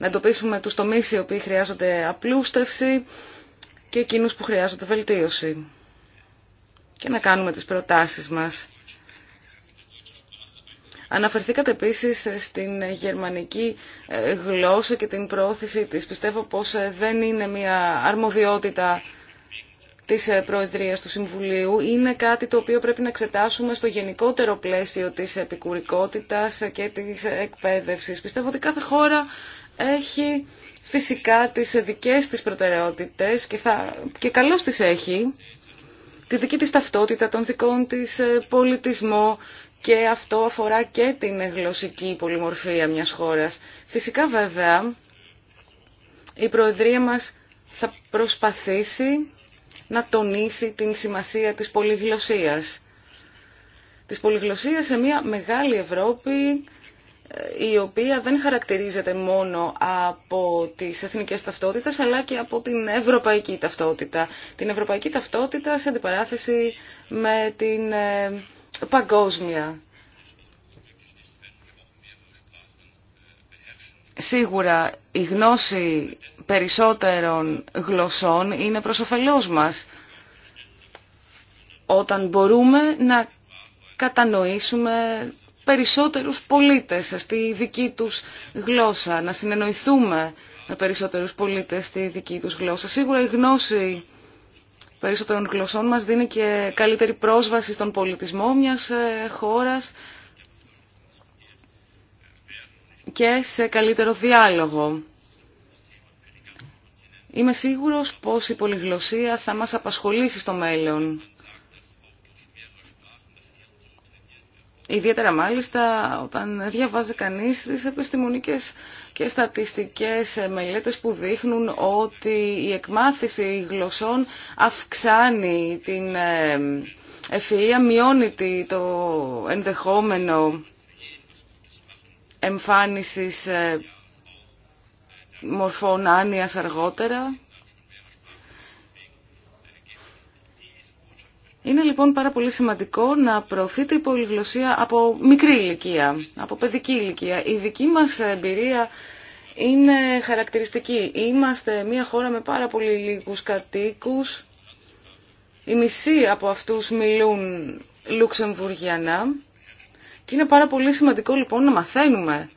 να εντοπίσουμε τους τομείς οι οποίοι χρειάζονται απλούστευση και εκείνους που χρειάζονται βελτίωση και να κάνουμε τις προτάσεις μας. Αναφερθήκατε επίσης στην γερμανική ε, γλώσσα και την προώθηση της. Πιστεύω πως ε, δεν είναι μια αρμοδιότητα της ε, Προεδρίας του Συμβουλίου. Είναι κάτι το οποίο πρέπει να εξετάσουμε στο γενικότερο πλαίσιο της επικουρικότητας και της εκπαίδευσης. Πιστεύω ότι κάθε χώρα έχει φυσικά τις δικές της προτεραιότητες και, θα, και καλώς τις έχει, τη δική της ταυτότητα, τον δικών της ε, πολιτισμό και αυτό αφορά και την γλωσσική πολυμορφία μιας χώρας. Φυσικά βέβαια η Προεδρία μας θα προσπαθήσει να τονίσει την σημασία της πολυγλωσσίας. Της πολυγλωσσίας σε μια μεγάλη Ευρώπη η οποία δεν χαρακτηρίζεται μόνο από τις εθνικές ταυτότητες αλλά και από την ευρωπαϊκή ταυτότητα. Την ευρωπαϊκή ταυτότητα σε αντιπαράθεση με την ε, παγκόσμια. Σίγουρα η γνώση περισσότερων γλωσσών είναι προς ωφελός μας όταν μπορούμε να κατανοήσουμε περισσότερους πολίτες στη δική τους γλώσσα, να συνεννοηθούμε με περισσότερους πολίτες στη δική τους γλώσσα. Σίγουρα η γνώση περισσότερων γλωσσών μας δίνει και καλύτερη πρόσβαση στον πολιτισμό μιας ε, χώρας και σε καλύτερο διάλογο. Είμαι σίγουρος πως η πολυγλωσσία θα μας απασχολήσει στο μέλλον. Ιδιαίτερα μάλιστα όταν διαβάζει κανείς τις επιστημονικές και στατιστικές μελέτες που δείχνουν ότι η εκμάθηση γλωσσών αυξάνει την ε, ευφυΐα, μειώνει το ενδεχόμενο εμφάνισης ε, μορφών άνοιας αργότερα. Είναι λοιπόν πάρα πολύ σημαντικό να προωθείται η πολυγλωσία από μικρή ηλικία, από παιδική ηλικία. Η δική μας εμπειρία είναι χαρακτηριστική. Είμαστε μια χώρα με πάρα πολύ λίγους κατοίκους. Η μισή από αυτούς μιλούν Λουξεμβουργιανά. Και είναι πάρα πολύ σημαντικό λοιπόν να μαθαίνουμε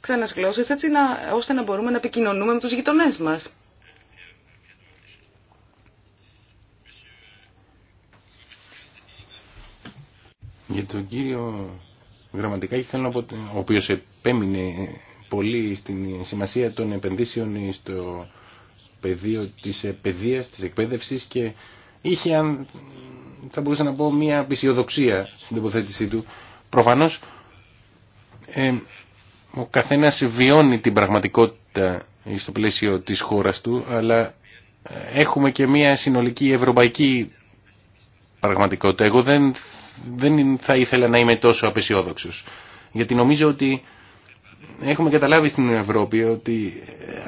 ξένες γλώσσες έτσι να, ώστε να μπορούμε να επικοινωνούμε με τους γειτονές μας. τον κύριο Γραμματικά θέλω να ο οποίος επέμεινε πολύ στην σημασία των επενδύσεων στο πεδίο της παιδείας, της εκπαίδευσης και είχε, αν θα μπορούσα να πω, μια πισιοδοξία στην τοποθέτησή του. Προφανώς ε, ο καθένας βιώνει την πραγματικότητα στο πλαίσιο της χώρας του, αλλά έχουμε και μια συνολική ευρωπαϊκή πραγματικότητα. Εγώ δεν δεν θα ήθελα να είμαι τόσο απεσιόδοξο. Γιατί νομίζω ότι έχουμε καταλάβει στην Ευρώπη ότι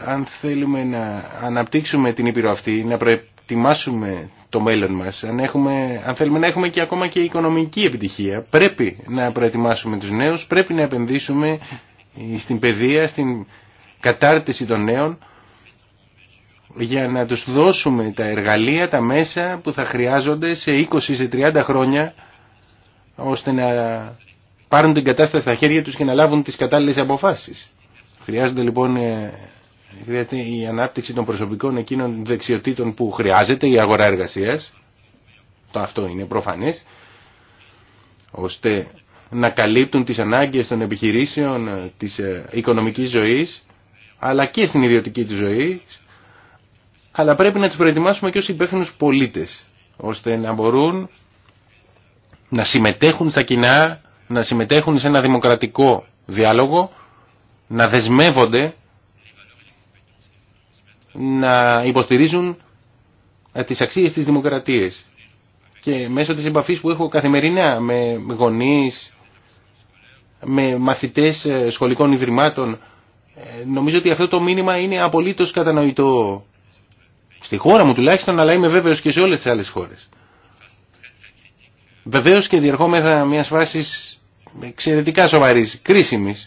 ε, αν θέλουμε να αναπτύξουμε την Ήπειρο αυτή, να προετοιμάσουμε το μέλλον μας, αν, έχουμε, αν θέλουμε να έχουμε και ακόμα και οικονομική επιτυχία, πρέπει να προετοιμάσουμε τους νέους, πρέπει να επενδύσουμε στην παιδεία, στην κατάρτιση των νέων, για να τους δώσουμε τα εργαλεία, τα μέσα που θα χρειάζονται σε 20-30 χρόνια ώστε να πάρουν την κατάσταση στα χέρια τους και να λάβουν τις κατάλληλες αποφάσεις. Χρειάζονται λοιπόν ε, χρειάζεται η ανάπτυξη των προσωπικών εκείνων δεξιοτήτων που χρειάζεται η αγορά εργασίας, το αυτό είναι προφανές, ώστε να καλύπτουν τις ανάγκες των επιχειρήσεων ε, της ε, οικονομικής ζωής, αλλά και στην ιδιωτική της ζωή, αλλά πρέπει να τους προετοιμάσουμε και ως υπεύθυνου πολίτες, ώστε να μπορούν να συμμετέχουν στα κοινά, να συμμετέχουν σε ένα δημοκρατικό διάλογο, να δεσμεύονται, να υποστηρίζουν ε, τις αξίες της δημοκρατίας. Και μέσω της επαφή που έχω καθημερινά με γονείς, με μαθητές ε, σχολικών ιδρυμάτων, ε, νομίζω ότι αυτό το μήνυμα είναι απολύτως κατανοητό. Στη χώρα μου τουλάχιστον, αλλά είμαι βέβαιος και σε όλες τις άλλες χώρες. Βεβαίως και διερχόμεθα μιας φάσης εξαιρετικά σοβαρής, κρίσιμης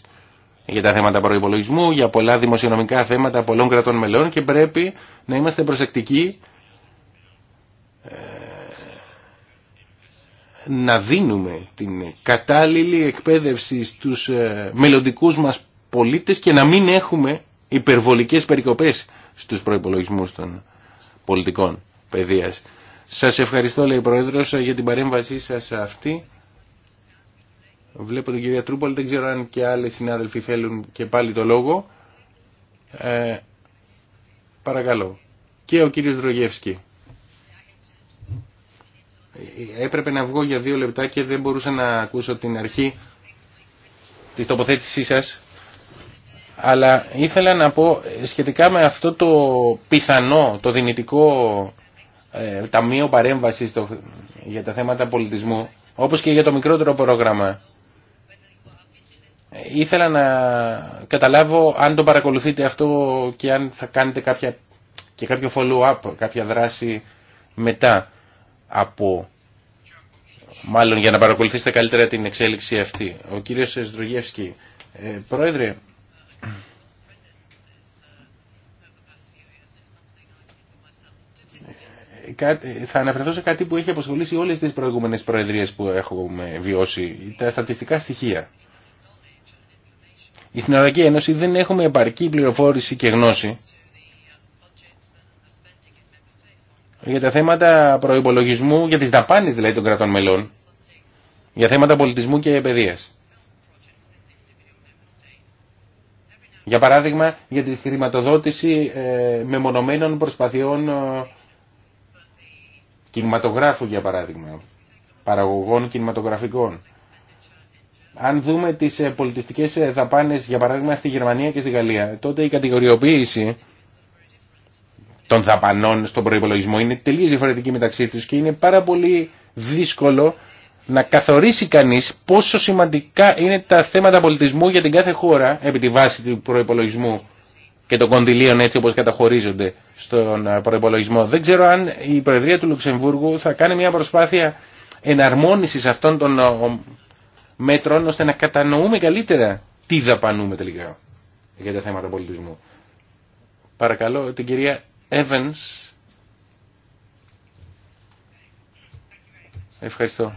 για τα θέματα προϋπολογισμού, για πολλά δημοσιονομικά θέματα πολλών κρατών μελών και πρέπει να είμαστε προσεκτικοί ε, να δίνουμε την κατάλληλη εκπαίδευση στους ε, μελλοντικού μας πολίτες και να μην έχουμε υπερβολικές περικοπές στους προϋπολογισμούς των πολιτικών παιδείας. Σας ευχαριστώ λέει Πρόεδρος για την παρέμβασή σας αυτή. Βλέπω την κυρία Τρούπολ, δεν ξέρω αν και άλλοι συνάδελφοι θέλουν και πάλι το λόγο. Ε, παρακαλώ. Και ο κύριος Δρογεύσκη. Έπρεπε να βγω για δύο λεπτά και δεν μπορούσα να ακούσω την αρχή της τοποθέτησής σας. Αλλά ήθελα να πω σχετικά με αυτό το πιθανό, το δυνητικό ε, ταμείο παρέμβασης για τα θέματα πολιτισμού, όπως και για το μικρότερο πρόγραμμα. Ήθελα να καταλάβω αν το παρακολουθείτε αυτό και αν θα κάνετε κάποια, και κάποιο follow-up, κάποια δράση μετά από... Μάλλον για να παρακολουθήσετε καλύτερα την εξέλιξη αυτή. Ο κύριος Σεσδρουγεύσκη. Ε, πρόεδρε, θα αναφερθώ σε κάτι που έχει αποσχολήσει όλες τις προηγούμενες προεδρίες που έχουμε βιώσει, τα στατιστικά στοιχεία. Στην Ευρωπαϊκή Ένωση δεν έχουμε επαρκή πληροφόρηση και γνώση για τα θέματα προϋπολογισμού, για τις δαπάνες δηλαδή των κρατών μελών, για θέματα πολιτισμού και παιδείας. Για παράδειγμα, για τη χρηματοδότηση ε, μεμονωμένων προσπαθειών ε, κινηματογράφου για παράδειγμα, παραγωγών κινηματογραφικών. Αν δούμε τις ε, πολιτιστικές ε, δαπάνες για παράδειγμα στη Γερμανία και στη Γαλλία, τότε η κατηγοριοποίηση των δαπανών στον προϋπολογισμό είναι τελείως διαφορετική μεταξύ τους και είναι πάρα πολύ δύσκολο να καθορίσει κανείς πόσο σημαντικά είναι τα θέματα πολιτισμού για την κάθε χώρα επί τη βάση του προϋπολογισμού και των κονδυλίων έτσι όπως καταχωρίζονται στον ε, προπολογισμό. Δεν ξέρω αν η Προεδρία του Λουξεμβούργου θα κάνει μια προσπάθεια εναρμόνισης αυτών των ε, μέτρων ώστε να κατανοούμε καλύτερα τι δαπανούμε τελικά για τα θέματα πολιτισμού. Παρακαλώ την κυρία Evans. Ευχαριστώ.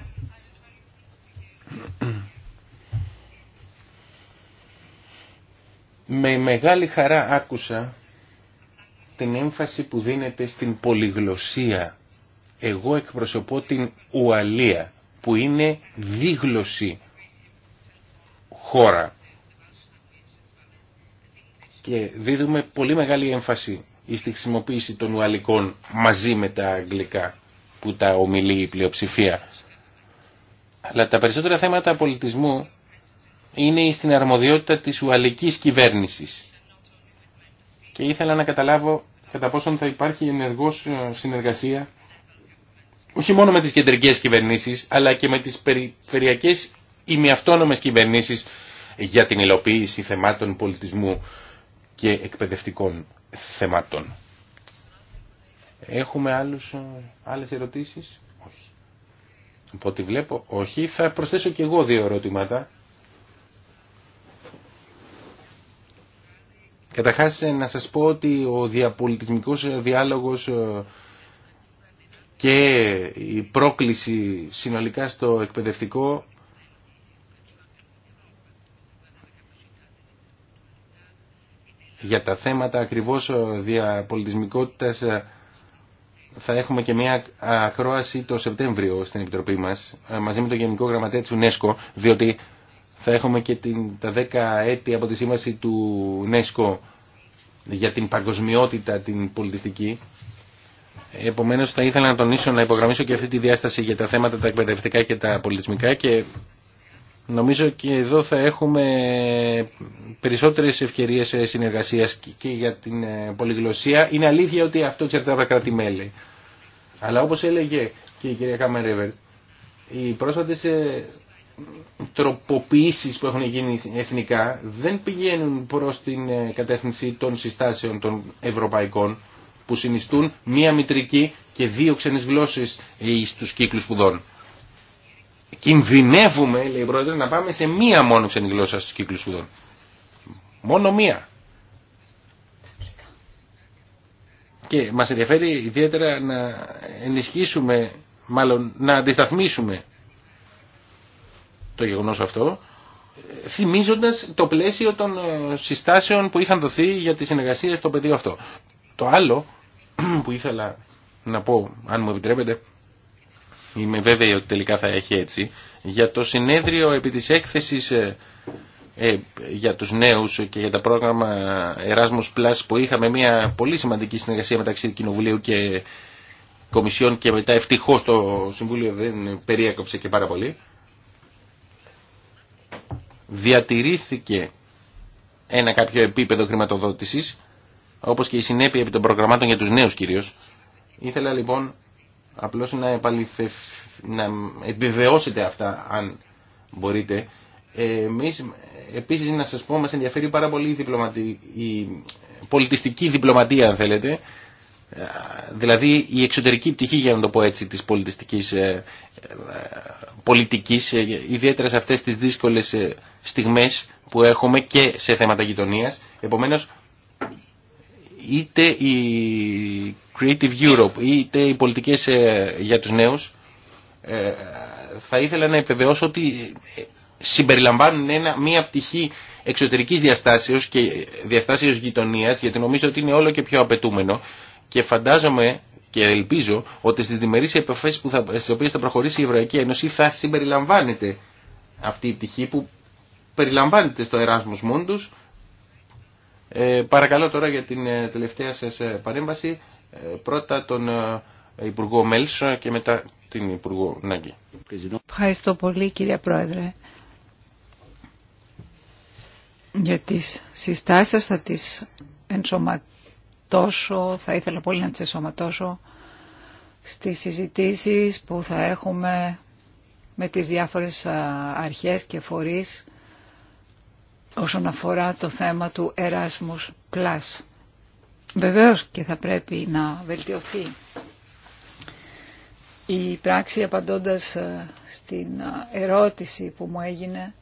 Με μεγάλη χαρά άκουσα την έμφαση που δίνεται στην πολυγλωσία. Εγώ εκπροσωπώ την Ουαλία που είναι δίγλωση χώρα και δίδουμε πολύ μεγάλη έμφαση στη χρησιμοποίηση των Ουαλικών μαζί με τα Αγγλικά που τα ομιλεί η πλειοψηφία. Αλλά τα περισσότερα θέματα πολιτισμού είναι στην αρμοδιότητα της ουαλικής κυβέρνησης. Και ήθελα να καταλάβω κατά πόσον θα υπάρχει ενεργός ε, συνεργασία όχι μόνο με τις κεντρικές κυβερνήσεις αλλά και με τις περιφερειακές ημιαυτόνομες κυβερνήσεις για την υλοποίηση θεμάτων πολιτισμού και εκπαιδευτικών θεμάτων. Έχουμε άλλους, ε, άλλες ερωτήσεις? Όχι. Από βλέπω, όχι. Θα προσθέσω και εγώ δύο ερωτήματα Καταρχάς να σας πω ότι ο διαπολιτισμικός διάλογος ε, και η πρόκληση συνολικά στο εκπαιδευτικό για τα θέματα ακριβώς ε, διαπολιτισμικότητας ε, θα έχουμε και μια ακρόαση το Σεπτέμβριο στην Επιτροπή μας μαζί με τον Γενικό Γραμματέα της UNESCO διότι θα έχουμε και την, τα 10 έτη από τη σύμβαση του UNESCO για την παγκοσμιότητα την πολιτιστική. Επομένως θα ήθελα να τονίσω να υπογραμμίσω και αυτή τη διάσταση για τα θέματα τα εκπαιδευτικά και τα πολιτισμικά και νομίζω και εδώ θα έχουμε περισσότερες ευκαιρίες συνεργασίας και για την ε, πολυγλωσία. Είναι αλήθεια ότι αυτό από τα κράτη-μέλη. Αλλά όπως έλεγε και η κυρία Κάμερεβερ, οι πρόσφατες ε, τροποποιήσεις που έχουν γίνει εθνικά δεν πηγαίνουν προς την ε, κατεύθυνση των συστάσεων των ευρωπαϊκών που συνιστούν μία μητρική και δύο ξένες γλώσσες στους κύκλους σπουδών. Κινδυνεύουμε, λέει ο να πάμε σε μία μόνο ξένη γλώσσα στους κύκλους σπουδών. Μόνο μία. Και μας ενδιαφέρει ιδιαίτερα να ενισχύσουμε, μάλλον να αντισταθμίσουμε το γεγονός αυτό, θυμίζοντας το πλαίσιο των ε, συστάσεων που είχαν δοθεί για τη συνεργασία στο πεδίο αυτό. Το άλλο που ήθελα να πω, αν μου επιτρέπετε, είμαι βέβαιο ότι τελικά θα έχει έτσι, για το συνέδριο επί της έκθεσης ε, ε, για τους νέους και για τα πρόγραμμα Erasmus Plus που είχαμε μια πολύ σημαντική συνεργασία μεταξύ Κοινοβουλίου και Κομισιόν και μετά ευτυχώς το Συμβούλιο δεν περιέκοψε και πάρα πολύ διατηρήθηκε ένα κάποιο επίπεδο χρηματοδότησης, όπως και η συνέπεια επί των προγραμμάτων για τους νέους κυρίως. Ήθελα λοιπόν απλώς να, επαληθευ... να επιβεβαιώσετε αυτά αν μπορείτε. Εμείς επίσης να σας πω μας ενδιαφέρει πάρα πολύ η, η πολιτιστική διπλωματία αν θέλετε δηλαδή η εξωτερική πτυχή για να το πω έτσι της πολιτιστικής ε, ε, πολιτικής ε, ιδιαίτερα σε αυτές τις δύσκολες στιγμές που έχουμε και σε θέματα γειτονίας επομένως είτε η Creative Europe είτε οι πολιτικές για τους νέους θα ήθελα να επιβεβαιώσω ότι συμπεριλαμβάνουν ένα, μία πτυχή εξωτερικής διαστάσεως και διαστάσεως γειτονίας γιατί νομίζω ότι είναι όλο και πιο απαιτούμενο και φαντάζομαι και ελπίζω ότι στις διμερείς επαφές που θα, στις οποίες θα προχωρήσει η Ευρωπαϊκή Ένωση θα συμπεριλαμβάνεται αυτή η πτυχή που περιλαμβάνεται στο Erasmus μόντους. Ε, παρακαλώ τώρα για την ε, τελευταία σας ε, παρέμβαση ε, πρώτα τον Υπουργό Μέλσο και μετά την Υπουργό Νάγκη. Ευχαριστώ πολύ κύριε Πρόεδρε για τις συστάσεις θα τις ενσωματήσω τόσο θα ήθελα πολύ να τις εσωματώσω στις συζητήσεις που θα έχουμε με τις διάφορες αρχές και φορείς όσον αφορά το θέμα του Erasmus Plus. Βεβαίως και θα πρέπει να βελτιωθεί η πράξη απαντώντας στην ερώτηση που μου έγινε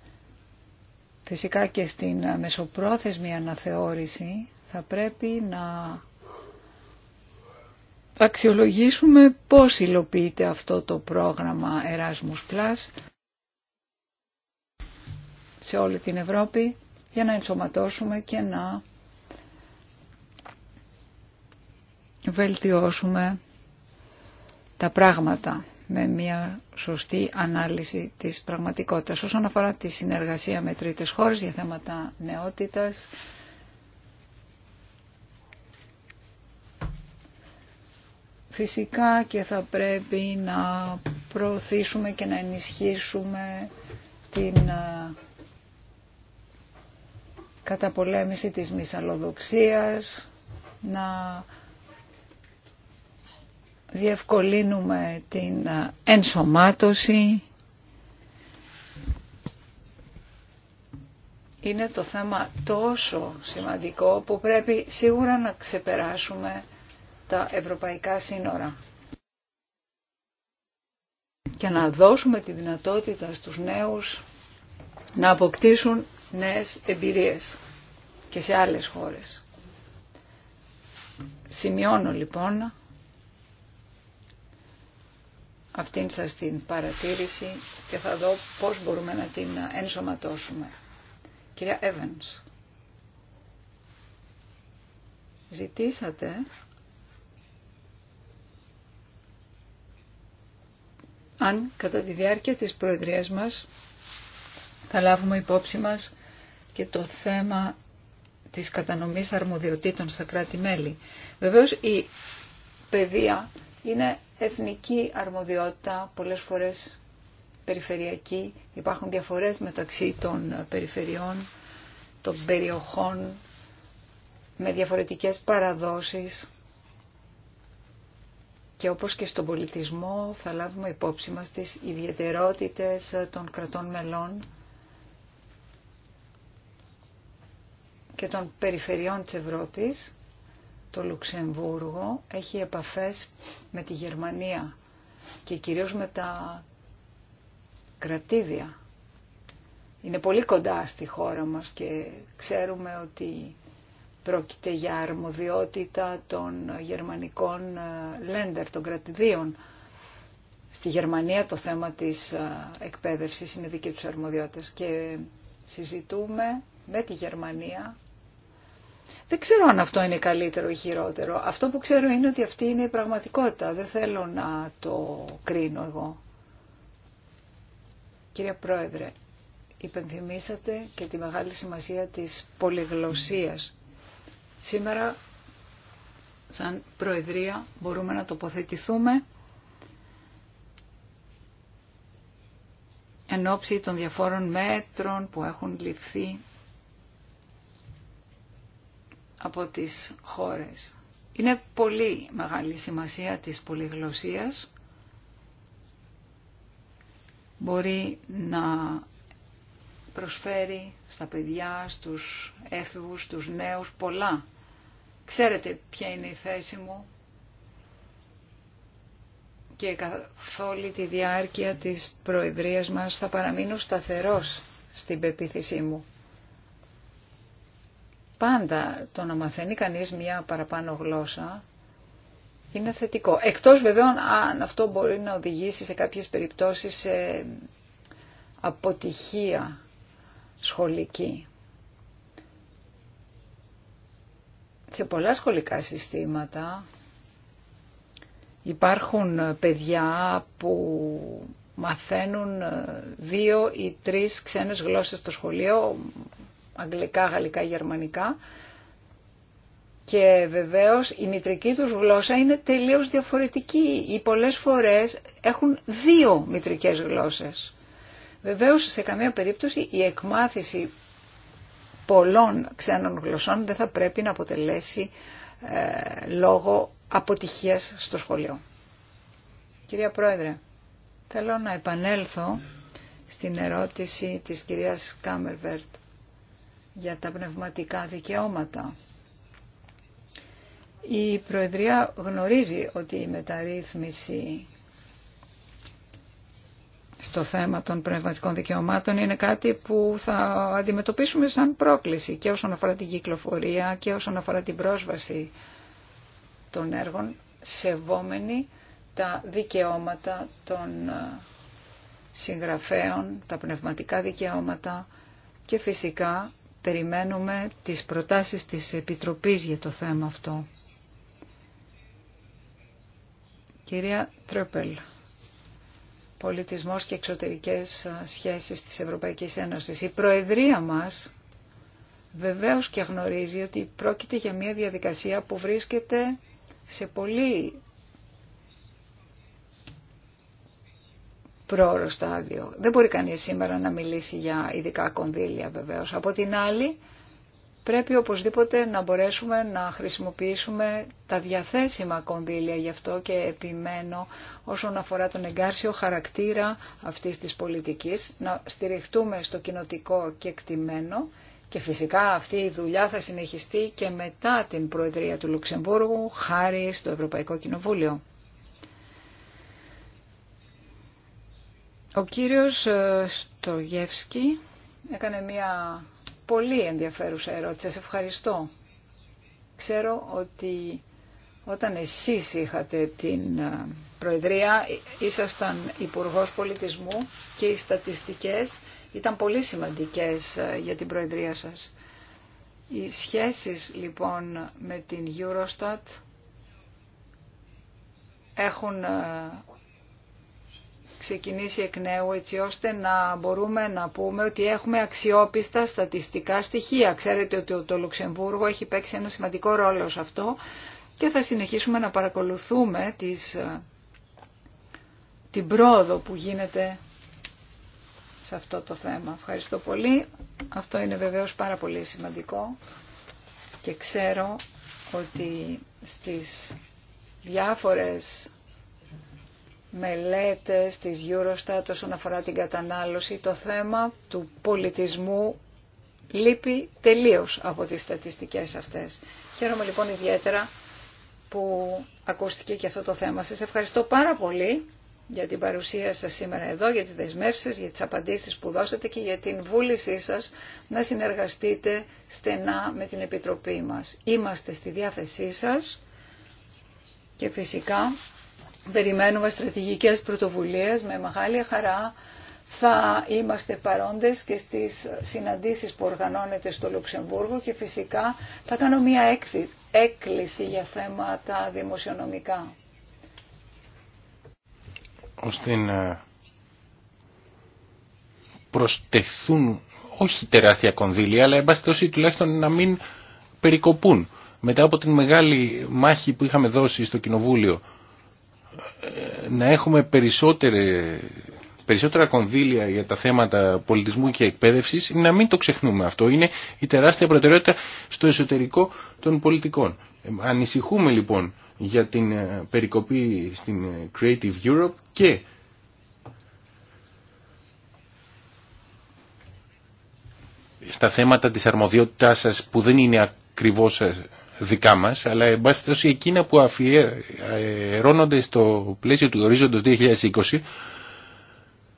φυσικά και στην μεσοπρόθεσμη αναθεώρηση θα πρέπει να αξιολογήσουμε πώς υλοποιείται αυτό το πρόγραμμα Erasmus Plus σε όλη την Ευρώπη για να ενσωματώσουμε και να βελτιώσουμε τα πράγματα με μια σωστή ανάλυση της πραγματικότητας. Όσον αφορά τη συνεργασία με τρίτες χώρες για θέματα νεότητας, Φυσικά και θα πρέπει να προωθήσουμε και να ενισχύσουμε την ε, καταπολέμηση της μυσαλλοδοξίας, να διευκολύνουμε την ε, ενσωμάτωση. Είναι το θέμα τόσο σημαντικό που πρέπει σίγουρα να ξεπεράσουμε τα ευρωπαϊκά σύνορα. Και να δώσουμε τη δυνατότητα στους νέους να αποκτήσουν νέες εμπειρίες και σε άλλες χώρες. Σημειώνω λοιπόν αυτήν σας την παρατήρηση και θα δω πώς μπορούμε να την ενσωματώσουμε. Κυρία Evans, ζητήσατε αν κατά τη διάρκεια της Προεδρίας μας θα λάβουμε υπόψη μας και το θέμα της κατανομής αρμοδιοτήτων στα κράτη-μέλη. Βεβαίως η παιδεία είναι εθνική αρμοδιότητα, πολλές φορές περιφερειακή, υπάρχουν διαφορές μεταξύ των περιφερειών, των περιοχών, με διαφορετικές παραδόσεις και όπως και στον πολιτισμό θα λάβουμε υπόψη μας τις ιδιαιτερότητες των κρατών μελών και των περιφερειών της Ευρώπης. Το Λουξεμβούργο έχει επαφές με τη Γερμανία και κυρίως με τα κρατήδια. Είναι πολύ κοντά στη χώρα μας και ξέρουμε ότι Πρόκειται για αρμοδιότητα των γερμανικών λέντερ, των κρατηδίων. Στη Γερμανία το θέμα της ε, εκπαίδευσης είναι δική τους αρμοδιότητας και συζητούμε με τη Γερμανία. Δεν ξέρω αν αυτό είναι καλύτερο ή χειρότερο. Αυτό που ξέρω είναι ότι αυτή είναι η πραγματικότητα. Δεν θέλω να το κρίνω εγώ. Κύριε Πρόεδρε, υπενθυμίσατε και τη μεγάλη σημασία της πολυγλωσσίας. Σήμερα, σαν Προεδρία, μπορούμε να τοποθετηθούμε εν ώψη των διαφόρων μέτρων που έχουν ληφθεί από τις χώρες. Είναι πολύ μεγάλη σημασία της πολυγλωσσίας. Μπορεί να προσφέρει στα παιδιά, στους έφηβους, στους νέους πολλά. Ξέρετε ποια είναι η θέση μου και καθ' όλη τη διάρκεια της προεδρίας μας θα παραμείνω σταθερός στην πεποίθησή μου. Πάντα το να μαθαίνει κανείς μια παραπάνω γλώσσα είναι θετικό. Εκτός βέβαια αν αυτό μπορεί να οδηγήσει σε κάποιες περιπτώσεις σε αποτυχία σχολική. Σε πολλά σχολικά συστήματα υπάρχουν παιδιά που μαθαίνουν δύο ή τρεις ξένες γλώσσες στο σχολείο, αγγλικά, γαλλικά, γερμανικά. Και βεβαίως η μητρική τους γλώσσα είναι τελείως διαφορετική ή πολλές φορές έχουν δύο μητρικές γλώσσες. Βεβαίως σε καμία περίπτωση η εκμάθηση πολλών ξένων γλωσσών δεν θα πρέπει να αποτελέσει ε, λόγο αποτυχίας στο σχολείο. Κυρία Πρόεδρε, θέλω να επανέλθω στην ερώτηση της κυρίας Κάμερβερτ για τα πνευματικά δικαιώματα. Η Προεδρία γνωρίζει ότι η μεταρρύθμιση στο θέμα των πνευματικών δικαιωμάτων είναι κάτι που θα αντιμετωπίσουμε σαν πρόκληση και όσον αφορά την κυκλοφορία και όσον αφορά την πρόσβαση των έργων σεβόμενοι τα δικαιώματα των ε, συγγραφέων, τα πνευματικά δικαιώματα και φυσικά περιμένουμε τις προτάσεις της Επιτροπής για το θέμα αυτό. Κυρία Τρέπελ πολιτισμός και εξωτερικές σχέσεις της Ευρωπαϊκής Ένωσης. Η Προεδρία μας βεβαίως και γνωρίζει ότι πρόκειται για μια διαδικασία που βρίσκεται σε πολύ πρόωρο στάδιο. Δεν μπορεί κανείς σήμερα να μιλήσει για ειδικά κονδύλια βεβαίως. Από την άλλη πρέπει οπωσδήποτε να μπορέσουμε να χρησιμοποιήσουμε τα διαθέσιμα κονδύλια γι' αυτό και επιμένω όσον αφορά τον εγκάρσιο χαρακτήρα αυτής της πολιτικής, να στηριχτούμε στο κοινοτικό και κτημένο. και φυσικά αυτή η δουλειά θα συνεχιστεί και μετά την Προεδρία του Λουξεμβούργου χάρη στο Ευρωπαϊκό Κοινοβούλιο. Ο κύριος ε, Στογεύσκη έκανε μία πολύ ενδιαφέρουσα ερώτηση. ευχαριστώ. Ξέρω ότι όταν εσείς είχατε την ε, Προεδρία, ε, ήσασταν Υπουργός Πολιτισμού και οι στατιστικές ήταν πολύ σημαντικές ε, για την Προεδρία σας. Οι σχέσεις λοιπόν με την Eurostat έχουν ξεκινήσει εκ νέου έτσι ώστε να μπορούμε να πούμε ότι έχουμε αξιόπιστα στατιστικά στοιχεία. Ξέρετε ότι το Λουξεμβούργο έχει παίξει ένα σημαντικό ρόλο σε αυτό και θα συνεχίσουμε να παρακολουθούμε τις, ε, την πρόοδο που γίνεται σε αυτό το θέμα. Ευχαριστώ πολύ. Αυτό είναι βεβαίως πάρα πολύ σημαντικό και ξέρω ότι στις διάφορες μελέτες της Eurostat όσον αφορά την κατανάλωση, το θέμα του πολιτισμού λείπει τελείως από τις στατιστικές αυτές. Χαίρομαι λοιπόν ιδιαίτερα που ακούστηκε και αυτό το θέμα. Σας ευχαριστώ πάρα πολύ για την παρουσία σας σήμερα εδώ, για τις δεσμεύσεις, για τις απαντήσεις που δώσατε και για την βούλησή σας να συνεργαστείτε στενά με την Επιτροπή μας. Είμαστε στη διάθεσή σας και φυσικά Περιμένουμε στρατηγικές πρωτοβουλίες με μεγάλη χαρά. Θα είμαστε παρόντες και στις συναντήσεις που οργανώνεται στο Λουξεμβούργο και φυσικά θα κάνω μια έκκληση για θέματα δημοσιονομικά. Ώστε να προστεθούν όχι τεράστια κονδύλια, αλλά εν πάση τουλάχιστον να μην περικοπούν. Μετά από την μεγάλη μάχη που είχαμε δώσει στο Κοινοβούλιο να έχουμε περισσότερα κονδύλια για τα θέματα πολιτισμού και εκπαίδευσης, να μην το ξεχνούμε αυτό. Είναι η τεράστια προτεραιότητα στο εσωτερικό των πολιτικών. Ανησυχούμε λοιπόν για την ε, περικοπή στην ε, Creative Europe και στα θέματα της αρμοδιότητάς σας που δεν είναι ακριβώς ε, δικά μας, αλλά εν πάση εκείνα που αφιερώνονται στο πλαίσιο του ορίζοντος 2020,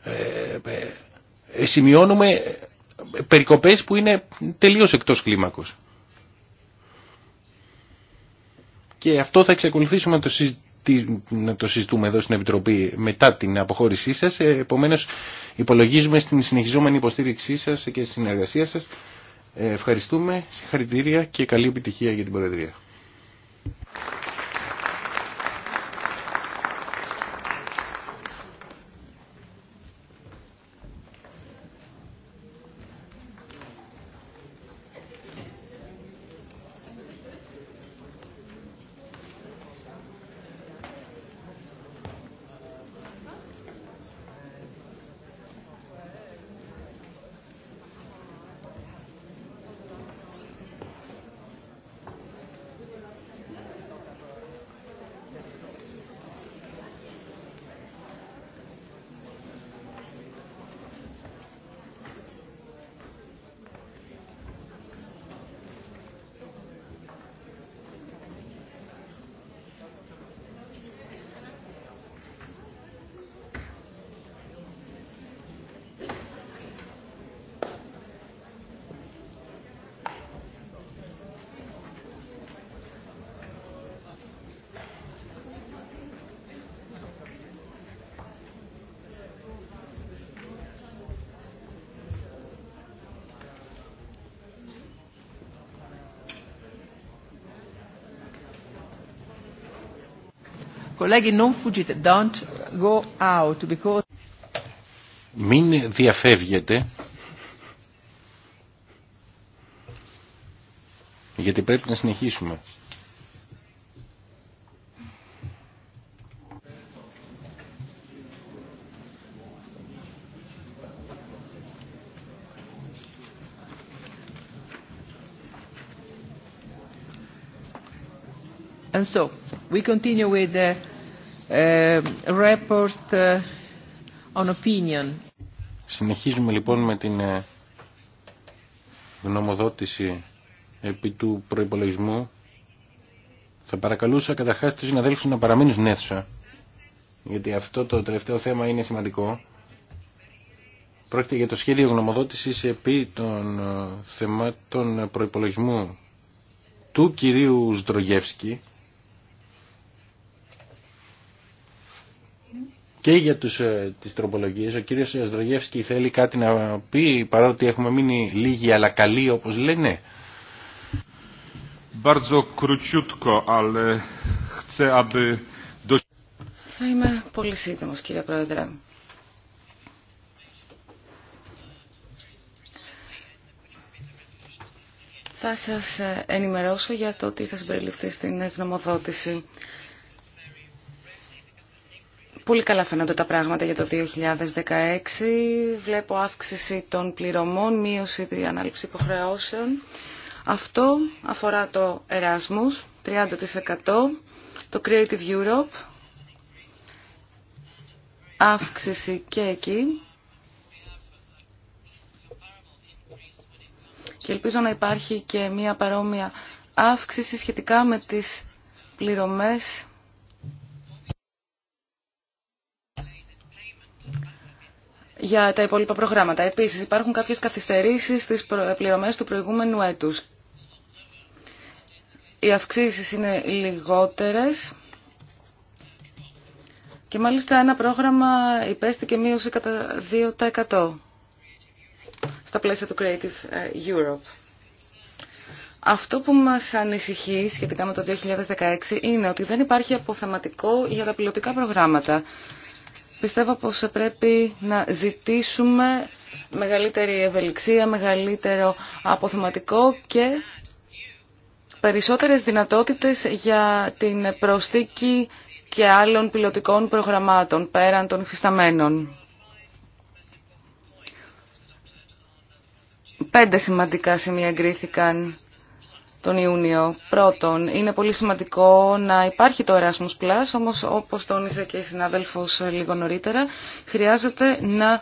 ε, ε, σημειώνουμε περικοπές που είναι τελείως εκτός κλίμακος. Και αυτό θα εξακολουθήσουμε να το, το συζητούμε εδώ στην Επιτροπή μετά την αποχώρησή σας. Ε, επομένως υπολογίζουμε στην συνεχιζόμενη υποστήριξή σας και στη συνεργασία σας ε, ευχαριστούμε, συγχαρητήρια και καλή επιτυχία για την Προεδρία. Colleghi, non fuggite, don't go out because... Μην διαφεύγετε, γιατί πρέπει να συνεχίσουμε. And so, we continue with the ε, ε, Συνεχίζουμε λοιπόν με την ε, γνωμοδότηση επί του προϋπολογισμού. Θα παρακαλούσα καταρχάς να συναδέλφους να παραμείνουν στην αίθουσα, γιατί αυτό το τελευταίο θέμα είναι σημαντικό. Πρόκειται για το σχέδιο γνωμοδότησης επί των θεμάτων προϋπολογισμού του κυρίου Σδρογεύσκη και για τους, ε, τις τροπολογίες. Ο κύριος Σιασδρογεύσκη θέλει κάτι να πει παρότι έχουμε μείνει λίγοι αλλά καλοί όπως λένε. Θα είμαι πολύ σύντομος κύριε Πρόεδρε. Θα σας ε, ενημερώσω για το τι θα συμπεριληφθεί στην γνωμοδότηση. Πολύ καλά φαίνονται τα πράγματα για το 2016. Βλέπω αύξηση των πληρωμών, μείωση τη ανάληψη υποχρεώσεων. Αυτό αφορά το Erasmus, 30%, το Creative Europe, αύξηση και εκεί. Και ελπίζω να υπάρχει και μία παρόμοια αύξηση σχετικά με τις πληρωμές για τα υπόλοιπα προγράμματα. Επίσης υπάρχουν κάποιες καθυστερήσεις στις πληρωμές του προηγούμενου έτους. Οι αυξήσεις είναι λιγότερες και μάλιστα ένα πρόγραμμα υπέστη και μείωση κατά 2% στα πλαίσια του Creative ε, Europe. Αυτό που μας ανησυχεί σχετικά με το 2016 είναι ότι δεν υπάρχει αποθεματικό για τα πιλωτικά προγράμματα πιστεύω πως πρέπει να ζητήσουμε μεγαλύτερη ευελιξία, μεγαλύτερο αποθεματικό και περισσότερες δυνατότητες για την προσθήκη και άλλων πιλωτικών προγραμμάτων πέραν των φυσταμένων. Πέντε σημαντικά σημεία εγκρίθηκαν τον Ιούνιο. Πρώτον, είναι πολύ σημαντικό να υπάρχει το Erasmus Plus, όμως όπως τόνισε και η συνάδελφος λίγο νωρίτερα, χρειάζεται να ε,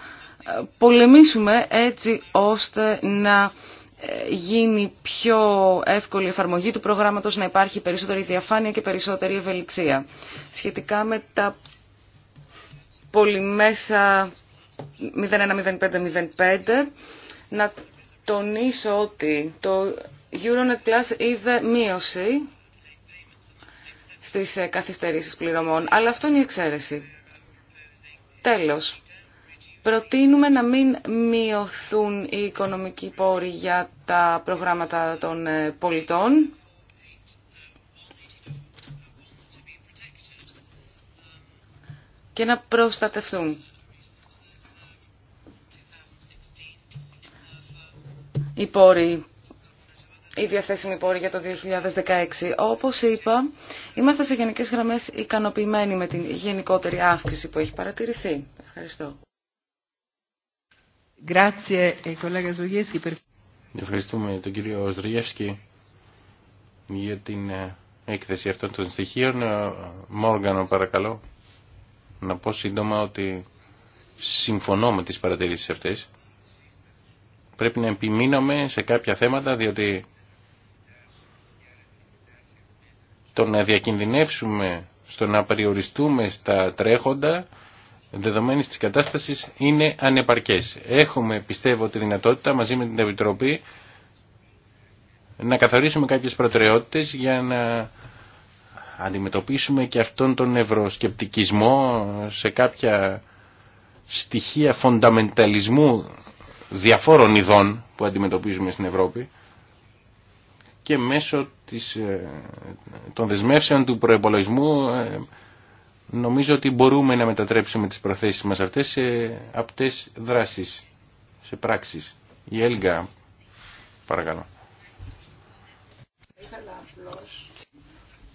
πολεμήσουμε έτσι ώστε να ε, γίνει πιο εύκολη η εφαρμογή του προγράμματος, να υπάρχει περισσότερη διαφάνεια και περισσότερη ευελιξία. Σχετικά με τα πολυμέσα 010505, να τονίσω ότι το Euronet Plus είδε μείωση στις ε, καθυστερήσεις πληρωμών, αλλά αυτό είναι η εξαίρεση. Τέλος, προτείνουμε να μην μειωθούν οι οικονομικοί πόροι για τα προγράμματα των ε, πολιτών. και να προστατευτούν. Οι πόροι η διαθέσιμη πόρη για το 2016. Όπως είπα, είμαστε σε γενικές γραμμές ικανοποιημένοι με την γενικότερη αύξηση που έχει παρατηρηθεί. Ευχαριστώ. Ε, Ευχαριστούμε τον κύριο Ζρογεύσκη για την ε, έκθεση αυτών των στοιχείων. Ε, Μόργανο παρακαλώ να πω σύντομα ότι συμφωνώ με τις παρατηρήσεις αυτές. Πρέπει να επιμείνουμε σε κάποια θέματα διότι το να διακινδυνεύσουμε, στο να περιοριστούμε στα τρέχοντα, δεδομένης της κατάστασης, είναι ανεπαρκές. Έχουμε, πιστεύω, τη δυνατότητα μαζί με την Επιτροπή να καθορίσουμε κάποιες προτεραιότητες για να αντιμετωπίσουμε και αυτόν τον ευρωσκεπτικισμό σε κάποια στοιχεία φονταμενταλισμού διαφόρων ειδών που αντιμετωπίζουμε στην Ευρώπη και μέσω της, ε, των δεσμεύσεων του προεμπολογισμού ε, νομίζω ότι μπορούμε να μετατρέψουμε τις προθέσεις μας αυτές σε απτές δράσεις, σε πράξεις. Η Έλγα, παρακαλώ.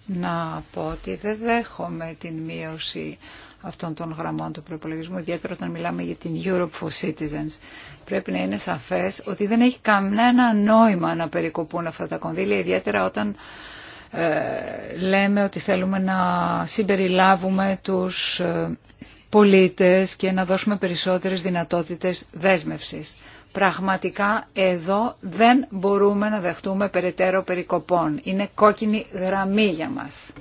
Να πω ότι δεν δέχομαι την μείωση αυτών των γραμμών του προπολογισμού, ιδιαίτερα όταν μιλάμε για την Europe for Citizens. Πρέπει να είναι σαφές ότι δεν έχει κανένα νόημα να περικοπούν αυτά τα κονδύλια, ιδιαίτερα όταν ε, λέμε ότι θέλουμε να συμπεριλάβουμε τους ε, πολίτες και να δώσουμε περισσότερες δυνατότητες δέσμευσης. Πραγματικά εδώ δεν μπορούμε να δεχτούμε περαιτέρω περικοπών. Είναι κόκκινη γραμμή για μας.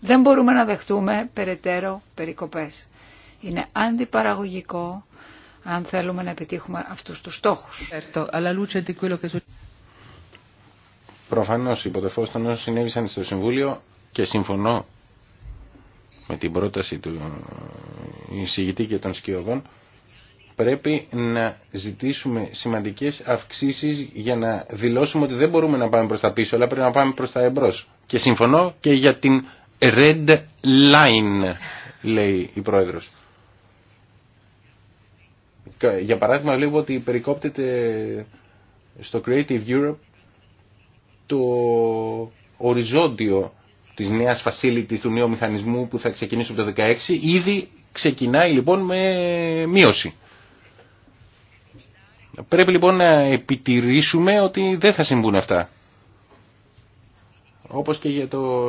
Δεν μπορούμε να δεχτούμε περαιτέρω περικοπές. Είναι αντιπαραγωγικό αν θέλουμε να επιτύχουμε αυτούς τους στόχους. Προφανώς υπό το φως των όσων συνέβησαν στο Συμβούλιο και συμφωνώ με την πρόταση του εισηγητή και των σκιωδών πρέπει να ζητήσουμε σημαντικές αυξήσεις για να δηλώσουμε ότι δεν μπορούμε να πάμε προς τα πίσω αλλά πρέπει να πάμε προς τα εμπρός. Και συμφωνώ και για την red line, λέει η πρόεδρος. Για παράδειγμα βλέπω ότι περικόπτεται στο Creative Europe το οριζόντιο της νέας facilities του νέου μηχανισμού που θα ξεκινήσει από το 2016. Ήδη ξεκινάει λοιπόν με μείωση. Πρέπει λοιπόν να επιτηρήσουμε ότι δεν θα συμβούν αυτά. Όπως και για το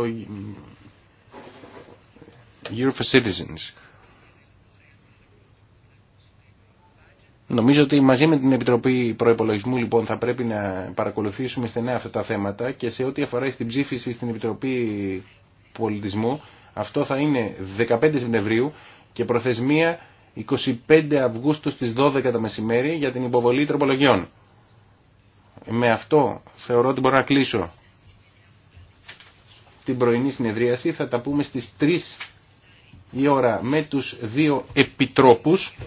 Europe Citizens. Νομίζω ότι μαζί με την Επιτροπή Προεπολογισμού λοιπόν θα πρέπει να παρακολουθήσουμε στενά αυτά τα θέματα και σε ό,τι αφορά στην ψήφιση στην Επιτροπή Πολιτισμού αυτό θα είναι 15 Σεπτεμβρίου και προθεσμία 25 Αυγούστου στις 12 το μεσημέρι για την υποβολή τροπολογιών. Με αυτό θεωρώ ότι μπορώ να κλείσω την πρωινή συνεδρίαση. Θα τα πούμε στις 3 η ώρα με τους δύο επιτρόπους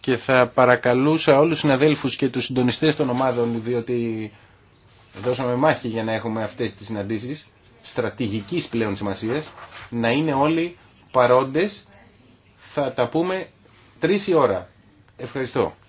και θα παρακαλούσα όλους τους συναδέλφους και τους συντονιστές των ομάδων διότι δώσαμε μάχη για να έχουμε αυτές τις συναντήσεις στρατηγικής πλέον σημασίας να είναι όλοι παρόντες θα τα πούμε τρεις η ώρα. Ευχαριστώ.